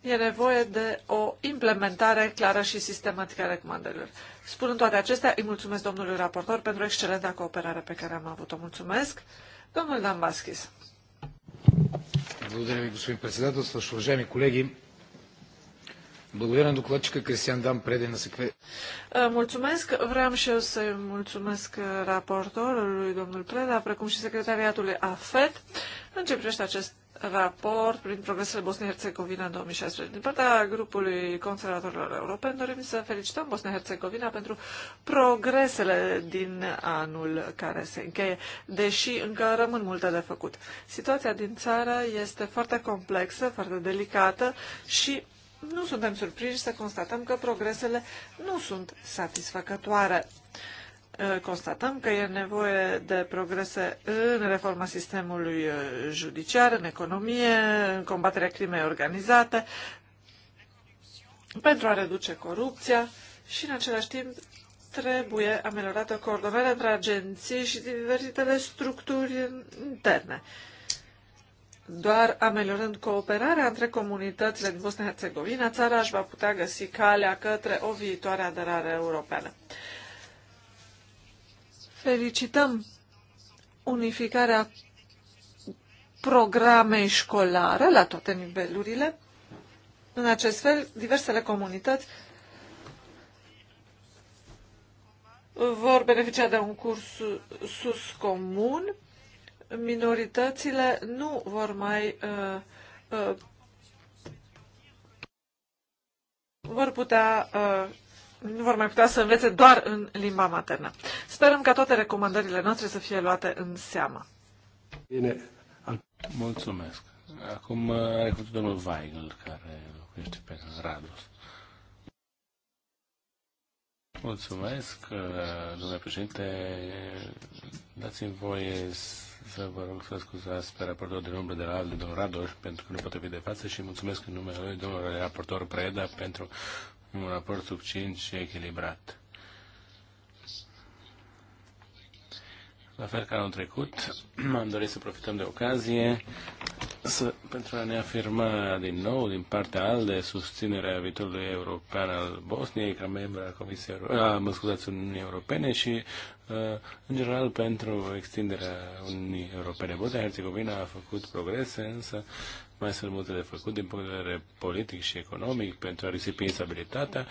e nevoie de o implementare clară și sistematică a recomandărilor. Spunând toate acestea, îi mulțumesc domnului raportor pentru excelenta cooperare pe care am avut-o. Mulțumesc! Domnul Dan Baschis. Благодаря ви, господин председател. Уважаеми колеги, Благодаря на докладчика Кристиан на секве. Mulțumesc. Vreau și eu să mulțumesc raportorului, domnul Preda, precum și secretariatului AFET, începește acest raport prin progresele Bosnia-Herzegovina în 2016. Din partea grupului conservatorilor europeni dorim să felicităm Bosnia-Herzegovina pentru progresele din anul care se încheie, deși încă rămân multe de făcut. Situația din țară este foarte complexă, foarte delicată și nu suntem surprinși să constatăm că progresele nu sunt satisfăcătoare. Constatăm că e nevoie de progrese în reforma sistemului judiciar, în economie, în combaterea crimei organizate, pentru a reduce corupția și, în același timp, trebuie ameliorată coordonarea între agenții și diversitele structuri interne. Doar ameliorând cooperarea între comunitățile din Bosnia-Herzegovina, țara își va putea găsi calea către o viitoare aderare europeană. Felicităm unificarea programei școlare la toate nivelurile. În acest fel, diversele comunități vor beneficia de un curs sus comun minoritățile nu vor mai uh, uh, vor putea uh, nu vor mai putea să învețe doar în limba maternă. Sperăm ca toate recomandările noastre să fie luate în seamă. Bine. Mulțumesc. Acum uh, are cu domnul Weigl, care locuiește pe Radus. Mulțumesc, uh, domnule președinte. Dați-mi voie să să vă rog să scuzați pe raportorul de nume de la alt, domnul Radoș, pentru că nu poate fi de față și mulțumesc în numele lui domnul raportor Preda pentru un raport subțin și echilibrat. La fel ca anul trecut, am dorit să profităm de ocazie să, pentru a ne afirma din nou din partea ALDE susținerea viitorului european al Bosniei ca membru al Comisiei Europene, a, mă scuzați, Uniunii Europene și Uh, în general pentru extinderea Uniunii Europene. Bosnia Herzegovina a făcut progrese, însă mai sunt multe de făcut din punct de vedere politic și economic pentru a risipi instabilitatea.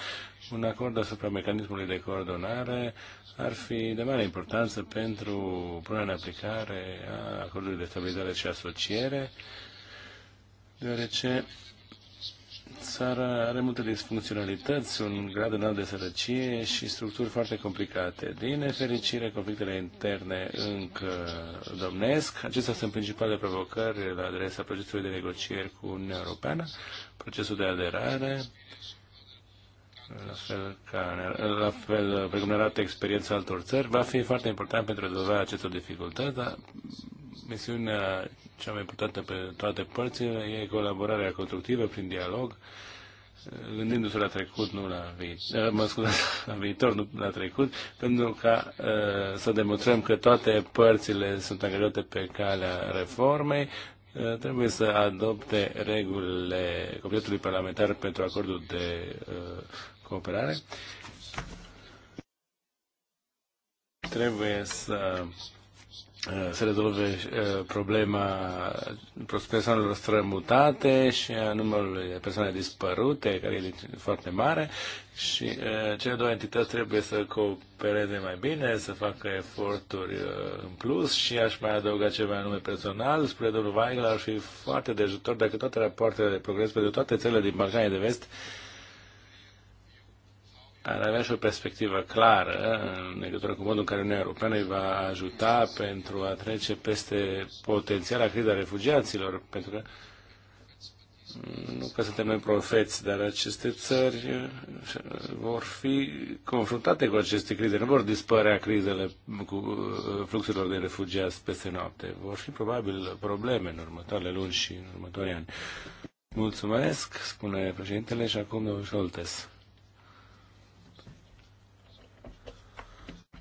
Un acord asupra mecanismului de coordonare ar fi de mare importanță pentru punerea în aplicare a acordului de stabilizare și asociere, deoarece Țara are multe disfuncționalități, un grad înalt de sărăcie și structuri foarte complicate. Din nefericire, conflictele interne încă domnesc. Acestea sunt principalele provocări la adresa procesului de negocieri cu Uniunea Europeană, procesul de aderare, la fel, ca, la fel precum ne arată experiența altor țări, va fi foarte important pentru rezolvarea acestor dificultăți, dar misiunea cea mai importantă pe toate părțile e colaborarea constructivă prin dialog, gândindu-se la trecut, nu la viitor, eh, mă scuze, la viitor, nu la trecut, pentru ca eh, să demonstrăm că toate părțile sunt angajate pe calea reformei, eh, trebuie să adopte regulile Comitetului Parlamentar pentru acordul de cooperare. Trebuie să uh, se rezolve uh, problema persoanelor strămutate și a numărului de persoane dispărute, care e foarte mare, și uh, cele două entități trebuie să coopereze mai bine, să facă eforturi în plus și aș mai adăuga ceva nume personal. Spre domnul Weigel ar fi foarte de ajutor dacă toate rapoartele de progres pentru toate țările din Balcanii de Vest ar avea și o perspectivă clară în legătură cu modul în care Uniunea Europeană îi va ajuta pentru a trece peste potențiala criza refugiaților, pentru că nu că suntem noi profeți, dar aceste țări vor fi confruntate cu aceste crize. Nu vor dispărea crizele cu uh, fluxurilor de refugiați peste noapte. Vor fi probabil probleme în următoarele luni și în următorii ani. Mulțumesc, spune președintele, și acum domnul Șoltes.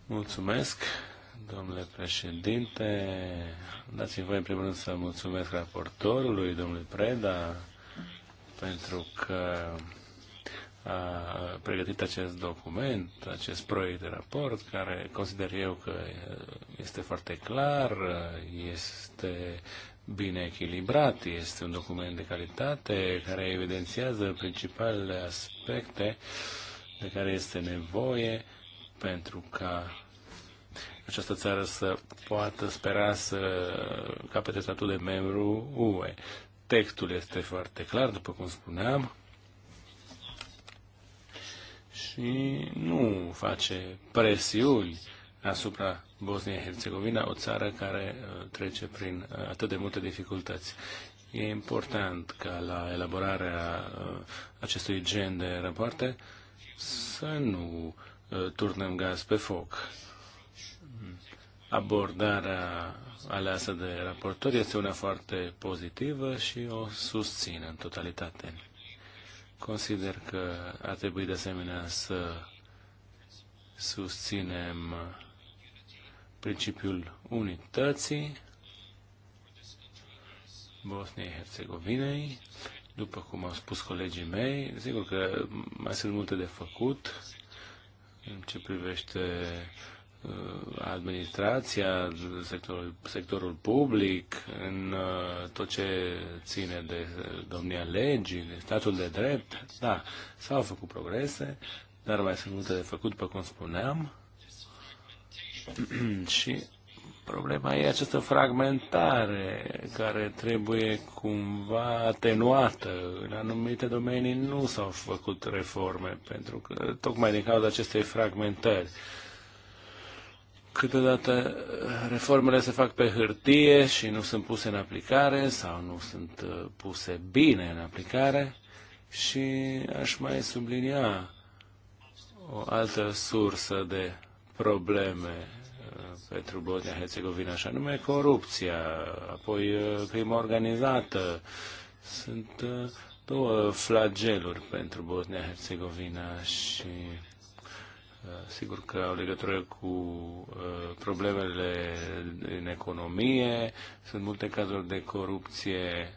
Mulțumesc, domnule președinte. Dați-mi voi, în primul rând, să mulțumesc raportorului, domnului Preda, pentru că a pregătit acest document, acest proiect de raport, care consider eu că este foarte clar, este bine echilibrat, este un document de calitate care evidențiază principalele aspecte de care este nevoie pentru ca această țară să poată spera să capete statut de membru UE. Textul este foarte clar, după cum spuneam, și nu face presiuni asupra Bosnia-Herzegovina, o țară care uh, trece prin uh, atât de multe dificultăți. E important ca la elaborarea uh, acestui gen de rapoarte să nu Uh, turnăm gaz pe foc. Abordarea aleasă de raportor este una foarte pozitivă și o susțin în totalitate. Consider că ar trebui de asemenea să susținem principiul unității Bosniei-Herzegovinei, după cum au spus colegii mei, sigur că mai sunt multe de făcut, în ce privește uh, administrația, sectorul, sectorul public, în uh, tot ce ține de uh, domnia legii, de statul de drept. Da, s-au făcut progrese, dar mai sunt multe de făcut, după cum spuneam. și Problema e această fragmentare care trebuie cumva atenuată. În anumite domenii nu s-au făcut reforme, pentru că tocmai din cauza acestei fragmentări. Câteodată eh, reformele se fac pe hârtie și nu sunt puse în aplicare sau nu sunt eh, puse bine în aplicare și aș mai sublinia o altă sursă de probleme pentru Bosnia-Herzegovina, și anume corupția, apoi uh, crimă organizată. Sunt uh, două flageluri pentru Bosnia-Herzegovina și uh, sigur că au legătură cu problemele în economie, sunt multe cazuri de corupție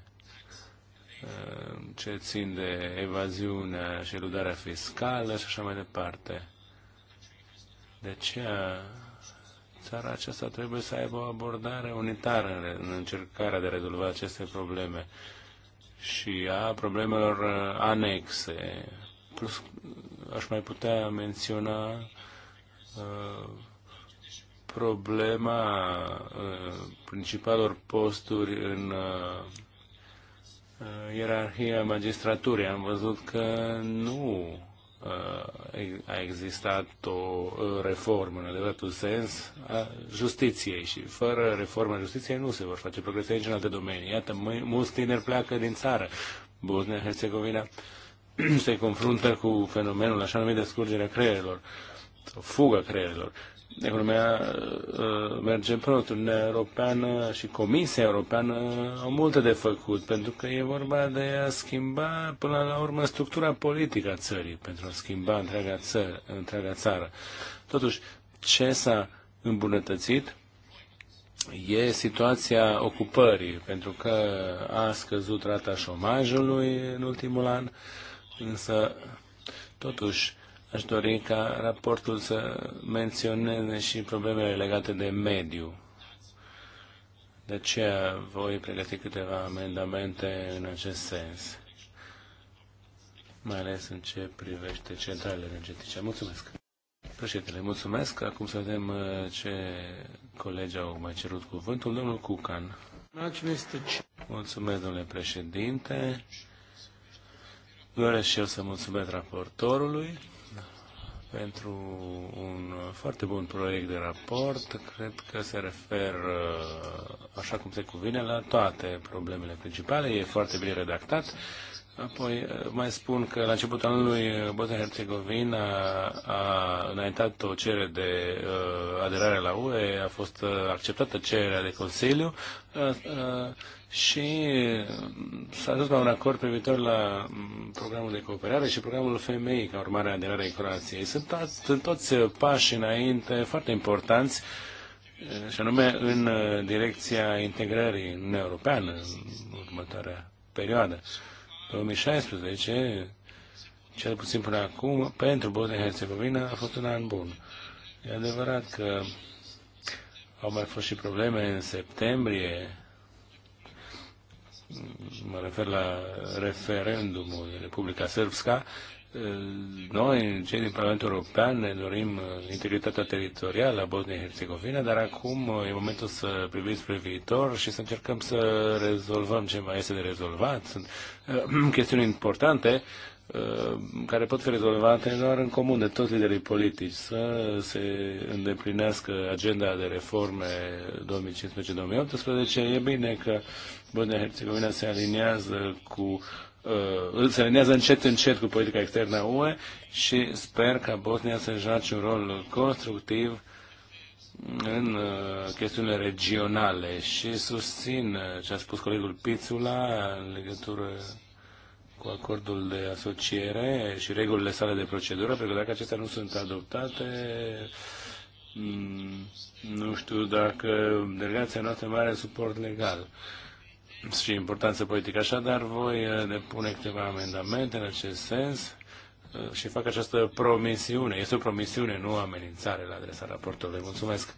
ce țin de evaziunea și eludarea fiscală și așa mai departe. De aceea țara aceasta trebuie să aibă o abordare unitară în încercarea de a rezolva aceste probleme și a problemelor uh, anexe. Plus, aș mai putea menționa uh, problema uh, principalor posturi în ierarhia magistraturii. Am văzut că nu a existat o reformă, în adevăratul sens, a justiției și fără reforma justiției nu se vor face progrese nici în alte domenii. Iată, mulți tineri pleacă din țară. Bosnia-Herzegovina se confruntă cu fenomenul așa numit de scurgerea creierilor, fugă creierilor economia uh, merge prost. Uniunea Europeană și Comisia Europeană au multe de făcut, pentru că e vorba de a schimba până la urmă structura politică a țării, pentru a schimba întreaga, țări, întreaga țară. Totuși, ce s-a îmbunătățit e situația ocupării, pentru că a scăzut rata șomajului în ultimul an, însă, totuși, Aș dori ca raportul să menționeze și problemele legate de mediu. De aceea voi pregăti câteva amendamente în acest sens, mai ales în ce privește centralele energetice. Mulțumesc! Președintele, mulțumesc. Acum să vedem uh, ce colegi au mai cerut cuvântul. Domnul Cucan. Mulțumesc, domnule președinte. Doresc și eu să mulțumesc raportorului pentru un foarte bun proiect de raport. Cred că se referă, așa cum se cuvine, la toate problemele principale. E foarte bine redactat. Apoi eh, mai spun că la începutul anului eh, Bosnia-Herzegovina a înaintat o cerere de uh, aderare la UE, a fost uh, acceptată cererea de Consiliu. Uh, uh, și mm, s-a ajuns la un acord privitor la mm, programul de cooperare și programul femei ca urmare a aderării Croației. Sunt, toți, sunt toți uh, pași înainte foarte importanți uh, și anume în uh, direcția integrării în europeană în următoarea perioadă. 2016, cel puțin până acum, pentru Bosnia-Herzegovina a fost un an bun. E adevărat că au mai fost și probleme în septembrie, mă refer la referendumul în Republica Sârbska, noi, cei din Parlamentul European, ne dorim integritatea teritorială a Bosniei-Herzegovina, dar acum e momentul să privim spre viitor și să încercăm să rezolvăm ce mai este de rezolvat. Sunt uh, chestiuni importante uh, care pot fi rezolvate doar în comun de toți liderii politici, să se îndeplinească agenda de reforme 2015-2018. E bine că Bosnia-Herzegovina se aliniază cu uh, se aliniază încet încet cu politica externă a UE și sper ca Bosnia să joace un rol constructiv în uh, chestiunile regionale și susțin uh, ce a spus colegul Pițula în legătură cu acordul de asociere și regulile sale de procedură, pentru că dacă acestea nu sunt adoptate, mm, nu știu dacă delegația noastră mai are suport legal și importanță politică. Așadar, voi uh, depune câteva amendamente în acest sens uh, și fac această promisiune. Este o promisiune, nu o amenințare la adresa raportului. Mulțumesc,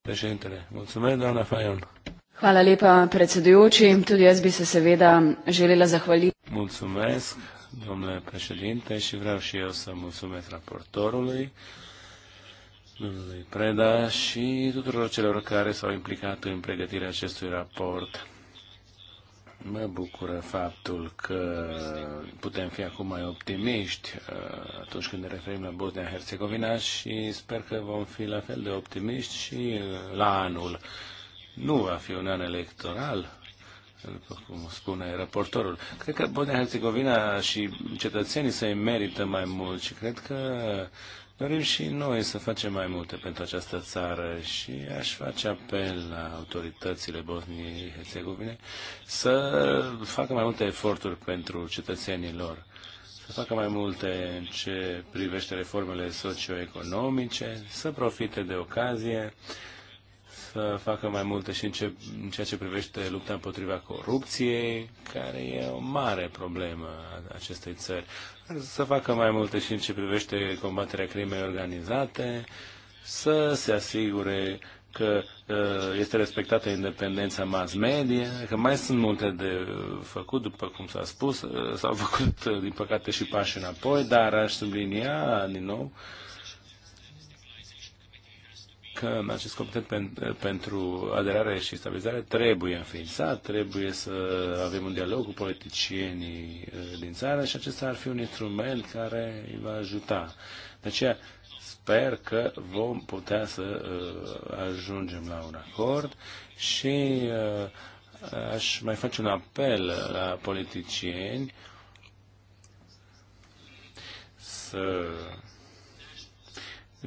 președintele. Mulțumesc, doamna Faion. Hvala lepa, predsedujoči. Tudi jaz bi se seveda želela zahvaliti. Mulțumesc, domnule președinte, și vreau și eu să mulțumesc raportorului domnului Preda și tuturor celor care s-au implicat în pregătirea acestui raport. Mă bucură faptul că putem fi acum mai optimiști uh, atunci când ne referim la Bosnia-Herzegovina și sper că vom fi la fel de optimiști și la anul. Nu va fi un an electoral, după cum spune raportorul. Cred că Bosnia-Herzegovina și cetățenii să-i merită mai mult și cred că uh, Dorim și noi să facem mai multe pentru această țară și aș face apel la autoritățile Bosniei Herzegovine să facă mai multe eforturi pentru cetățenii lor, să facă mai multe în ce privește reformele socioeconomice, să profite de ocazie, să facă mai multe și în, ce, în ceea ce privește lupta împotriva corupției, care e o mare problemă a acestei țări să facă mai multe și în ce privește combaterea crimei organizate, să se asigure că uh, este respectată independența mass media, că mai sunt multe de făcut, după cum s-a spus, uh, s-au făcut, uh, din păcate, și pași înapoi, dar aș sublinia, din nou, că acest comitet pen, pentru aderare și stabilizare trebuie înființat, trebuie să avem un dialog cu politicienii uh, din țară și acesta ar fi un instrument care îi va ajuta. De aceea sper că vom putea să uh, ajungem la un acord și uh, aș mai face un apel la politicieni să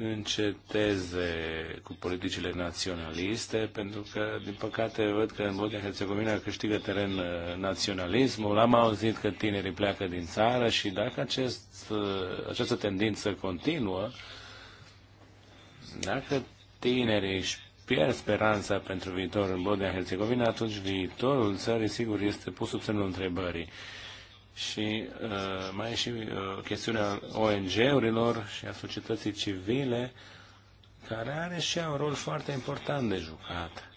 înceteze cu politicile naționaliste, pentru că, din păcate, văd că în Bosnia-Herzegovina câștigă teren uh, naționalismul. Am auzit că tinerii pleacă din țară și dacă acest, uh, această tendință continuă, dacă tinerii își pierd speranța pentru viitor în Bosnia-Herzegovina, atunci viitorul țării, sigur, este pus sub semnul întrebării și uh, mai e și uh, chestiunea ONG-urilor și a societății civile, care are și un rol foarte important de jucat,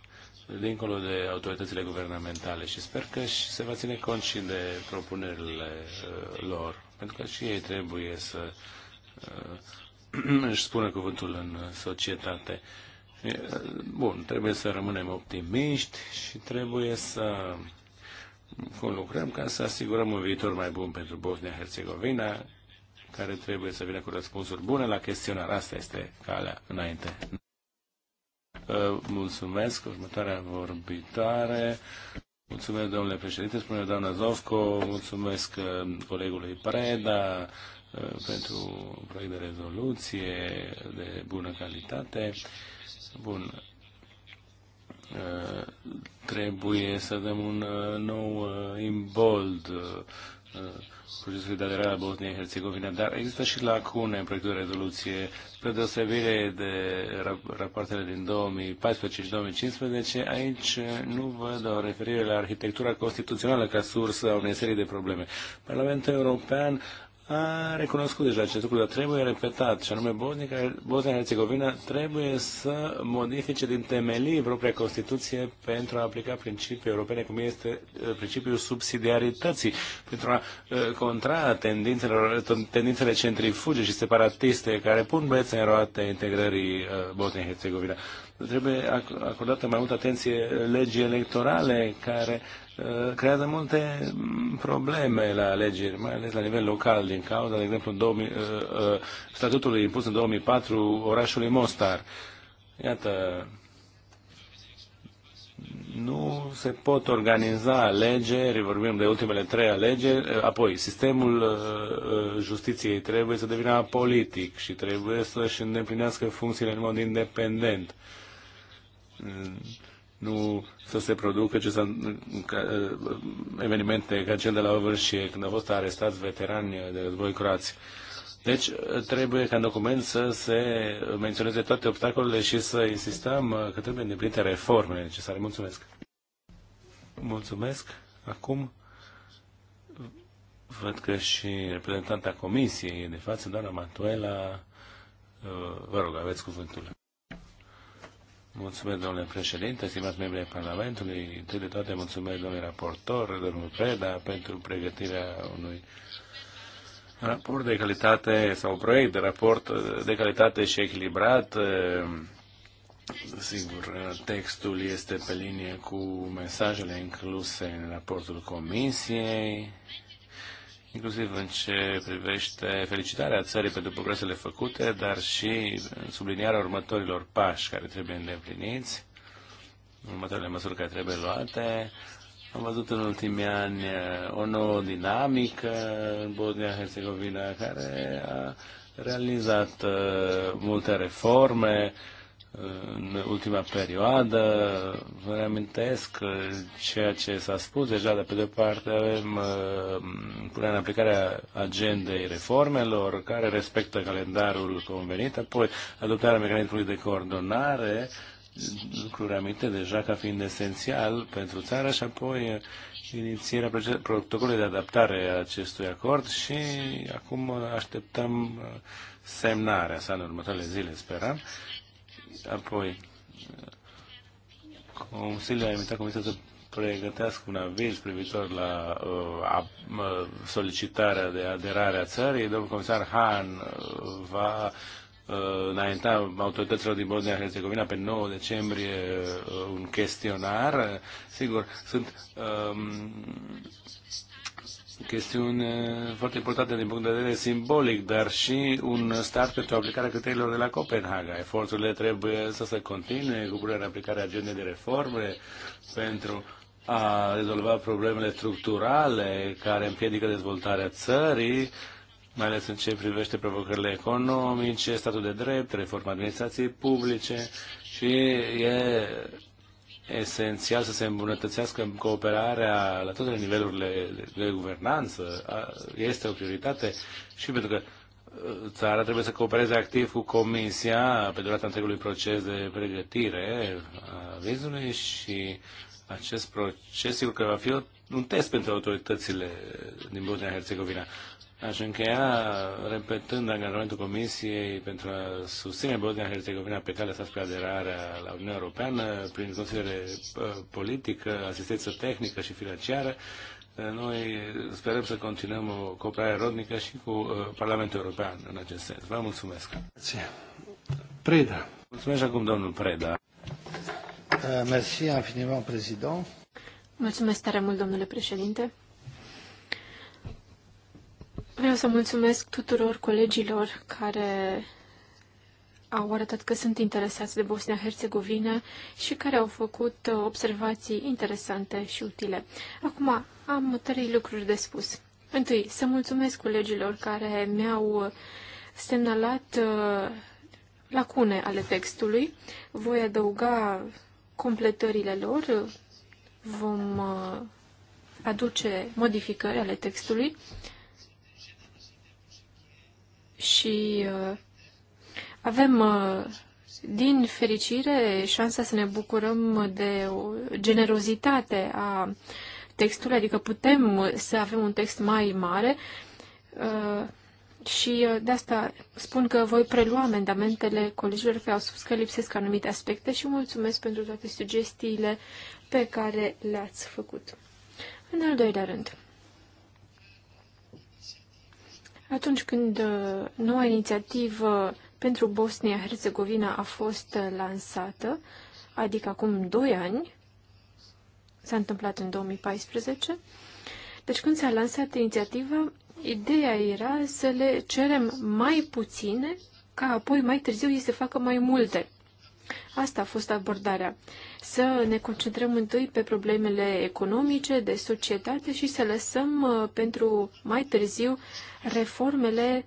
dincolo de autoritățile guvernamentale și sper că și se va ține cont și de propunerile uh, lor, pentru că și ei trebuie să uh, își spună cuvântul în societate. Uh, bun, trebuie să rămânem optimiști și trebuie să conlucrăm ca să asigurăm un viitor mai bun pentru Bosnia-Herzegovina, care trebuie să vină cu răspunsuri bune la chestionar. Asta este calea înainte. Mulțumesc. Următoarea vorbitoare. Mulțumesc, domnule președinte, spune doamna Zovco, mulțumesc uh, colegului Preda uh, pentru proiect de rezoluție de bună calitate. Bun, Eh, trebuie să dăm un eh, nou eh, imbold procesului de aderare a Bosniei Herzegovina, dar există și lacune în proiectul de rezoluție. Spre deosebire de rapoartele din 2014 și 2015, aici nu văd o referire la arhitectura constituțională ca sursă a unei serii de probleme. Parlamentul European a recunoscut deja acest lucru, dar trebuie repetat, și anume Bosnia-Herzegovina trebuie să modifice din temelii propria Constituție pentru a aplica principii europene, cum este uh, principiul subsidiarității, pentru a uh, contra tendințelor, tendințele centrifuge și separatiste care pun bețe în roate integrării uh, Bosnia-Herzegovina. Trebuie acordată mai multă atenție legii electorale care Uh, creează multe mm, probleme la alegeri, mai ales la nivel local, din cauza, de exemplu, 2000, uh, uh, statutului impus în 2004 orașului Mostar. Iată, nu se pot organiza alegeri, vorbim de ultimele trei alegeri, apoi sistemul justiției trebuie să devină politic și trebuie să-și îndeplinească funcțiile în mod independent. Nu să se producă ce s-a, ca, uh, evenimente ca cel de la Ovârșie, când au fost arestați veterani de război croați. Deci uh, trebuie ca în document să se menționeze toate obstacolele și să insistăm uh, că trebuie îndeplinite reformele necesare. Mulțumesc! Mulțumesc! Acum văd că și reprezentanta comisiei e de față, doamna Matuela. Vă rog, aveți cuvântul. Mulțumesc, domnule președinte, stimați membri ai Parlamentului. Întâi de toate, mulțumesc, domnule raportor, domnul Preda, pentru pregătirea unui raport de calitate sau proiect de raport de calitate și echilibrat. Sigur, textul este pe linie cu mesajele incluse în raportul Comisiei inclusiv în ce privește felicitarea țării pentru progresele făcute, dar și sublinierea următorilor pași care trebuie îndepliniți, următoarele măsuri care trebuie luate. Am văzut în ultimii ani uh, o nouă dinamică în Bosnia-Herzegovina care a realizat uh, multe reforme, în ultima perioadă. Vă reamintesc ceea ce s-a spus deja, de pe de parte avem uh, punerea în aplicare a agendei reformelor care respectă calendarul convenit, apoi adoptarea mecanismului de coordonare, lucruri aminte deja ca fiind esențial pentru țară și apoi inițierea protocolului de adaptare a acestui acord și acum așteptăm uh, semnarea sa în următoarele zile, sperăm. Apoi, Consiliul a invitat Comisia să pregătească un aviz privitor la uh, a, uh, solicitarea de aderare a țării. Domnul comisar Han uh, va uh, înainta autorităților din Bosnia-Herzegovina pe 9 decembrie uh, un chestionar. Sigur, sunt um, chestiune foarte importantă din punct de vedere simbolic, dar și un start pentru aplicarea criteriilor de la Copenhaga. Eforturile trebuie să se continue cu punerea în aplicare agendei de reforme pentru a rezolva problemele structurale care împiedică dezvoltarea țării, mai ales în ce privește provocările economice, statul de drept, reforma administrației publice și e esențial să se îmbunătățească cooperarea la toate nivelurile de guvernanță. Este o prioritate și pentru că uh, țara trebuie să coopereze activ cu Comisia pe durata întregului proces de pregătire a vizului și acest proces sigur că va fi un test pentru autoritățile din Bosnia-Herzegovina. Aș încheia repetând angajamentul Comisiei pentru a susține Bosnia-Herzegovina pe calea sa spre aderarea la Uniunea Europeană prin consiliere uh, politică, asistență tehnică și financiară. Uh, noi sperăm să continuăm o cooperare rodnică și cu uh, Parlamentul European în acest sens. Vă mulțumesc. Preda. Mulțumesc acum, domnul Preda. Mersi infiniment, prezident. Mulțumesc tare mult, domnule președinte. Vreau să mulțumesc tuturor colegilor care au arătat că sunt interesați de Bosnia-Herzegovina și care au făcut uh, observații interesante și utile. Acum, am trei lucruri de spus. Întâi, să mulțumesc colegilor care mi-au uh, semnalat uh, lacune ale textului. Voi adăuga completările lor, vom aduce modificări ale textului și uh, avem, uh, din fericire, șansa să ne bucurăm de o generozitate a textului, adică putem să avem un text mai mare uh, și de asta spun că voi prelua amendamentele colegilor care au spus că lipsesc anumite aspecte și mulțumesc pentru toate sugestiile pe care le-ați făcut. În al doilea rând, atunci când uh, noua inițiativă pentru Bosnia-Herzegovina a fost uh, lansată, adică acum 2 ani, s-a întâmplat în 2014, deci când s-a lansat inițiativa, ideea era să le cerem mai puține, ca apoi mai târziu ei să facă mai multe. Asta a fost abordarea. Să ne concentrăm întâi pe problemele economice, de societate și să lăsăm uh, pentru mai târziu reformele,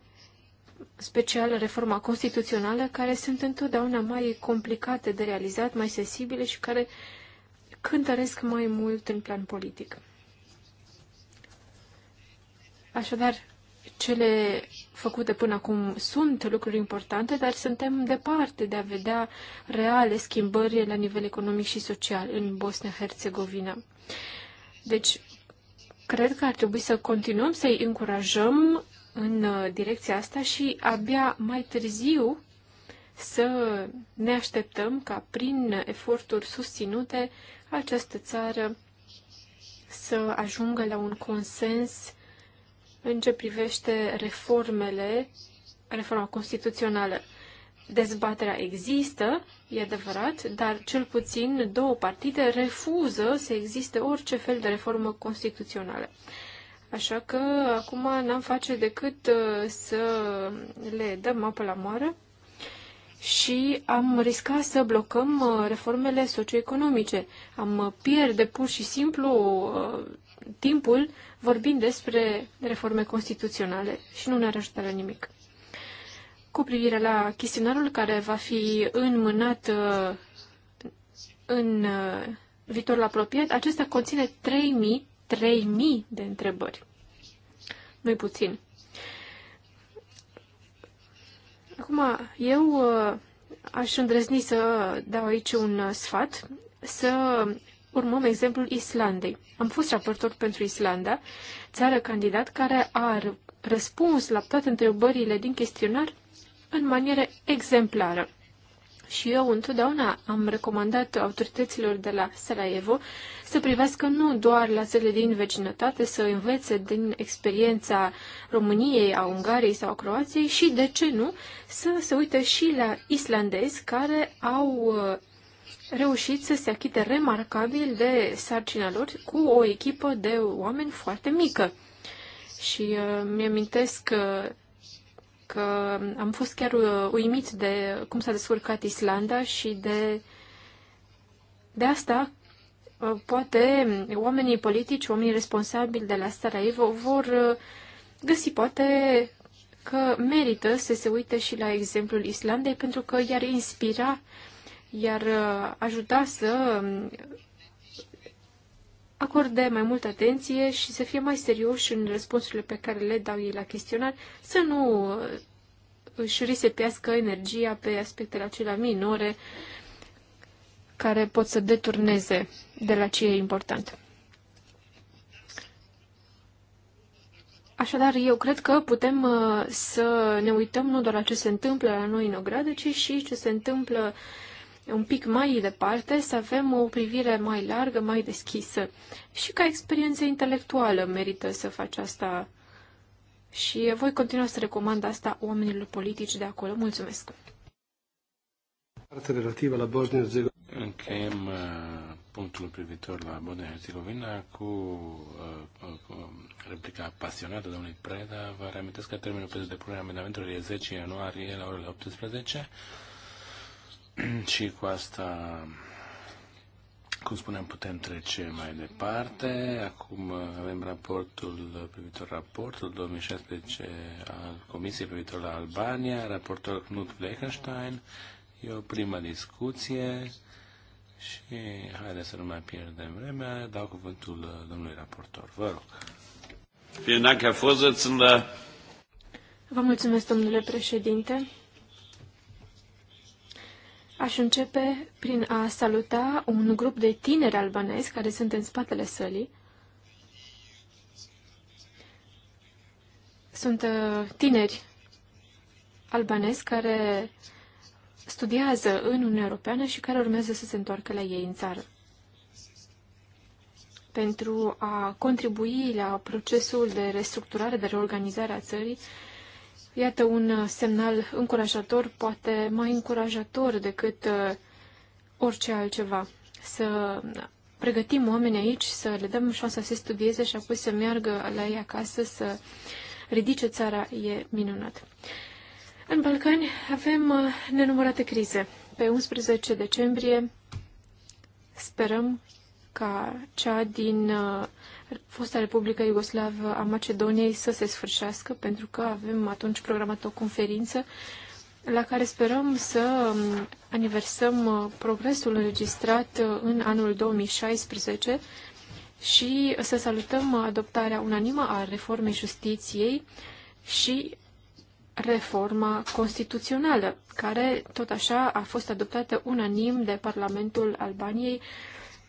special reforma constituțională, care sunt întotdeauna mai complicate de realizat, mai sensibile și care cântăresc mai mult în plan politic. Așadar, cele făcute până acum sunt lucruri importante, dar suntem departe de a vedea reale schimbări la nivel economic și social în Bosnia-Herzegovina. Deci, cred că ar trebui să continuăm să-i încurajăm în uh, direcția asta și abia mai târziu să ne așteptăm ca prin eforturi susținute această țară să ajungă la un consens în ce privește reformele, reforma constituțională. Dezbaterea există, e adevărat, dar cel puțin două partide refuză să existe orice fel de reformă constituțională. Așa că acum n-am face decât uh, să le dăm apă la moară și am riscat să blocăm uh, reformele socioeconomice. Am pierde pur și simplu uh, timpul vorbind despre reforme constituționale și nu ne-ar ajuta la nimic. Cu privire la chestionarul care va fi înmânat uh, în uh, viitorul apropiat, acesta conține 3000, 3000 de întrebări. Nu-i puțin. Acum, eu uh, aș îndrăzni să dau aici un sfat, să urmăm exemplul Islandei. Am fost raportor pentru Islanda, țară candidat care a răspuns la toate întrebările din chestionar în manieră exemplară. Și eu întotdeauna am recomandat autorităților de la Sarajevo să privească nu doar la țările din vecinătate, să învețe din experiența României, a Ungariei sau a Croației și, de ce nu, să se uite și la islandezi care au uh, reușit să se achite remarcabil de sarcina lor cu o echipă de oameni foarte mică. Și uh, mi-amintesc că, uh, că am fost chiar uh, uimit de cum s-a descurcat Islanda și de, de asta uh, poate oamenii politici, oamenii responsabili de la Sarajevo vor uh, găsi poate că merită să se uite și la exemplul Islandei pentru că i-ar inspira iar uh, ajuta să acorde mai multă atenție și să fie mai serioși în răspunsurile pe care le dau ei la chestionar, să nu uh, își risepească energia pe aspectele acelea minore care pot să deturneze de la ce e important. Așadar, eu cred că putem uh, să ne uităm nu doar la ce se întâmplă la noi în ogradă, ci și ce se întâmplă uh, un pic mai departe, să avem o privire mai largă, mai deschisă. Și ca experiență intelectuală merită să faci asta. Și voi continua să recomand asta oamenilor politici de acolo. Mulțumesc! Partea relativă la Bosnia-Herzegovina. Încheiem uh, punctul privitor la Bosnia-Herzegovina cu, uh, uh, cu replica pasionată domnului Preda. Vă reamintesc că termenul pentru depunerea amendamentului e 10 ianuarie la orele 18 și cu asta, cum spuneam, putem trece mai departe. Acum uh, avem raportul privitor raportul 2016 al Comisiei privitor la Albania, raportul Knut Fleckenstein. E o prima discuție și haideți să nu mai pierdem vremea. Dau cuvântul uh, domnului raportor. Vă rog. Vă mulțumesc, domnule președinte. Aș începe prin a saluta un grup de tineri albanezi care sunt în spatele sălii. Sunt uh, tineri albanezi care studiază în Uniunea Europeană și care urmează să se întoarcă la ei în țară. Pentru a contribui la procesul de restructurare, de reorganizare a țării, Iată un uh, semnal încurajator, poate mai încurajator decât uh, orice altceva. Să uh, pregătim oameni aici, să le dăm șansa să studieze și apoi să meargă la ei acasă, să ridice țara, e minunat. În Balcani avem nenumărate crize. Pe 11 decembrie sperăm ca cea din fosta Republica Iugoslavă a Macedoniei să se sfârșească, pentru că avem atunci programat o conferință la care sperăm să um, aniversăm uh, progresul înregistrat uh, în anul 2016 și să salutăm adoptarea unanimă a reformei justiției și reforma constituțională, care tot așa a fost adoptată unanim de Parlamentul Albaniei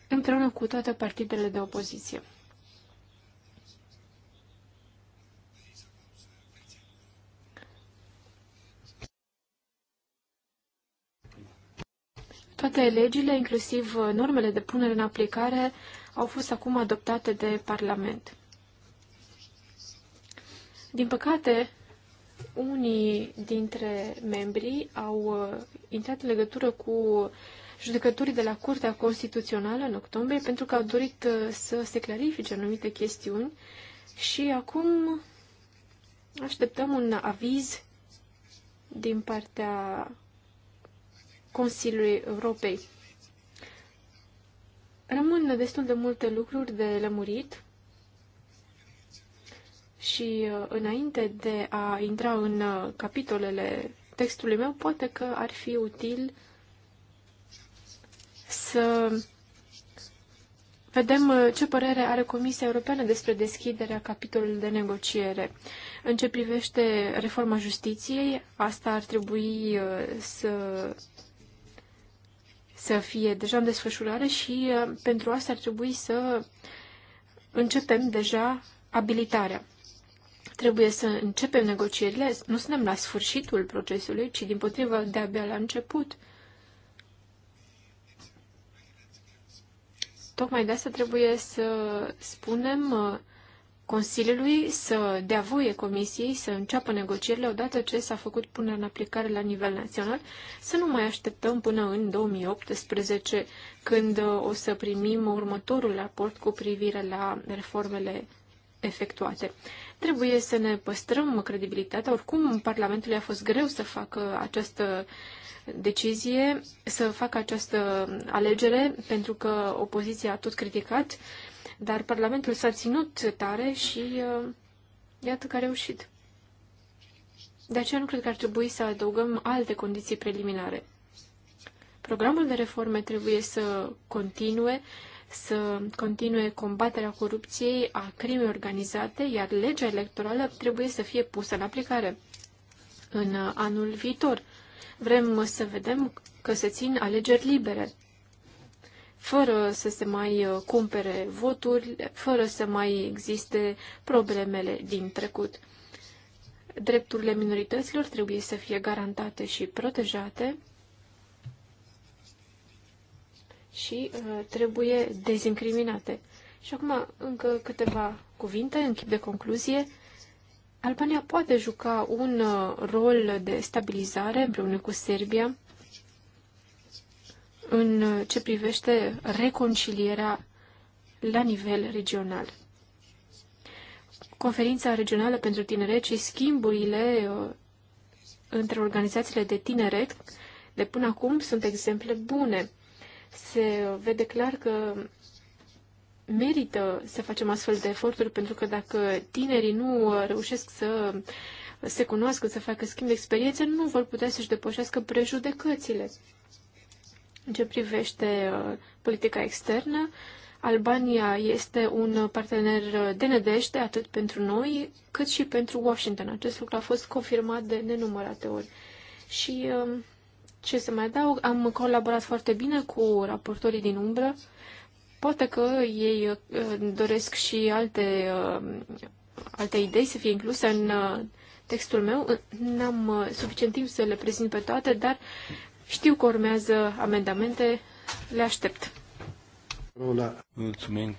împreună cu toate partidele de opoziție. Toate legile, inclusiv uh, normele de punere în aplicare, au fost acum adoptate de Parlament. Din păcate, unii dintre membrii au uh, intrat în legătură cu judecătorii de la Curtea Constituțională în octombrie pentru că au dorit uh, să se clarifice anumite chestiuni și acum așteptăm un aviz din partea Consiliului Europei. Rămân destul de multe lucruri de lămurit și uh, înainte de a intra în uh, capitolele textului meu, poate că ar fi util să vedem uh, ce părere are Comisia Europeană despre deschiderea capitolului de negociere. În ce privește reforma justiției, asta ar trebui să să fie deja în desfășurare și uh, pentru asta ar trebui să începem deja abilitarea. Trebuie să începem negocierile, nu suntem la sfârșitul procesului, ci din potrivă de-abia la început. Tocmai de asta trebuie să spunem uh, Consiliului să dea voie Comisiei să înceapă negocierile odată ce s-a făcut punerea în aplicare la nivel național, să nu mai așteptăm până în 2018, când uh, o să primim următorul raport cu privire la reformele efectuate. Trebuie să ne păstrăm credibilitatea. Oricum, Parlamentului a fost greu să facă această decizie, să facă această alegere, pentru că opoziția a tot criticat uh, dar Parlamentul s-a ținut tare și uh, iată că a reușit. De aceea nu cred că ar trebui să adăugăm alte condiții preliminare. Programul de reforme trebuie să continue, să continue combaterea corupției, a crimei organizate, iar legea electorală trebuie să fie pusă în aplicare în uh, anul viitor. Vrem să vedem că se țin alegeri libere fără să se mai uh, cumpere voturi, fără să mai existe problemele din trecut. Drepturile minorităților trebuie să fie garantate și protejate și uh, trebuie dezincriminate. Și acum încă câteva cuvinte în chip de concluzie. Albania poate juca un uh, rol de stabilizare împreună cu Serbia în ce privește reconcilierea la nivel regional. Conferința regională pentru tineret și schimburile uh, între organizațiile de tineret de până acum sunt exemple bune. Se vede clar că merită să facem astfel de eforturi, pentru că dacă tinerii nu reușesc să se cunoască, să facă schimb de experiențe, nu vor putea să-și depășească prejudecățile. În ce privește uh, politica externă, Albania este un partener uh, de nădejde atât pentru noi cât și pentru Washington. Acest lucru a fost confirmat de nenumărate ori. Și um, ce să mai adaug, am colaborat foarte bine cu raportorii din umbră. Poate că ei uh, doresc și alte, um, alte idei să fie incluse în textul meu. N-am suficient timp să le prezint pe toate, dar știu că urmează amendamente, le aștept. Mulțumim,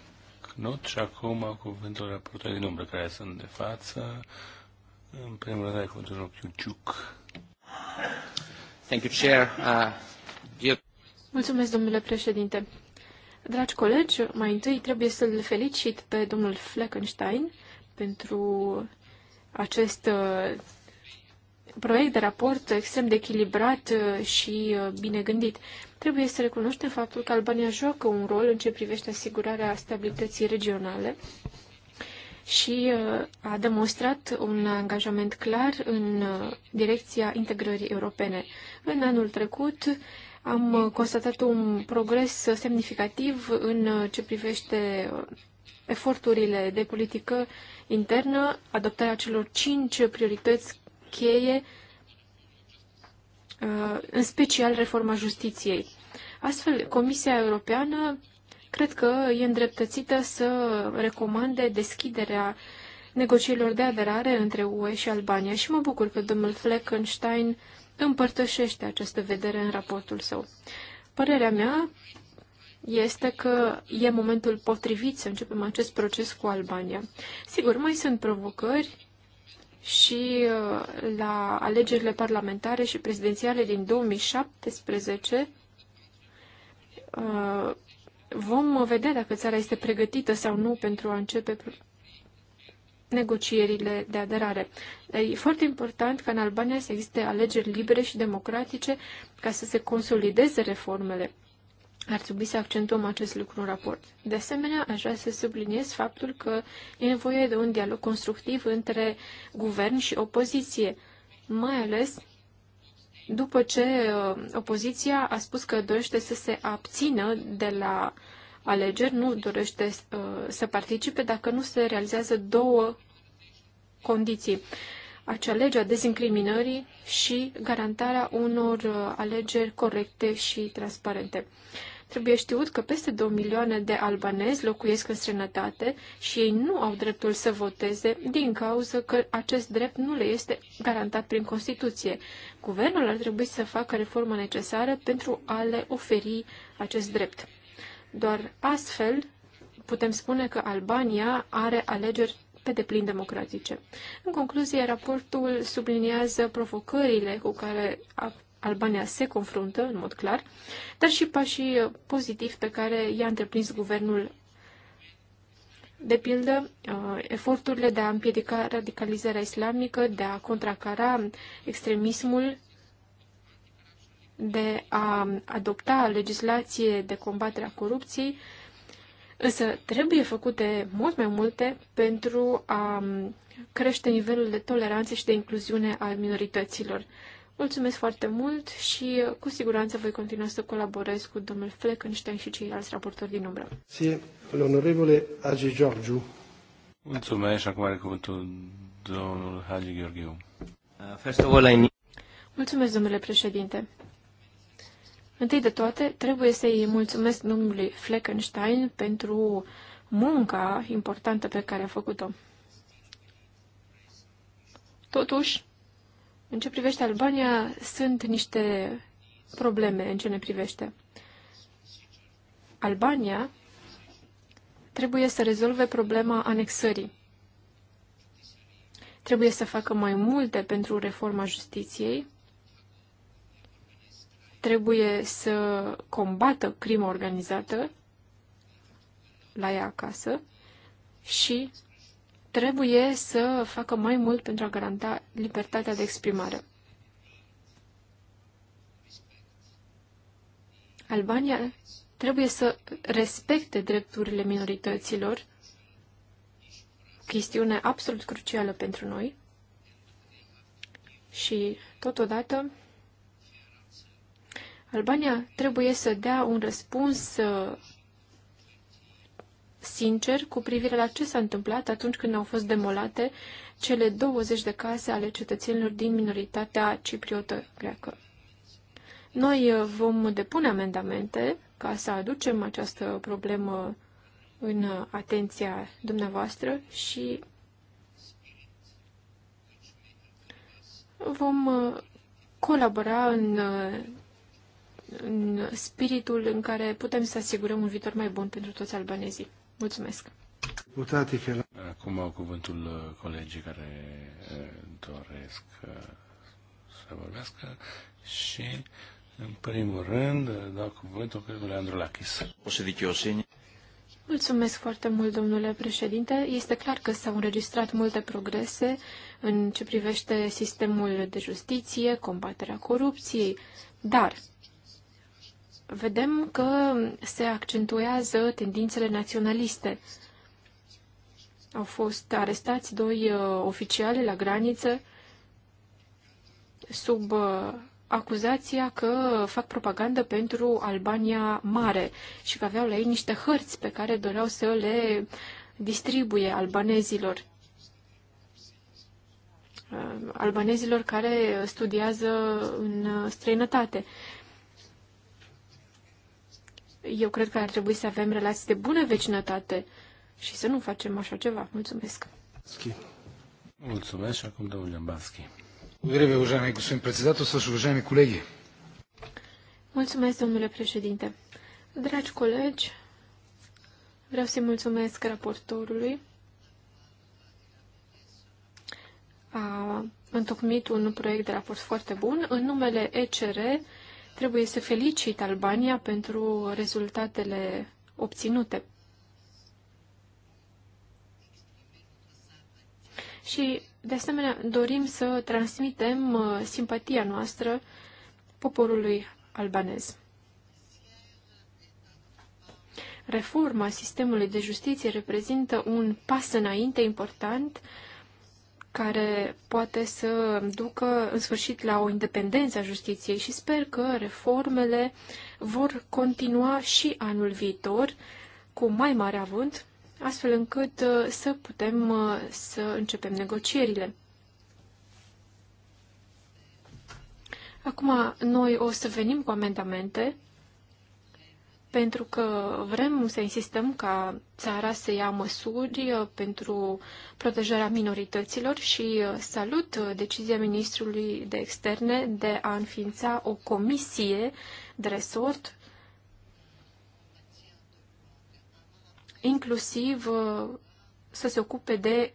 Knut, și acum cuvântul raportului din umbră care sunt de față. În primul rând, ai cuvântul Chiuciuc. Thank you, Chair. Uh, Mulțumesc, domnule președinte. Dragi colegi, mai întâi trebuie să-l felicit pe domnul Fleckenstein pentru acest uh, proiect de raport extrem de echilibrat uh, și uh, bine gândit. Trebuie să recunoaștem faptul că Albania joacă un rol în ce privește asigurarea stabilității regionale și uh, a demonstrat un angajament clar în direcția integrării europene. În anul trecut am constatat un progres semnificativ în ce privește eforturile de politică internă, adoptarea celor cinci priorități cheie, uh, în special reforma justiției. Astfel, Comisia Europeană cred că e îndreptățită să recomande deschiderea negocierilor de aderare între UE și Albania și mă bucur că domnul Fleckenstein împărtășește această vedere în raportul său. Părerea mea este că e momentul potrivit să începem acest proces cu Albania. Sigur, mai sunt provocări, și uh, la alegerile parlamentare și prezidențiale din 2017 uh, vom vedea dacă țara este pregătită sau nu pentru a începe negocierile de aderare. e foarte important ca în Albania să existe alegeri libere și democratice ca să se consolideze reformele. Ar trebui să accentuăm acest lucru în raport. De asemenea, aș vrea să subliniez faptul că e nevoie de un dialog constructiv între guvern și opoziție, mai ales după ce uh, opoziția a spus că dorește să se abțină de la alegeri, nu dorește uh, să participe dacă nu se realizează două condiții. Acea lege a dezincriminării și garantarea unor uh, alegeri corecte și transparente. Trebuie știut că peste 2 milioane de albanezi locuiesc în străinătate și ei nu au dreptul să voteze din cauza că acest drept nu le este garantat prin Constituție. Guvernul ar trebui să facă reforma necesară pentru a le oferi acest drept. Doar astfel putem spune că Albania are alegeri pe deplin democratice. În concluzie, raportul subliniază provocările cu care Albania se confruntă, în mod clar, dar și pașii pozitivi pe care i-a întreprins guvernul. De pildă, uh, eforturile de a împiedica radicalizarea islamică, de a contracara extremismul, de a adopta legislație de combatere a corupției, Însă trebuie făcute mult mai multe pentru a um, crește nivelul de toleranță și de incluziune al minorităților. Mulțumesc foarte mult și uh, cu siguranță voi continua să colaborez cu domnul Fleckenstein și ceilalți raportori din umbră. l'onorevole Agi Giorgiu. Mulțumesc și acum are cuvântul domnul Hagi Gheorghiu. Uh, mulțumesc, domnule președinte. Întâi de toate, trebuie să-i mulțumesc domnului Fleckenstein pentru munca importantă pe care a făcut-o. Totuși, în ce privește Albania, sunt niște probleme în ce ne privește. Albania trebuie să rezolve problema anexării. Trebuie să facă mai multe pentru reforma justiției. Trebuie să combată crima organizată la ea acasă și trebuie să facă mai mult pentru a garanta libertatea de exprimare. Albania trebuie să respecte drepturile minorităților, chestiune absolut crucială pentru noi și, totodată, Albania trebuie să dea un răspuns uh, sincer cu privire la ce s-a întâmplat atunci când au fost demolate cele 20 de case ale cetățenilor din minoritatea cipriotă greacă. Noi uh, vom depune amendamente ca să aducem această problemă în uh, atenția dumneavoastră și vom uh, colabora în, în spiritul în care putem să asigurăm un viitor mai bun pentru toți albanezii. Mulțumesc! Acum au cuvântul uh, colegii care uh, doresc uh, să vorbească și, în primul rând, dau cuvântul colegului Andru Lachis. Mulțumesc foarte mult, domnule președinte. Este clar că s-au înregistrat multe progrese în ce privește sistemul de justiție, combaterea corupției, dar vedem că se accentuează tendințele naționaliste. Au fost arestați doi uh, oficiali la graniță sub uh, acuzația că fac propagandă pentru Albania Mare și că aveau la ei niște hărți pe care doreau să le distribuie albanezilor. Uh, albanezilor care studiază în străinătate. Eu cred că ar trebui să avem relații de bună vecinătate și să nu facem așa ceva. Mulțumesc! Mulțumesc și acum domnul Jambanski. Благодаря, уважаеми господин să също уважаеми colegi. Mulțumesc, domnule președinte. Dragi colegi, vreau să-i mulțumesc raportorului. A întocmit un proiect de raport foarte bun. În numele ECR Trebuie să felicit Albania pentru rezultatele obținute. Și, de asemenea, dorim să transmitem uh, simpatia noastră poporului albanez. Reforma sistemului de justiție reprezintă un pas înainte important care poate să ducă în sfârșit la o independență a justiției și sper că reformele vor continua și anul viitor cu mai mare avânt, astfel încât uh, să putem uh, să începem negocierile. Acum, noi o să venim cu amendamente pentru că vrem să insistăm ca țara să ia măsuri uh, pentru protejarea minorităților și uh, salut uh, decizia ministrului de externe de a înființa o comisie de resort inclusiv să se ocupe de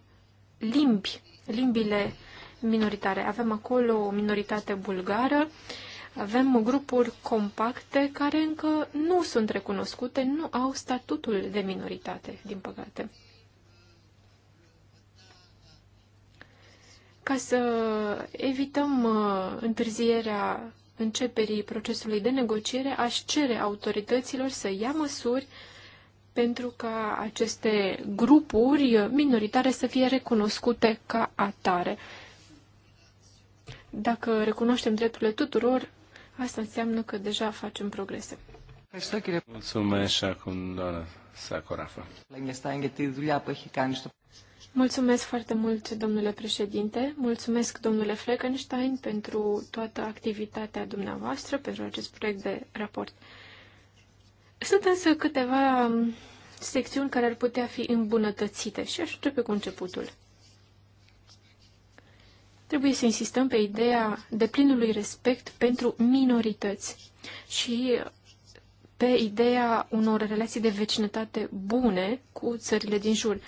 limbi, limbile minoritare. Avem acolo o minoritate bulgară, avem grupuri compacte care încă nu sunt recunoscute, nu au statutul de minoritate, din păcate. Ca să evităm uh, întârzierea începerii procesului de negociere, aș cere autorităților să ia măsuri pentru ca aceste grupuri minoritare să fie recunoscute ca atare. Dacă recunoaștem drepturile tuturor, Asta înseamnă că deja facem progrese. Mulțumesc și Mulțumesc foarte mult, domnule președinte. Mulțumesc, domnule Fleckenstein, pentru toată activitatea dumneavoastră, pentru acest proiect de raport. Sunt însă câteva um, secțiuni care ar putea fi îmbunătățite și aș începe cu începutul. Trebuie să insistăm pe ideea deplinului respect pentru minorități și pe ideea unor relații de vecinătate bune cu țările din jur.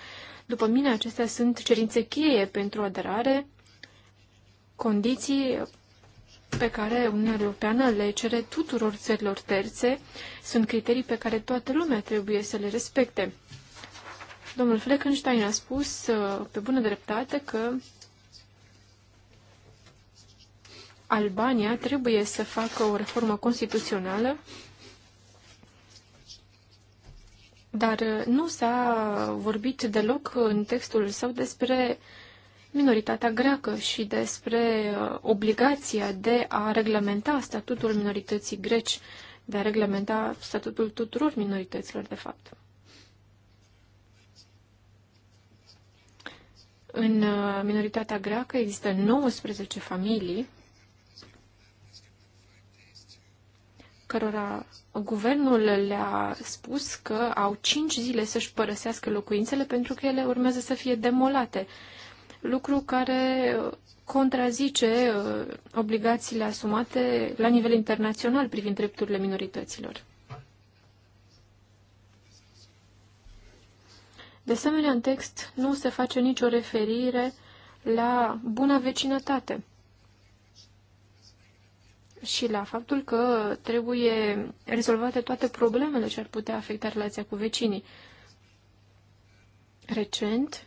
După mine, acestea sunt cerințe cheie pentru aderare, condiții pe care Uniunea Europeană le cere tuturor țărilor terțe, sunt criterii pe care toată lumea trebuie să le respecte. Domnul Fleckenstein a spus uh, pe bună dreptate că Albania trebuie să facă o reformă constituțională, dar nu s-a vorbit deloc în textul său despre minoritatea greacă și despre uh, obligația de a reglementa statutul minorității greci, de a reglementa statutul tuturor minorităților, de fapt. În uh, minoritatea greacă există 19 familii cărora guvernul le-a spus că au cinci zile să-și părăsească locuințele pentru că ele urmează să fie demolate. Lucru care contrazice uh, obligațiile asumate la nivel internațional privind drepturile minorităților. De asemenea, în text nu se face nicio referire la buna vecinătate și la faptul că trebuie rezolvate toate problemele ce ar putea afecta relația cu vecinii. Recent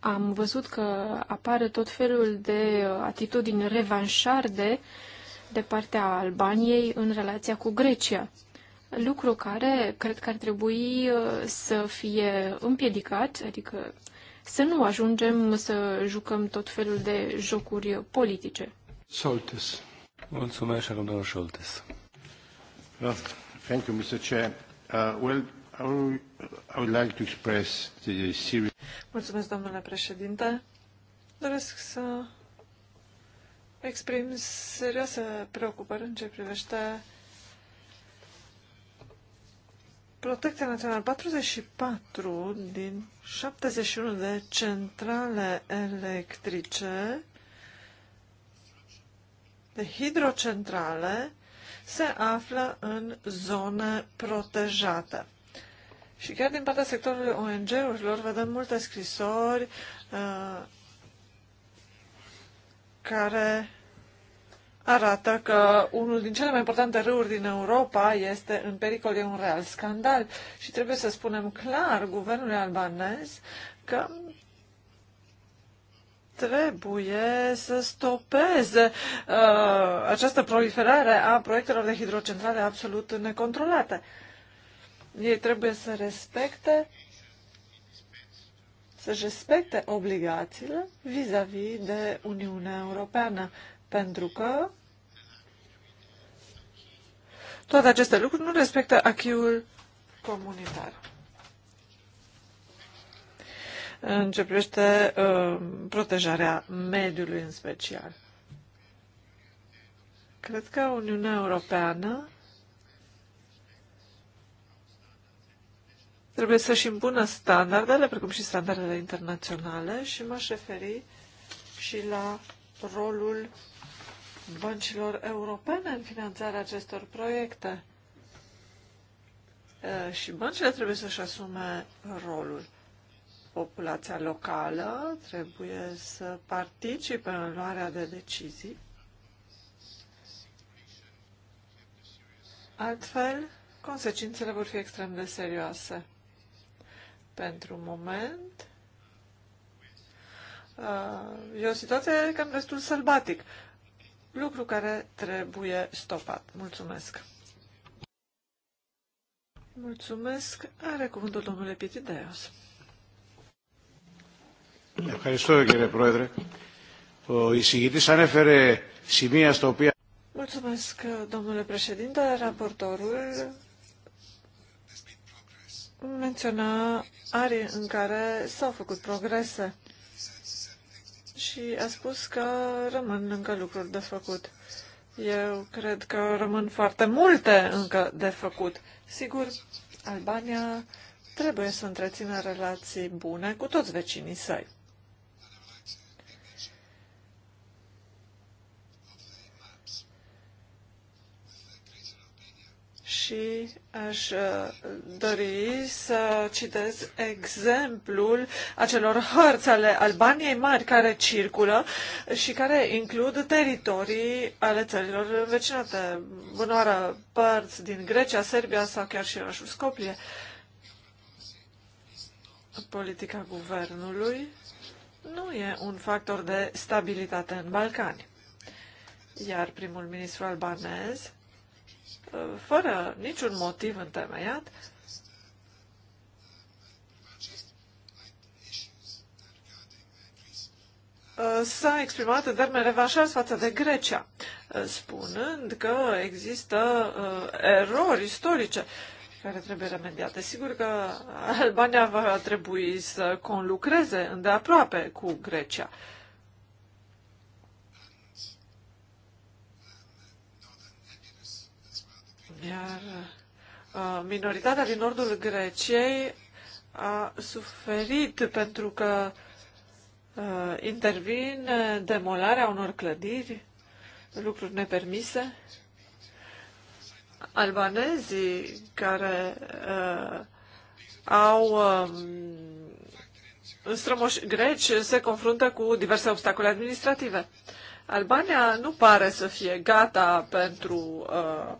am văzut că apare tot felul de atitudini revanșarde de partea Albaniei în relația cu Grecia. Lucru care cred că ar trebui uh, să fie împiedicat, adică să nu ajungem să jucăm tot felul de jocuri politice. Soltes. Mulțumesc domnul Șoltes. thank you, Mr. Chair. Uh, well, I would, I would like to express the serious... Mulțumesc, domnule președinte. Doresc să exprim serioase preocupări în ce privește Protecția Națională 44 din 71 de centrale electrice de hidrocentrale se află în zone protejate. Și chiar din partea sectorului ONG-urilor vedem multe scrisori uh, care arată că unul din cele mai importante râuri din Europa este în pericol, e un real scandal și trebuie să spunem clar guvernului albanez că trebuie să stopeze uh, această proliferare a proiectelor de hidrocentrale absolut necontrolate. Ei trebuie să respecte să respecte obligațiile vis-a-vis -vis de Uniunea Europeană, pentru că toate aceste lucruri nu respectă achiul comunitar în ce privește ă, protejarea mediului în special. Cred că Uniunea Europeană trebuie să-și impună standardele, precum și standardele internaționale, și m-aș referi și la rolul băncilor europene în finanțarea acestor proiecte. Ă, și băncile trebuie să-și asume rolul populația locală trebuie să participe în luarea de decizii. Altfel, consecințele vor fi extrem de serioase. Pentru moment, uh, e o situație cam destul sălbatic, lucru care trebuie stopat. Mulțumesc! Mulțumesc! Are cuvântul domnule Pitideos. Ευχαριστώ κύριε Πρόεδρε. Ο εισηγητής ανέφερε σημεία στα οποία... Mulțumesc, domnule președinte. Raportorul menționa arii în care s-au făcut progrese și a spus că rămân încă lucruri de făcut. Eu cred că rămân foarte multe încă de făcut. Sigur, Albania trebuie să întrețină relații bune cu toți vecinii săi. și aș uh, dori să citez exemplul acelor hărți ale Albaniei mari care circulă și care includ teritorii ale țărilor învecinate, bunoară părți din Grecia, Serbia sau chiar și orașul Scopie. Politica guvernului nu e un factor de stabilitate în Balcani. Iar primul ministru albanez fără niciun motiv întemeiat, s-a exprimat în termeni revanșați față de Grecia, spunând că există uh, erori istorice care trebuie remediate. Sigur că Albania va trebui să conlucreze îndeaproape cu Grecia Iar uh, minoritatea din nordul Greciei a suferit pentru că uh, intervin demolarea unor clădiri, lucruri nepermise. Albanezii care uh, au în um, strămoși greci se confruntă cu diverse obstacole administrative. Albania nu pare să fie gata pentru uh,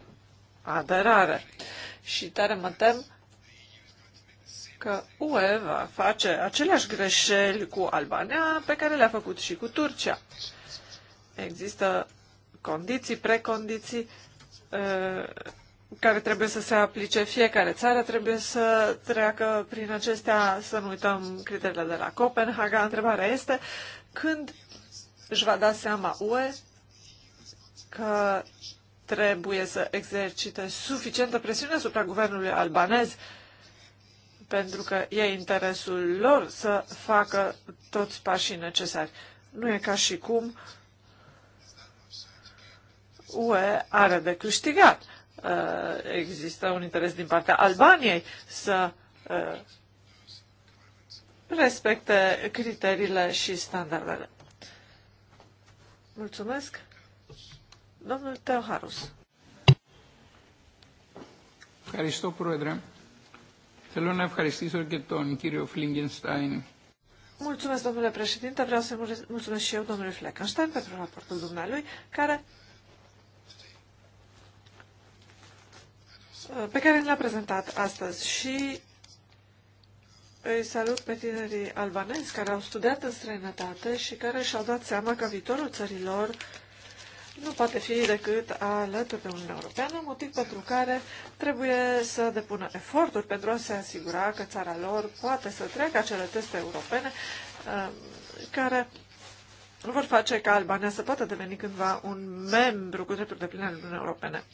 aderare. Și tare mă tem că UE va face aceleași greșeli cu Albania pe care le-a făcut și cu Turcia. Există condiții, precondiții care trebuie să se aplice fiecare țară, trebuie să treacă prin acestea, să nu uităm criteriile de la Copenhaga. Întrebarea este când își va da seama UE că trebuie să exercite suficientă presiune asupra guvernului albanez, pentru că e interesul lor să facă toți pașii necesari. Nu e ca și cum UE are de câștigat. Uh, există un interes din partea Albaniei să uh, respecte criteriile și standardele. Mulțumesc! Domnul Teoharus. Ευχαριστώ, Πρόεδρε. Θέλω να ευχαριστήσω και τον κύριο Φλίγκενστάιν. Mulțumesc, domnule președinte. Vreau să mulțumesc și eu, domnului Fleckenstein, pentru raportul dumnealui, care, pe care l-a prezentat astăzi și îi salut pe tinerii albanezi care au studiat în străinătate și care și-au dat seama că viitorul țărilor nu poate fi decât alături de Uniunea Europeană, motiv pentru care trebuie să depună eforturi pentru a se asigura că țara lor poate să treacă acele teste europene uh, care vor face ca Albania să poată deveni cândva un membru cu drepturi de pline al Uniunii Europene.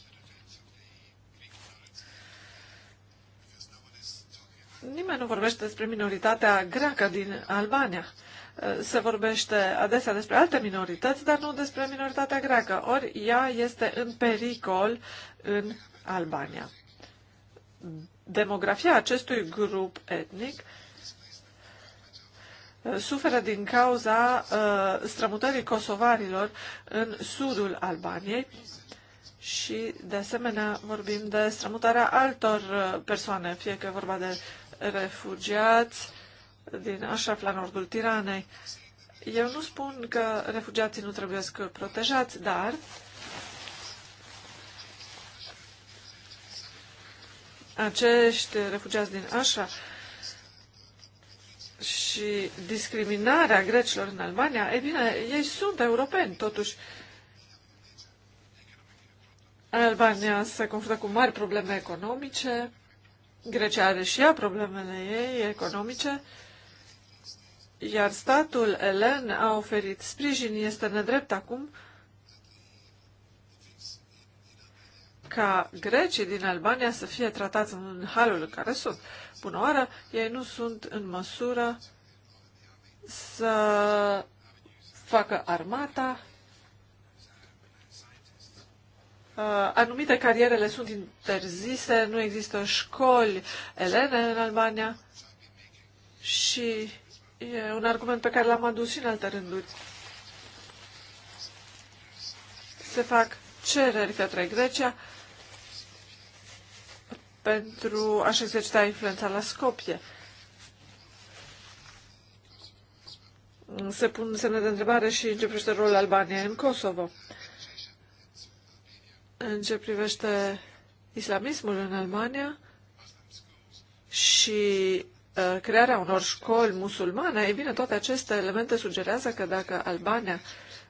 Nimeni nu vorbește despre minoritatea greacă din Albania. Eh, se vorbește adesea despre alte minorități, dar nu despre minoritatea greacă. Ori ea este în pericol în Albania. Demografia acestui grup etnic eh, suferă din cauza uh, strămutării kosovarilor în sudul Albaniei și, de asemenea, vorbim de strămutarea altor persoane, fie că e vorba de refugiați, din Ashraf la nordul Tiranei. Eu nu spun că refugiații nu trebuie să protejați, dar acești refugiați din Ashraf și discriminarea grecilor în Albania, e bine, ei sunt europeni, totuși. Albania se confruntă cu mari probleme economice, Grecia are și ea problemele ei economice iar statul elen a oferit sprijin, este nedrept acum ca grecii din Albania să fie tratați în halul în care sunt. Până oară, ei nu sunt în măsură să facă armata. Uh, anumite carierele sunt interzise, nu există școli elene în Albania și E un argument pe care l-am adus și în alte rânduri. Se fac cereri către Grecia pentru a-și exercita influența la Scopie. Se pun semne de întrebare și în ce privește rolul Albaniei în Kosovo. În ce privește islamismul în Albania și Uh, crearea unor școli musulmane, e bine, toate aceste elemente sugerează că dacă Albania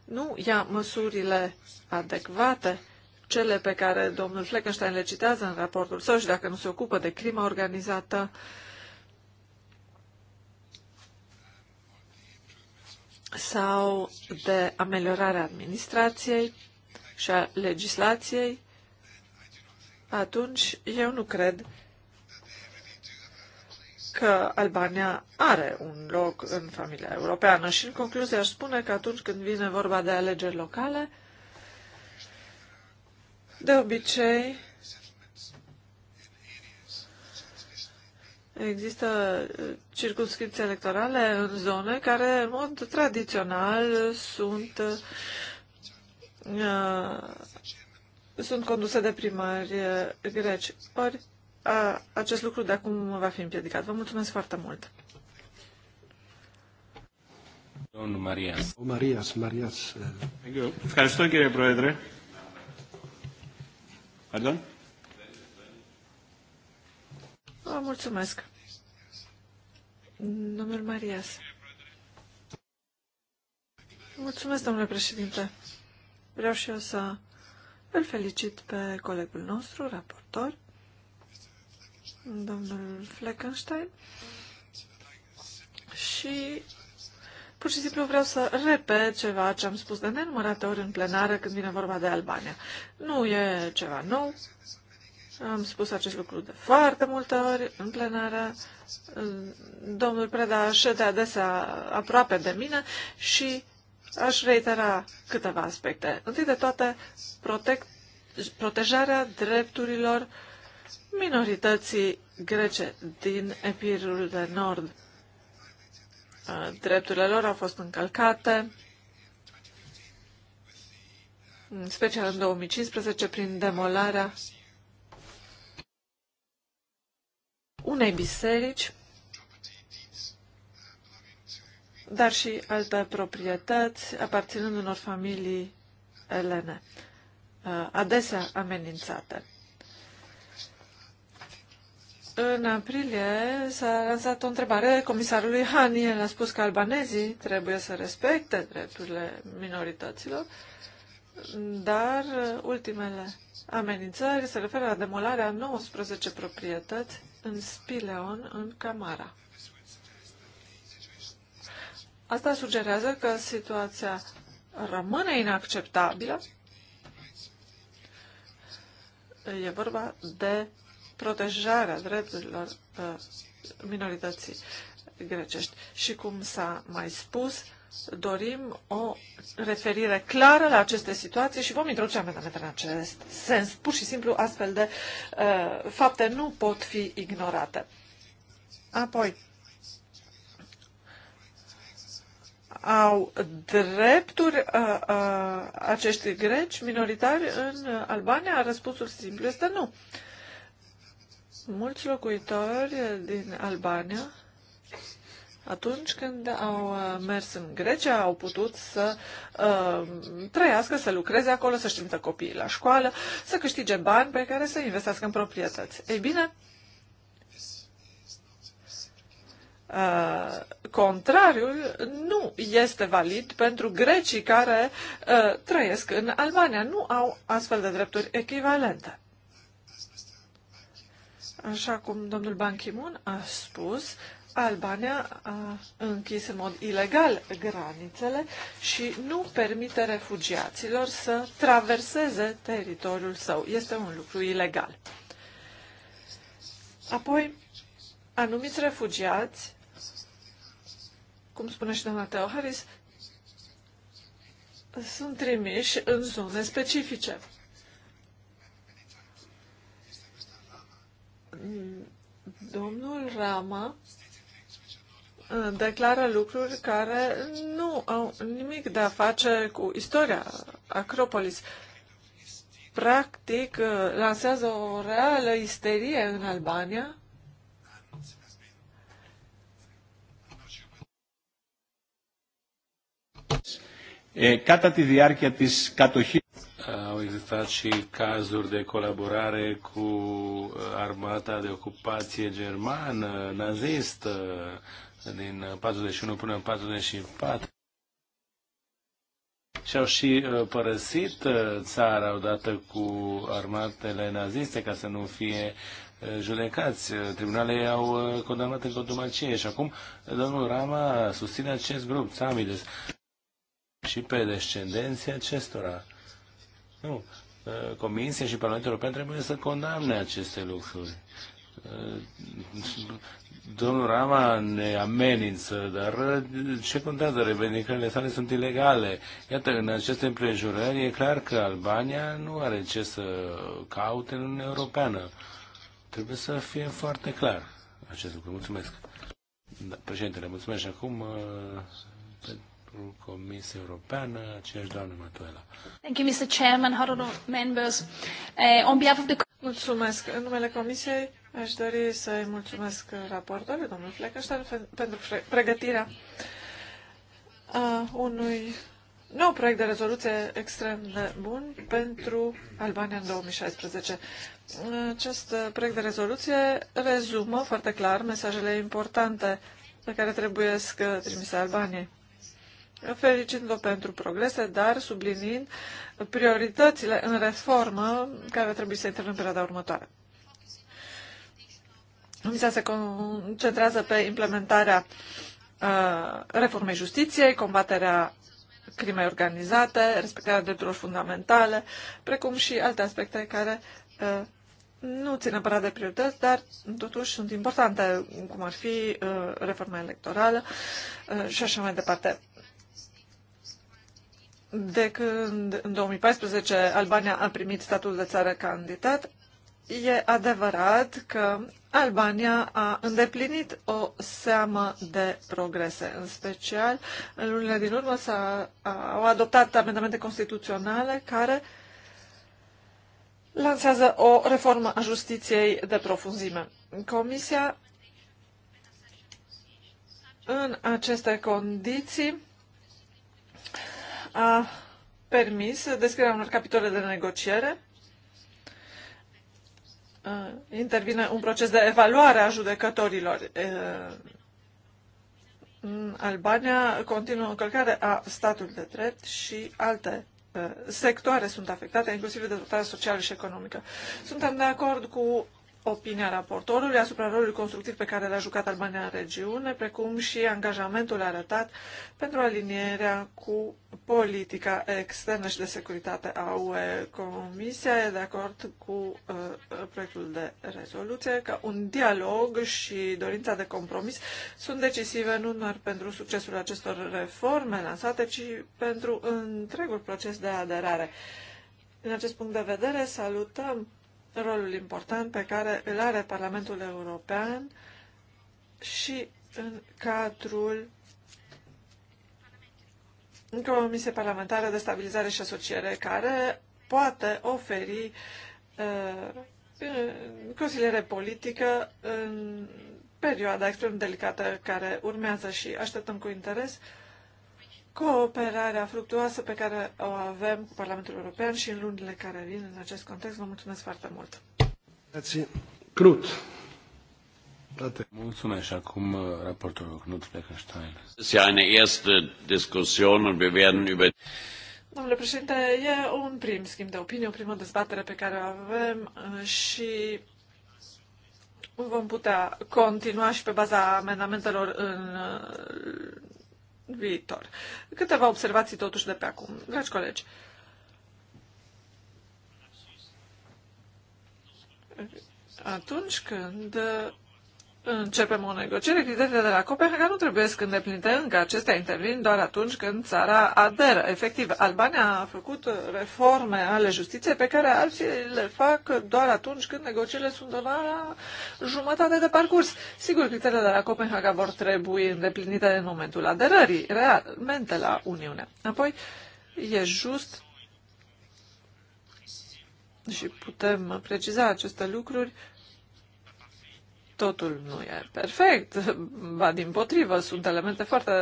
nu ia măsurile adecvate, cele pe care domnul Fleckenstein le citează în raportul său și dacă nu se ocupă de crima organizată, sau de ameliorarea administrației și a legislației, atunci eu nu cred că Albania are un loc în familia europeană și, în concluzie, aș spune că atunci când vine vorba de alegeri locale, de obicei există uh, circunscripții electorale în zone care, în mod tradițional, sunt uh, sunt conduse de primari uh, greci. Ori acest lucru de acum va fi împiedicat. Vă mulțumesc foarte mult! Domnul Marias. O oh, Marias, Marias. Uh, Ευχαριστώ κύριε Πρόεδρε. Pardon? Vă mulțumesc. Domnul Marias. Mulțumesc, domnule președinte. Vreau și eu să îl felicit pe colegul nostru, raportor, domnul Fleckenstein și pur și simplu vreau să repet ceva ce am spus de nenumărate ori în plenară când vine vorba de Albania. Nu e ceva nou. Am spus acest lucru de foarte multe ori în plenară. Domnul Preda ședea adesea aproape de mine și aș reitera câteva aspecte. Întâi de toate, protect, protejarea drepturilor uh, minorității grece din Epirul de Nord. Drepturile lor au fost încălcate, în special în 2015, prin demolarea unei biserici, dar și alte proprietăți aparținând unor familii elene, adesea amenințate. În aprilie s-a lansat o întrebare comisarului Han. El a spus că albanezii trebuie să respecte drepturile minorităților, dar ultimele amenințări se referă la demolarea 19 proprietăți în Spileon, în Camara. Asta sugerează că situația rămâne inacceptabilă. E vorba de protejarea drepturilor uh, minorității grecești. Și cum s-a mai spus, dorim o referire clară la aceste situații și vom introduce amendamente în acest sens. Pur și simplu, astfel de uh, fapte nu pot fi ignorate. Apoi, au drepturi uh, uh, acești greci minoritari în Albania? Răspunsul simplu este nu. Uh, Mulți locuitori din Albania, atunci când au uh, mers în Grecia, au putut să uh, trăiască, să lucreze acolo, să-și trimită copiii la școală, să câștige bani pe care să investească în proprietăți. Ei bine, Uh, contrariul nu este valid pentru grecii care uh, trăiesc în Albania. Nu au astfel de drepturi echivalente. Așa cum domnul Ban Ki-moon a spus, Albania a închis în mod ilegal granițele și nu permite refugiaților să traverseze teritoriul său. Este un lucru ilegal. Apoi, anumiți refugiați, cum spune și doamna Teoharis, sunt trimiși în zone specifice domnul Rama uh, declară lucruri care nu au nimic de a face cu istoria Acropolis. Practic, uh, lansează o reală isterie în Albania eh, κατά τη διάρκεια της κατοχής au existat și cazuri de colaborare cu uh, armata de ocupație germană, nazistă, din 41 până în 44. Și au și uh, părăsit uh, țara odată cu armatele naziste ca să nu fie judecați. Tribunalele au condamnat în contumacie și acum domnul Rama susține acest grup, Țamides, și pe descendenții acestora. Nu. Uh, Comisia și Parlamentul European trebuie să condamne aceste lucruri. Uh, domnul Rama ne amenință, dar uh, ce contează? Revendicările sale sunt ilegale. Iată, în aceste împrejurări e clar că Albania nu are ce să caute în Uniunea Europeană. Trebuie să fie foarte clar acest lucru. Mulțumesc. Da, președintele, mulțumesc și acum Comisia Europeană, aceeași doamnă Matuela. Thank you, Mr. Chairman, honorable members. Uh, on behalf of the... Mulțumesc. În numele Comisiei aș dori să-i mulțumesc raportorului, domnul Flecăștar, pentru pregătirea unui nou proiect de rezoluție extrem de bun pentru Albania în 2016. Acest proiect de rezoluție rezumă foarte clar mesajele importante pe care trebuie să trimise Albaniei felicitându-o pentru progrese, dar sublinind prioritățile în reformă care trebuie să intre în perioada următoare. Comisia se concentrează pe implementarea uh, reformei justiției, combaterea crimei organizate, respectarea drepturilor fundamentale, precum și alte aspecte care uh, nu țin neapărat de priorități, dar totuși sunt importante, cum ar fi uh, reforma electorală și așa mai departe de când în 2014 Albania a primit statul de țară candidat, e adevărat că Albania a îndeplinit o seamă de progrese. În special, în lunile din urmă s-a, au adoptat amendamente constituționale care lansează o reformă a justiției de profunzime. Comisia, în aceste condiții, a permis deschiderea unor capitole de negociere. Uh, intervine un proces de evaluare a judecătorilor. Uh, în Albania continuă încălcarea a statului de drept și alte uh, sectoare sunt afectate, inclusiv dezvoltarea socială și economică. Suntem de acord cu opinia raportorului asupra rolului constructiv pe care l-a jucat Albania în regiune, precum și angajamentul arătat pentru alinierea cu politica externă și de securitate a UE. Comisia e de acord cu uh, proiectul de rezoluție că un dialog și dorința de compromis sunt decisive nu doar pentru succesul acestor reforme lansate, ci pentru întregul proces de aderare. Din acest punct de vedere, salutăm rolul important pe care îl are Parlamentul European și în cadrul în Comisie Parlamentară de Stabilizare și Asociere, care poate oferi uh, consiliere politică în perioada extrem delicată care urmează și așteptăm cu interes uh, cooperarea fructuoasă pe care o avem cu Parlamentul European și în lunile care vin în acest context. Vă mulțumesc foarte mult! Crut. Mulțumesc. Și acum uh, raportul Knut Fleckenstein. Este o erste Diskussion und wir werden über Domnule președinte, e un prim schimb de opinie, o primă dezbatere pe care o avem uh, și vom putea continua și pe baza amendamentelor în uh, viitor. Câteva observații totuși de pe acum. Dragi colegi, atunci când începem o negociere, criteriile de la Copenhaga nu trebuie să îndeplinite încă. Acestea intervin doar atunci când țara aderă. Efectiv, Albania a făcut reforme ale justiției pe care alții le fac doar atunci când negocierile sunt doar la jumătate de parcurs. Sigur, criteriile de la Copenhaga vor trebui îndeplinite în momentul aderării realmente la Uniune. Apoi, e just și putem preciza aceste lucruri totul nu e perfect, ba din potrivă, sunt elemente foarte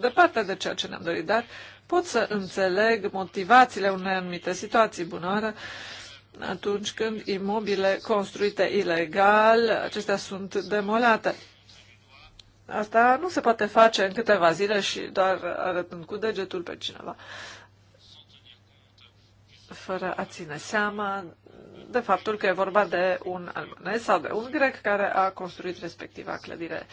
departe de ceea ce ne-am dorit, dar pot să înțeleg motivațiile unei anumite situații bunoare atunci când imobile construite ilegal, acestea sunt demolate. Asta nu se poate face în câteva zile și doar arătând cu degetul pe cineva. Uh, fără a ține seama de faptul că e vorba de un albanez sau de un grec care a construit respectiva clădire.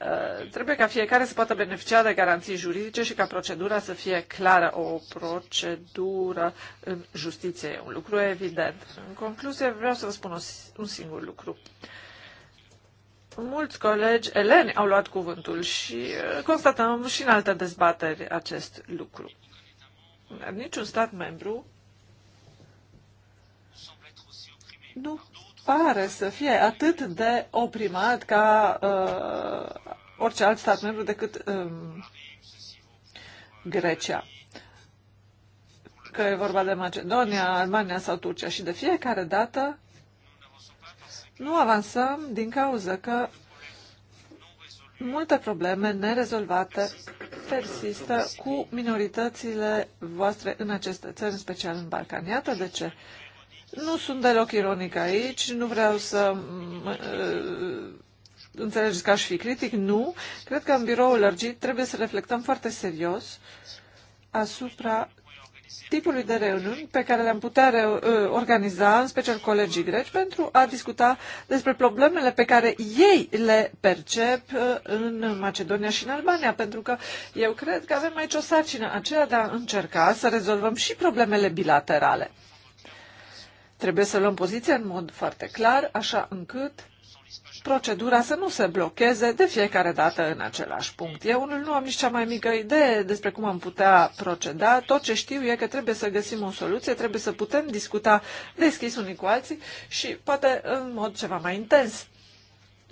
Uh, trebuie ca fiecare să poată beneficia de garanții juridice și ca procedura să fie clară. O procedură în justiție e un lucru evident. În concluzie, vreau să vă spun un singur lucru. Mulți colegi eleni au luat cuvântul și uh, constatăm și în alte dezbateri acest lucru. Niciun stat membru nu pare să fie atât de oprimat ca uh, orice alt stat membru decât um, Grecia. Că e vorba de Macedonia, Albania sau Turcia. Și de fiecare dată nu avansăm din cauza că multe probleme nerezolvate persistă cu minoritățile voastre în aceste țări, în special în Balcan. Iată de ce nu sunt deloc ironic aici, nu vreau să înțelegeți că aș fi critic, nu. Cred că în biroul lărgit trebuie să reflectăm foarte serios asupra tipului de reuniuni pe care le-am putea uh, organiza, în special colegii greci, pentru a discuta despre problemele pe care ei le percep uh, în Macedonia și în Albania, pentru că eu cred că avem aici o sarcină aceea de a încerca să rezolvăm și problemele bilaterale. Trebuie să luăm poziție în mod foarte clar, așa încât procedura să nu se blocheze de fiecare dată în același punct. Eu nu am nici cea mai mică idee despre cum am putea proceda. Tot ce știu e că trebuie să găsim o soluție, trebuie să putem discuta deschis unii cu alții și poate în mod ceva mai intens.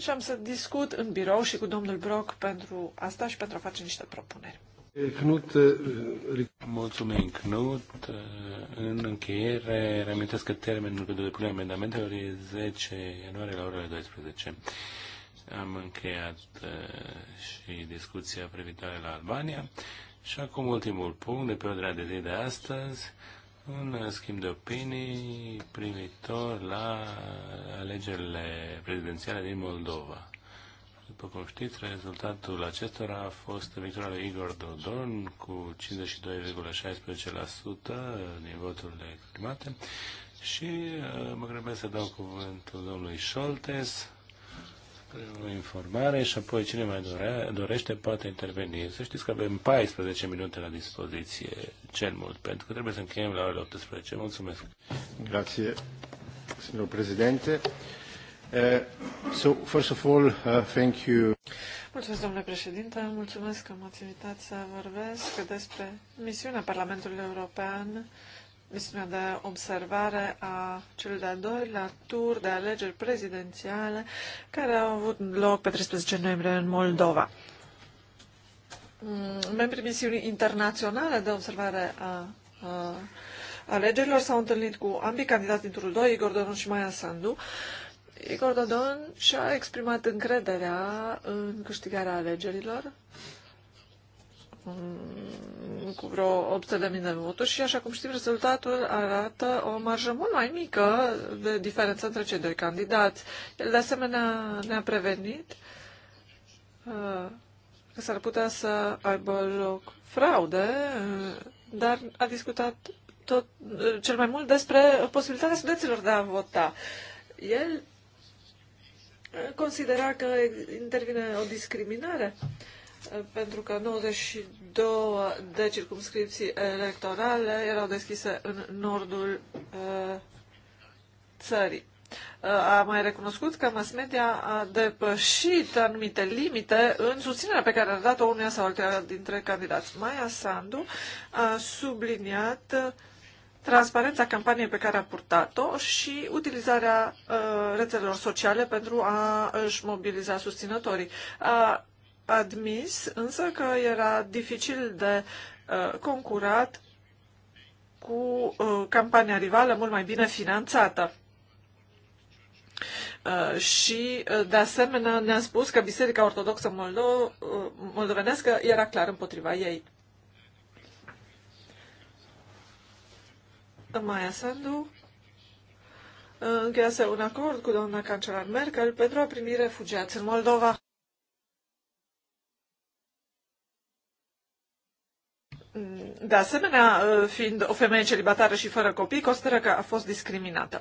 Și am să discut în birou și cu domnul Brock pentru asta și pentru a face niște propuneri. Knut, eh, mulțumim, Knut. Eh, în încheiere, reamintesc că termenul pentru depunerea amendamentelor e 10 ianuarie la orele 12. Am încheiat eh, și discuția privitoare la Albania. Și acum ultimul punct de pe ordinea de zi de astăzi, un schimb de opinii privitor la alegerile prezidențiale din Moldova. După cum știți, rezultatul acestora a fost victoria lui Igor Dodon cu 52,16% din voturile exprimate și uh, mă grăbesc să dau cuvântul domnului Scholtes o informare și apoi cine mai dorea, dorește poate interveni. Să știți că avem 14 minute la dispoziție, cel mult, pentru că trebuie să încheiem la ora 18. Mulțumesc. Grazie, signor președinte. Uh, so, first of all, uh, thank you. Mulțumesc, domnule președinte. Mulțumesc că m-ați invitat să vorbesc despre misiunea Parlamentului European, misiunea de observare a celui de-al doilea tur de alegeri prezidențiale care au avut loc pe 13 noiembrie în Moldova. Mm, membrii misiunii internaționale de observare a, a alegerilor s-au întâlnit cu ambii candidați din turul 2, Igor Dodon și Maia Sandu, Igor Dodon și-a exprimat încrederea în câștigarea alegerilor mm, cu vreo 800.000 de voturi și, așa cum știm, rezultatul arată o marjă mult mai mică de diferență între cei doi candidați. El, de asemenea, ne-a prevenit uh, că s-ar putea să aibă loc fraude, uh, dar a discutat tot, uh, cel mai mult despre posibilitatea studenților de a vota. El considera că intervine o discriminare, uh, pentru că 92 de circumscripții electorale erau deschise în nordul uh, țării. Uh, a mai recunoscut că mass media a depășit anumite limite în susținerea pe care a dat-o unuia sau altuia dintre candidați. Maia Sandu a subliniat transparența campaniei pe care a purtat-o și utilizarea uh, rețelelor sociale pentru a își mobiliza susținătorii. A admis însă că era dificil de uh, concurat cu uh, campania rivală mult mai bine finanțată. Uh, și, uh, de asemenea, ne-a spus că Biserica Ortodoxă Moldo- uh, moldovenească era clar împotriva ei. Maia Sandu încheiase un acord cu doamna cancelar Merkel pentru a primi refugiați în Moldova. De asemenea, fiind o femeie celibatară și fără copii, consideră că a fost discriminată.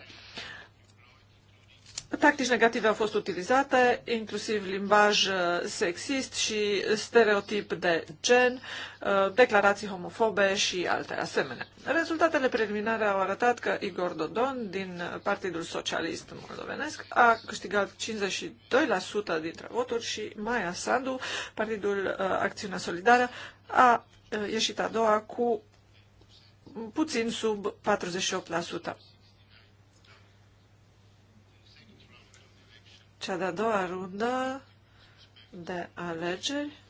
Tactici negative au fost utilizate, inclusiv limbaj uh, sexist și stereotip de gen, uh, declarații homofobe și alte asemenea. Rezultatele preliminare au arătat că Igor Dodon din Partidul Socialist Moldovenesc a câștigat 52% dintre voturi și Maia Sandu, Partidul uh, Acțiunea Solidară, a ieșit a doua cu puțin sub 48%. cea de-a doua rundă de alegeri.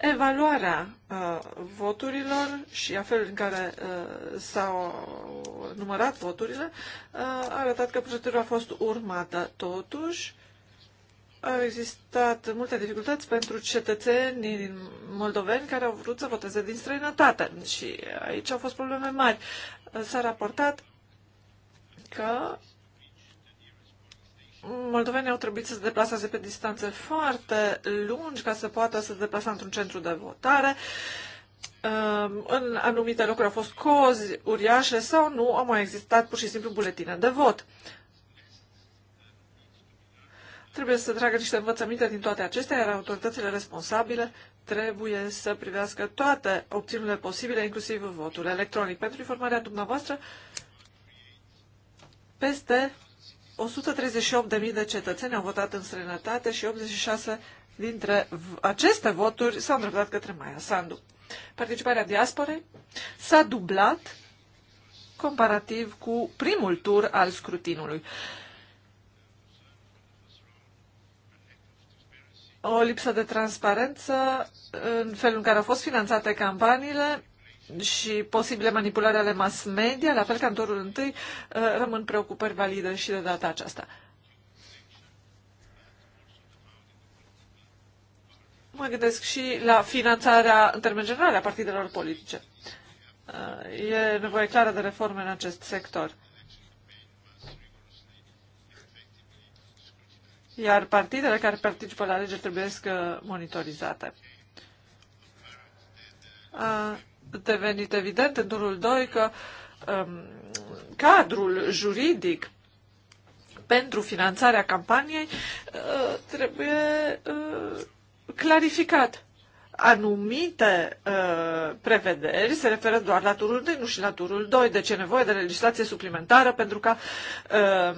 Evaluarea uh, voturilor și a felul în care uh, s-au numărat voturile uh, a arătat că procedura a fost urmată totuși au existat multe dificultăți pentru cetățenii din moldoveni care au vrut să voteze din străinătate și aici au fost probleme mari. S-a raportat că moldovenii au trebuit să se deplaseze pe distanțe foarte lungi ca să poată să se deplasa într-un centru de votare. Ehm, în anumite locuri au fost cozi uriașe sau nu au mai existat pur și simplu buletine de vot trebuie să tragă niște învățăminte din toate acestea, iar autoritățile responsabile trebuie să privească toate opțiunile posibile, inclusiv votul electronic. Pentru informarea dumneavoastră, peste 138.000 de cetățeni au votat în străinătate și 86 dintre aceste voturi s-au îndreptat către Maia Sandu. Participarea diasporei s-a dublat comparativ cu primul tur al scrutinului. o lipsă de transparență în felul în care au fost finanțate campaniile și posibile manipulări ale mass media, la fel ca în turul întâi, uh, rămân preocupări valide și de data aceasta. Mă gândesc și la finanțarea în termen general a partidelor politice. Uh, e nevoie clară de reforme în acest sector. iar partidele care participă la alegeri trebuie să uh, monitorizate. A devenit evident în turul 2 că um, cadrul juridic pentru finanțarea campaniei uh, trebuie uh, clarificat anumite uh, prevederi se referă doar la turul 1 și la turul 2, deci e nevoie de legislație suplimentară pentru ca uh,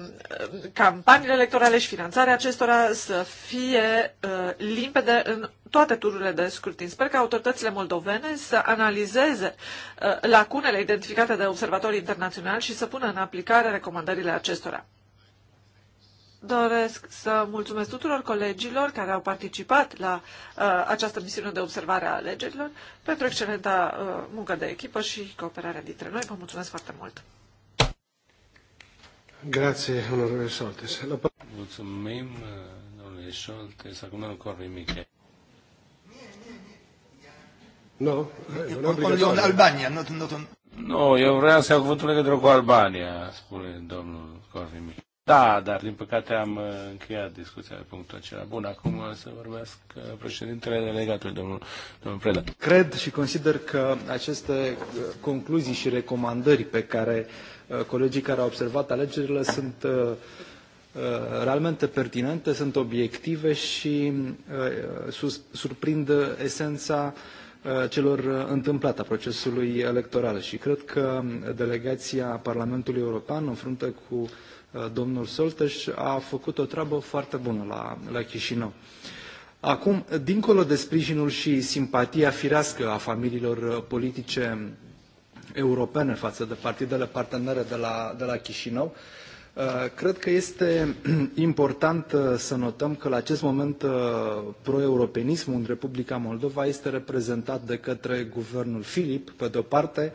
campaniile electorale și finanțarea acestora să fie uh, limpede în toate tururile de scrutin. Sper că autoritățile moldovene să analizeze uh, lacunele identificate de observatorii internaționali și să pună în aplicare recomandările acestora doresc să mulțumesc tuturor colegilor care au participat la uh, această misiune de observare a alegerilor pentru excelenta uh, muncă de echipă și cooperarea dintre noi. Vă mulțumesc foarte mult! Grazie, onorevole Soltes. La... Mulțumim, uh, domnule Soltes. Acum nu corre miche. No, eh, Albania, not, Nu, no, eu vreau să iau cuvântul legătură cu Albania, spune domnul Corvin da, dar din păcate am uh, încheiat discuția pe punctul acela. Bun, acum uh, să vorbesc uh, președintele delegatului, domnul, domnul Preda. Cred și consider că aceste concluzii și recomandări pe care colegii care au observat alegerile sunt realmente pertinente, sunt obiective și surprind esența celor întâmplate a procesului electoral. Și cred că delegația Parlamentului European, în frunte cu Uh, domnul Solteș a făcut o treabă foarte bună la, la Chișinău. Acum, dincolo de sprijinul și simpatia firească a familiilor uh, politice europene față de partidele partenere de la, de la Chișinău, uh, Cred că este important să notăm că la acest moment proeuropenismul în Republica Moldova este reprezentat de către guvernul Filip, pe de-o parte,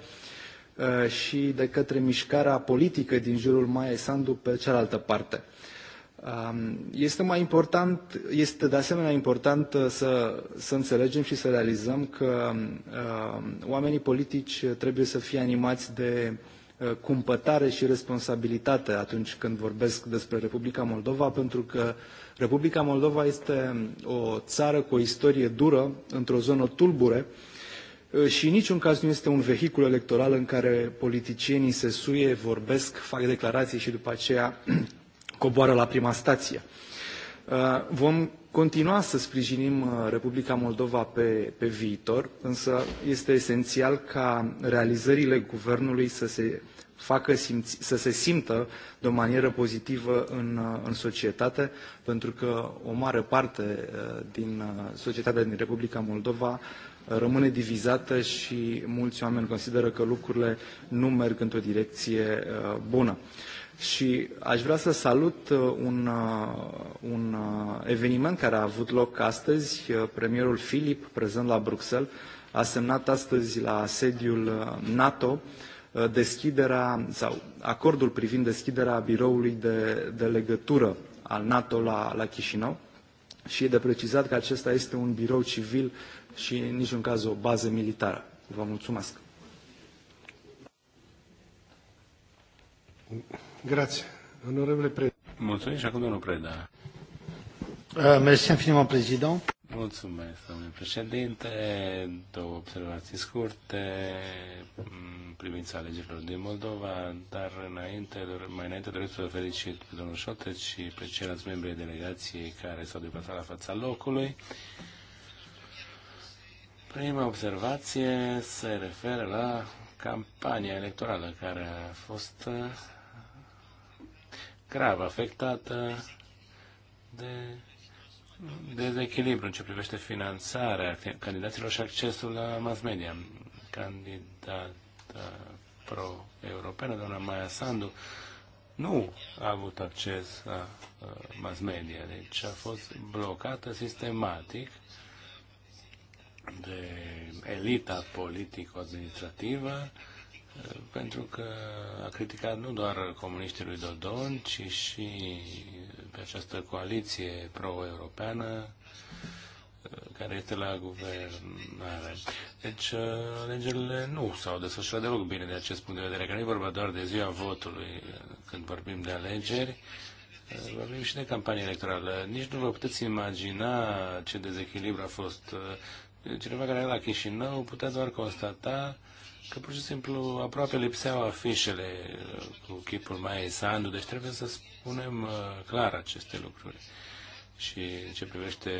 Uh, și de către mișcarea politică din jurul Maia Sandu pe cealaltă parte. Um, este, mai important, este de asemenea important uh, să, să înțelegem și să realizăm că um, uh, oamenii politici trebuie să fie animați de cumpătare și responsabilitate atunci când vorbesc despre Republica Moldova, pentru că Republica Moldova este um, o țară cu o istorie dură, într-o zonă tulbure, uh, Ă, și în niciun caz nu este un vehicul electoral în care politicienii se suie, vorbesc, fac declarații și după aceea coboară la prima stație. Ă, vom continua să sprijinim ă, Republica Moldova pe, pe viitor, însă este esențial ca realizările guvernului să se facă simți, să se simtă de o manieră pozitivă în, în societate, pentru că o mare parte din societatea din Republica Moldova rămâne divizată și mulți oameni consideră că lucrurile nu merg într-o direcție uh, bună. Și aș vrea să salut uh, un, uh, un eveniment care a avut loc astăzi. Premierul Filip, prezent la Bruxelles, a semnat astăzi la sediul NATO deschiderea sau acordul privind deschiderea biroului de, de legătură al NATO la, la Chișinău și e de precizat că acesta este un birou civil și în niciun caz o bază militară. Vă mulțumesc. Grazie. Onorevole Preda. Mulțumesc și acum domnul Preda. Uh, Mersi infiniment, prezident. Mulțumesc, domnule președinte. Două observații scurte privința alegerilor din Moldova, dar înainte, mai înainte doresc să felicit pe domnul Șotec și pe ceilalți membri ai delegației care s-au deplasat la fața locului Prima observație se referă la campania electorală care a fost uh, grav afectată de dezechilibru în ce privește finanțarea candidaților și accesul la mass media. Candidata pro-europeană, doamna Maia Sandu, nu a avut acces la uh, mass media, deci a fost blocată sistematic de elita politico-administrativă, pentru că a criticat nu doar comuniștii lui Dodon, ci și pe această coaliție pro-europeană care este la guvernare. Deci, uh, alegerile nu s-au desfășurat deloc bine de acest punct de vedere, că nu e vorba doar de ziua votului uh, când vorbim de alegeri, uh, vorbim și de campanie electorală. Nici nu vă puteți imagina ce dezechilibru a fost cineva care era la Chișinău putea doar constata că pur și simplu aproape lipseau afișele uh, cu chipul mai Sandu, deci trebuie să spunem uh, clar aceste lucruri. Și în ce privește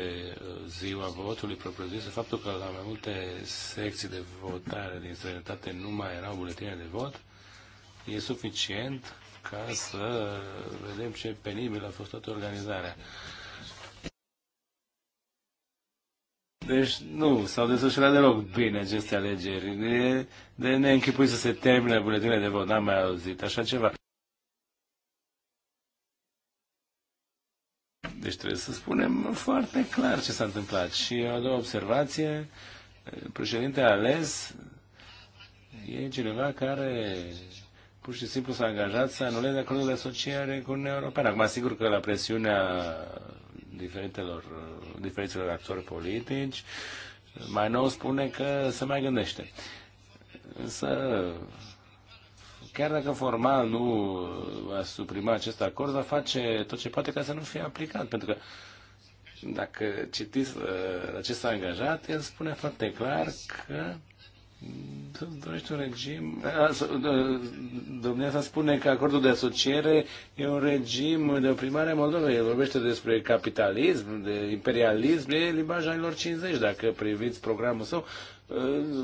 uh, ziua votului propriu zis faptul că la mai multe secții de votare din străinătate nu mai erau buletine de vot, e suficient ca să vedem ce penibil a fost toată organizarea. Deci nu, s-au desfășurat deloc bine aceste alegeri. De, de neînchipui să se termine buletinele de vot, n-am mai auzit așa ceva. Deci trebuie să spunem foarte clar ce s-a întâmplat. Și a doua observație, președintele ales e cineva care pur și simplu s-a angajat să anuleze acordul de asociere cu Uniunea Europeană. Acum, sigur că la presiunea diferitelor, uh, diferiților actori politici, mai nou spune că se mai gândește. Însă, chiar dacă formal nu va suprima acest acord, va face tot ce poate ca să nu fie aplicat, pentru că dacă citiți uh, acest angajat, el spune foarte clar că dorește un regim... Domnia sa spune că acordul de asociere e un regim de oprimare a Moldovei. El vorbește despre capitalism, de imperialism, e limbaj anilor 50. Dacă priviți programul său, ă,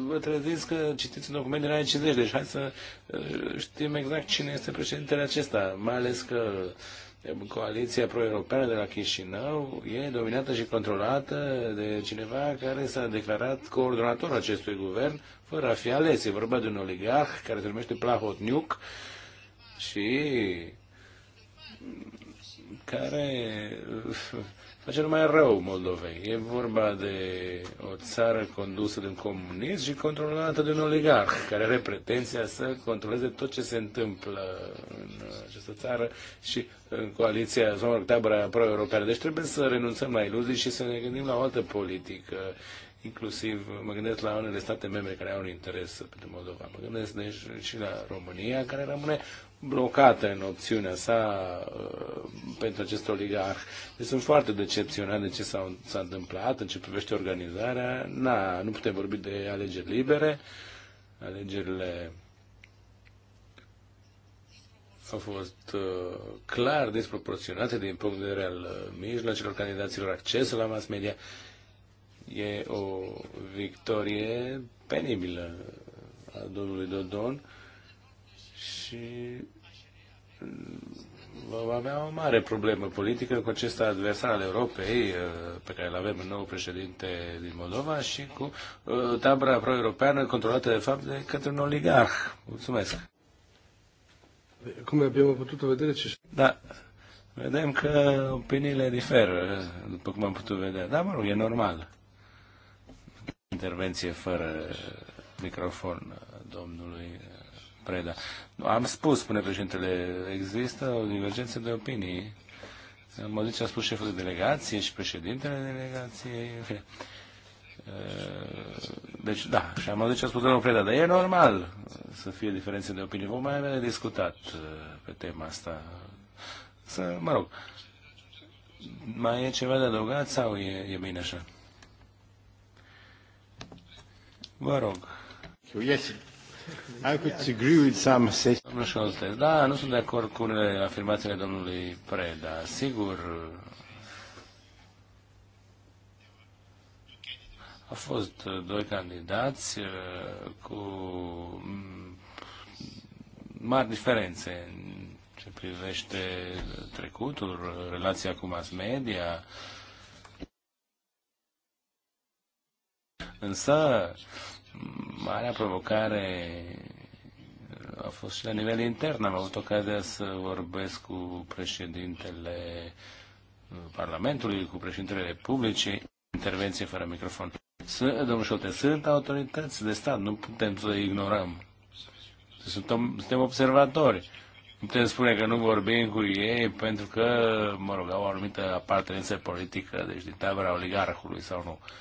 vă treziți că citiți un document din anii 50. Deci hai să ă, știm exact cine este președintele acesta, mai ales că Coaliția pro-europeană de la Chișinău e dominată și controlată de cineva care s-a declarat coordonator acestui guvern, fără a fi ales. E vorba de un oligarh care se numește Plahotniuc și care face numai rău Moldovei. E vorba de o țară condusă de un comunist și controlată de un oligarh, care are pretenția să controleze tot ce se întâmplă în această țară și în coaliția, zonă, mă tabăra pro-europeană. Deci trebuie să renunțăm la iluzii și să ne gândim la o altă politică inclusiv mă gândesc la unele state membre care au un interes pentru Moldova. Mă gândesc deci și la România, care rămâne blocată în opțiunea sa uh, pentru acest oligarh. Deci sunt foarte decepționat de ce s-a, s-a întâmplat în ce privește organizarea. Na, nu putem vorbi de alegeri libere. Alegerile au fost uh, clar disproporționate din punct de vedere al uh, mijloacelor candidaților, accesul la mass media. E o victorie penibilă a domnului Dodon. Uh, și va avea o mare problemă politică cu acest adversar al Europei uh, pe care îl avem în nou președinte din Moldova și cu uh, tabra pro-europeană controlată de fapt de către un oligarh. Mulțumesc! Cum abbiamo putut vedere ce... Da, vedem că opiniile diferă, după cum am putut vedea. Da, mă rog, e normal. Intervenție fără microfon domnului Preda. Am spus, spune președintele, există o divergență de opinii. Mă zice, a spus șeful de delegație și președintele delegației. Ă, deci, da, și am auzit ce a spus domnul Preda, dar e normal să fie diferențe de opinii. Vom mai avea discutat ă, pe tema asta. Să, mă rog, mai e ceva de adăugat sau e, e bine așa? Vă rog. Yes, I could agree with some Domnul Scholtes, da, nu sunt de acord cu unele afirmațiile domnului Preda. Sigur, au fost doi candidați uh, cu mm, mari diferențe în ce privește trecutul, relația cu mass media. Însă, marea provocare a fost și la nivel intern. Am avut ocazia să vorbesc cu președintele Parlamentului, cu președintele Republicii, intervenție fără microfon. Să, domnul Șolte, sunt autorități de stat, nu putem să ignorăm. Suntem, suntem observatori. Nu putem spune că nu vorbim cu ei pentru că, mă rog, au o anumită apartenență politică, deci din tabăra oligarhului sau nu. Uh,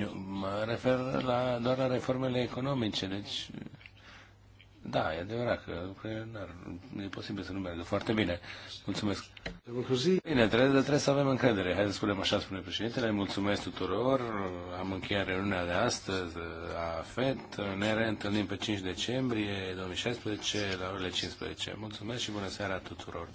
Eu mă refer la, doar la reformele economice, deci da, e adevărat că nu e posibil să nu meargă foarte bine. Mulțumesc. Bine, trebuie, trebuie să avem încredere. Hai să spunem așa, spune președintele. Mulțumesc tuturor. Am încheiat reuniunea de astăzi a FED. Ne reîntâlnim pe 5 decembrie 2016 la orele 15. Mulțumesc și bună seara tuturor.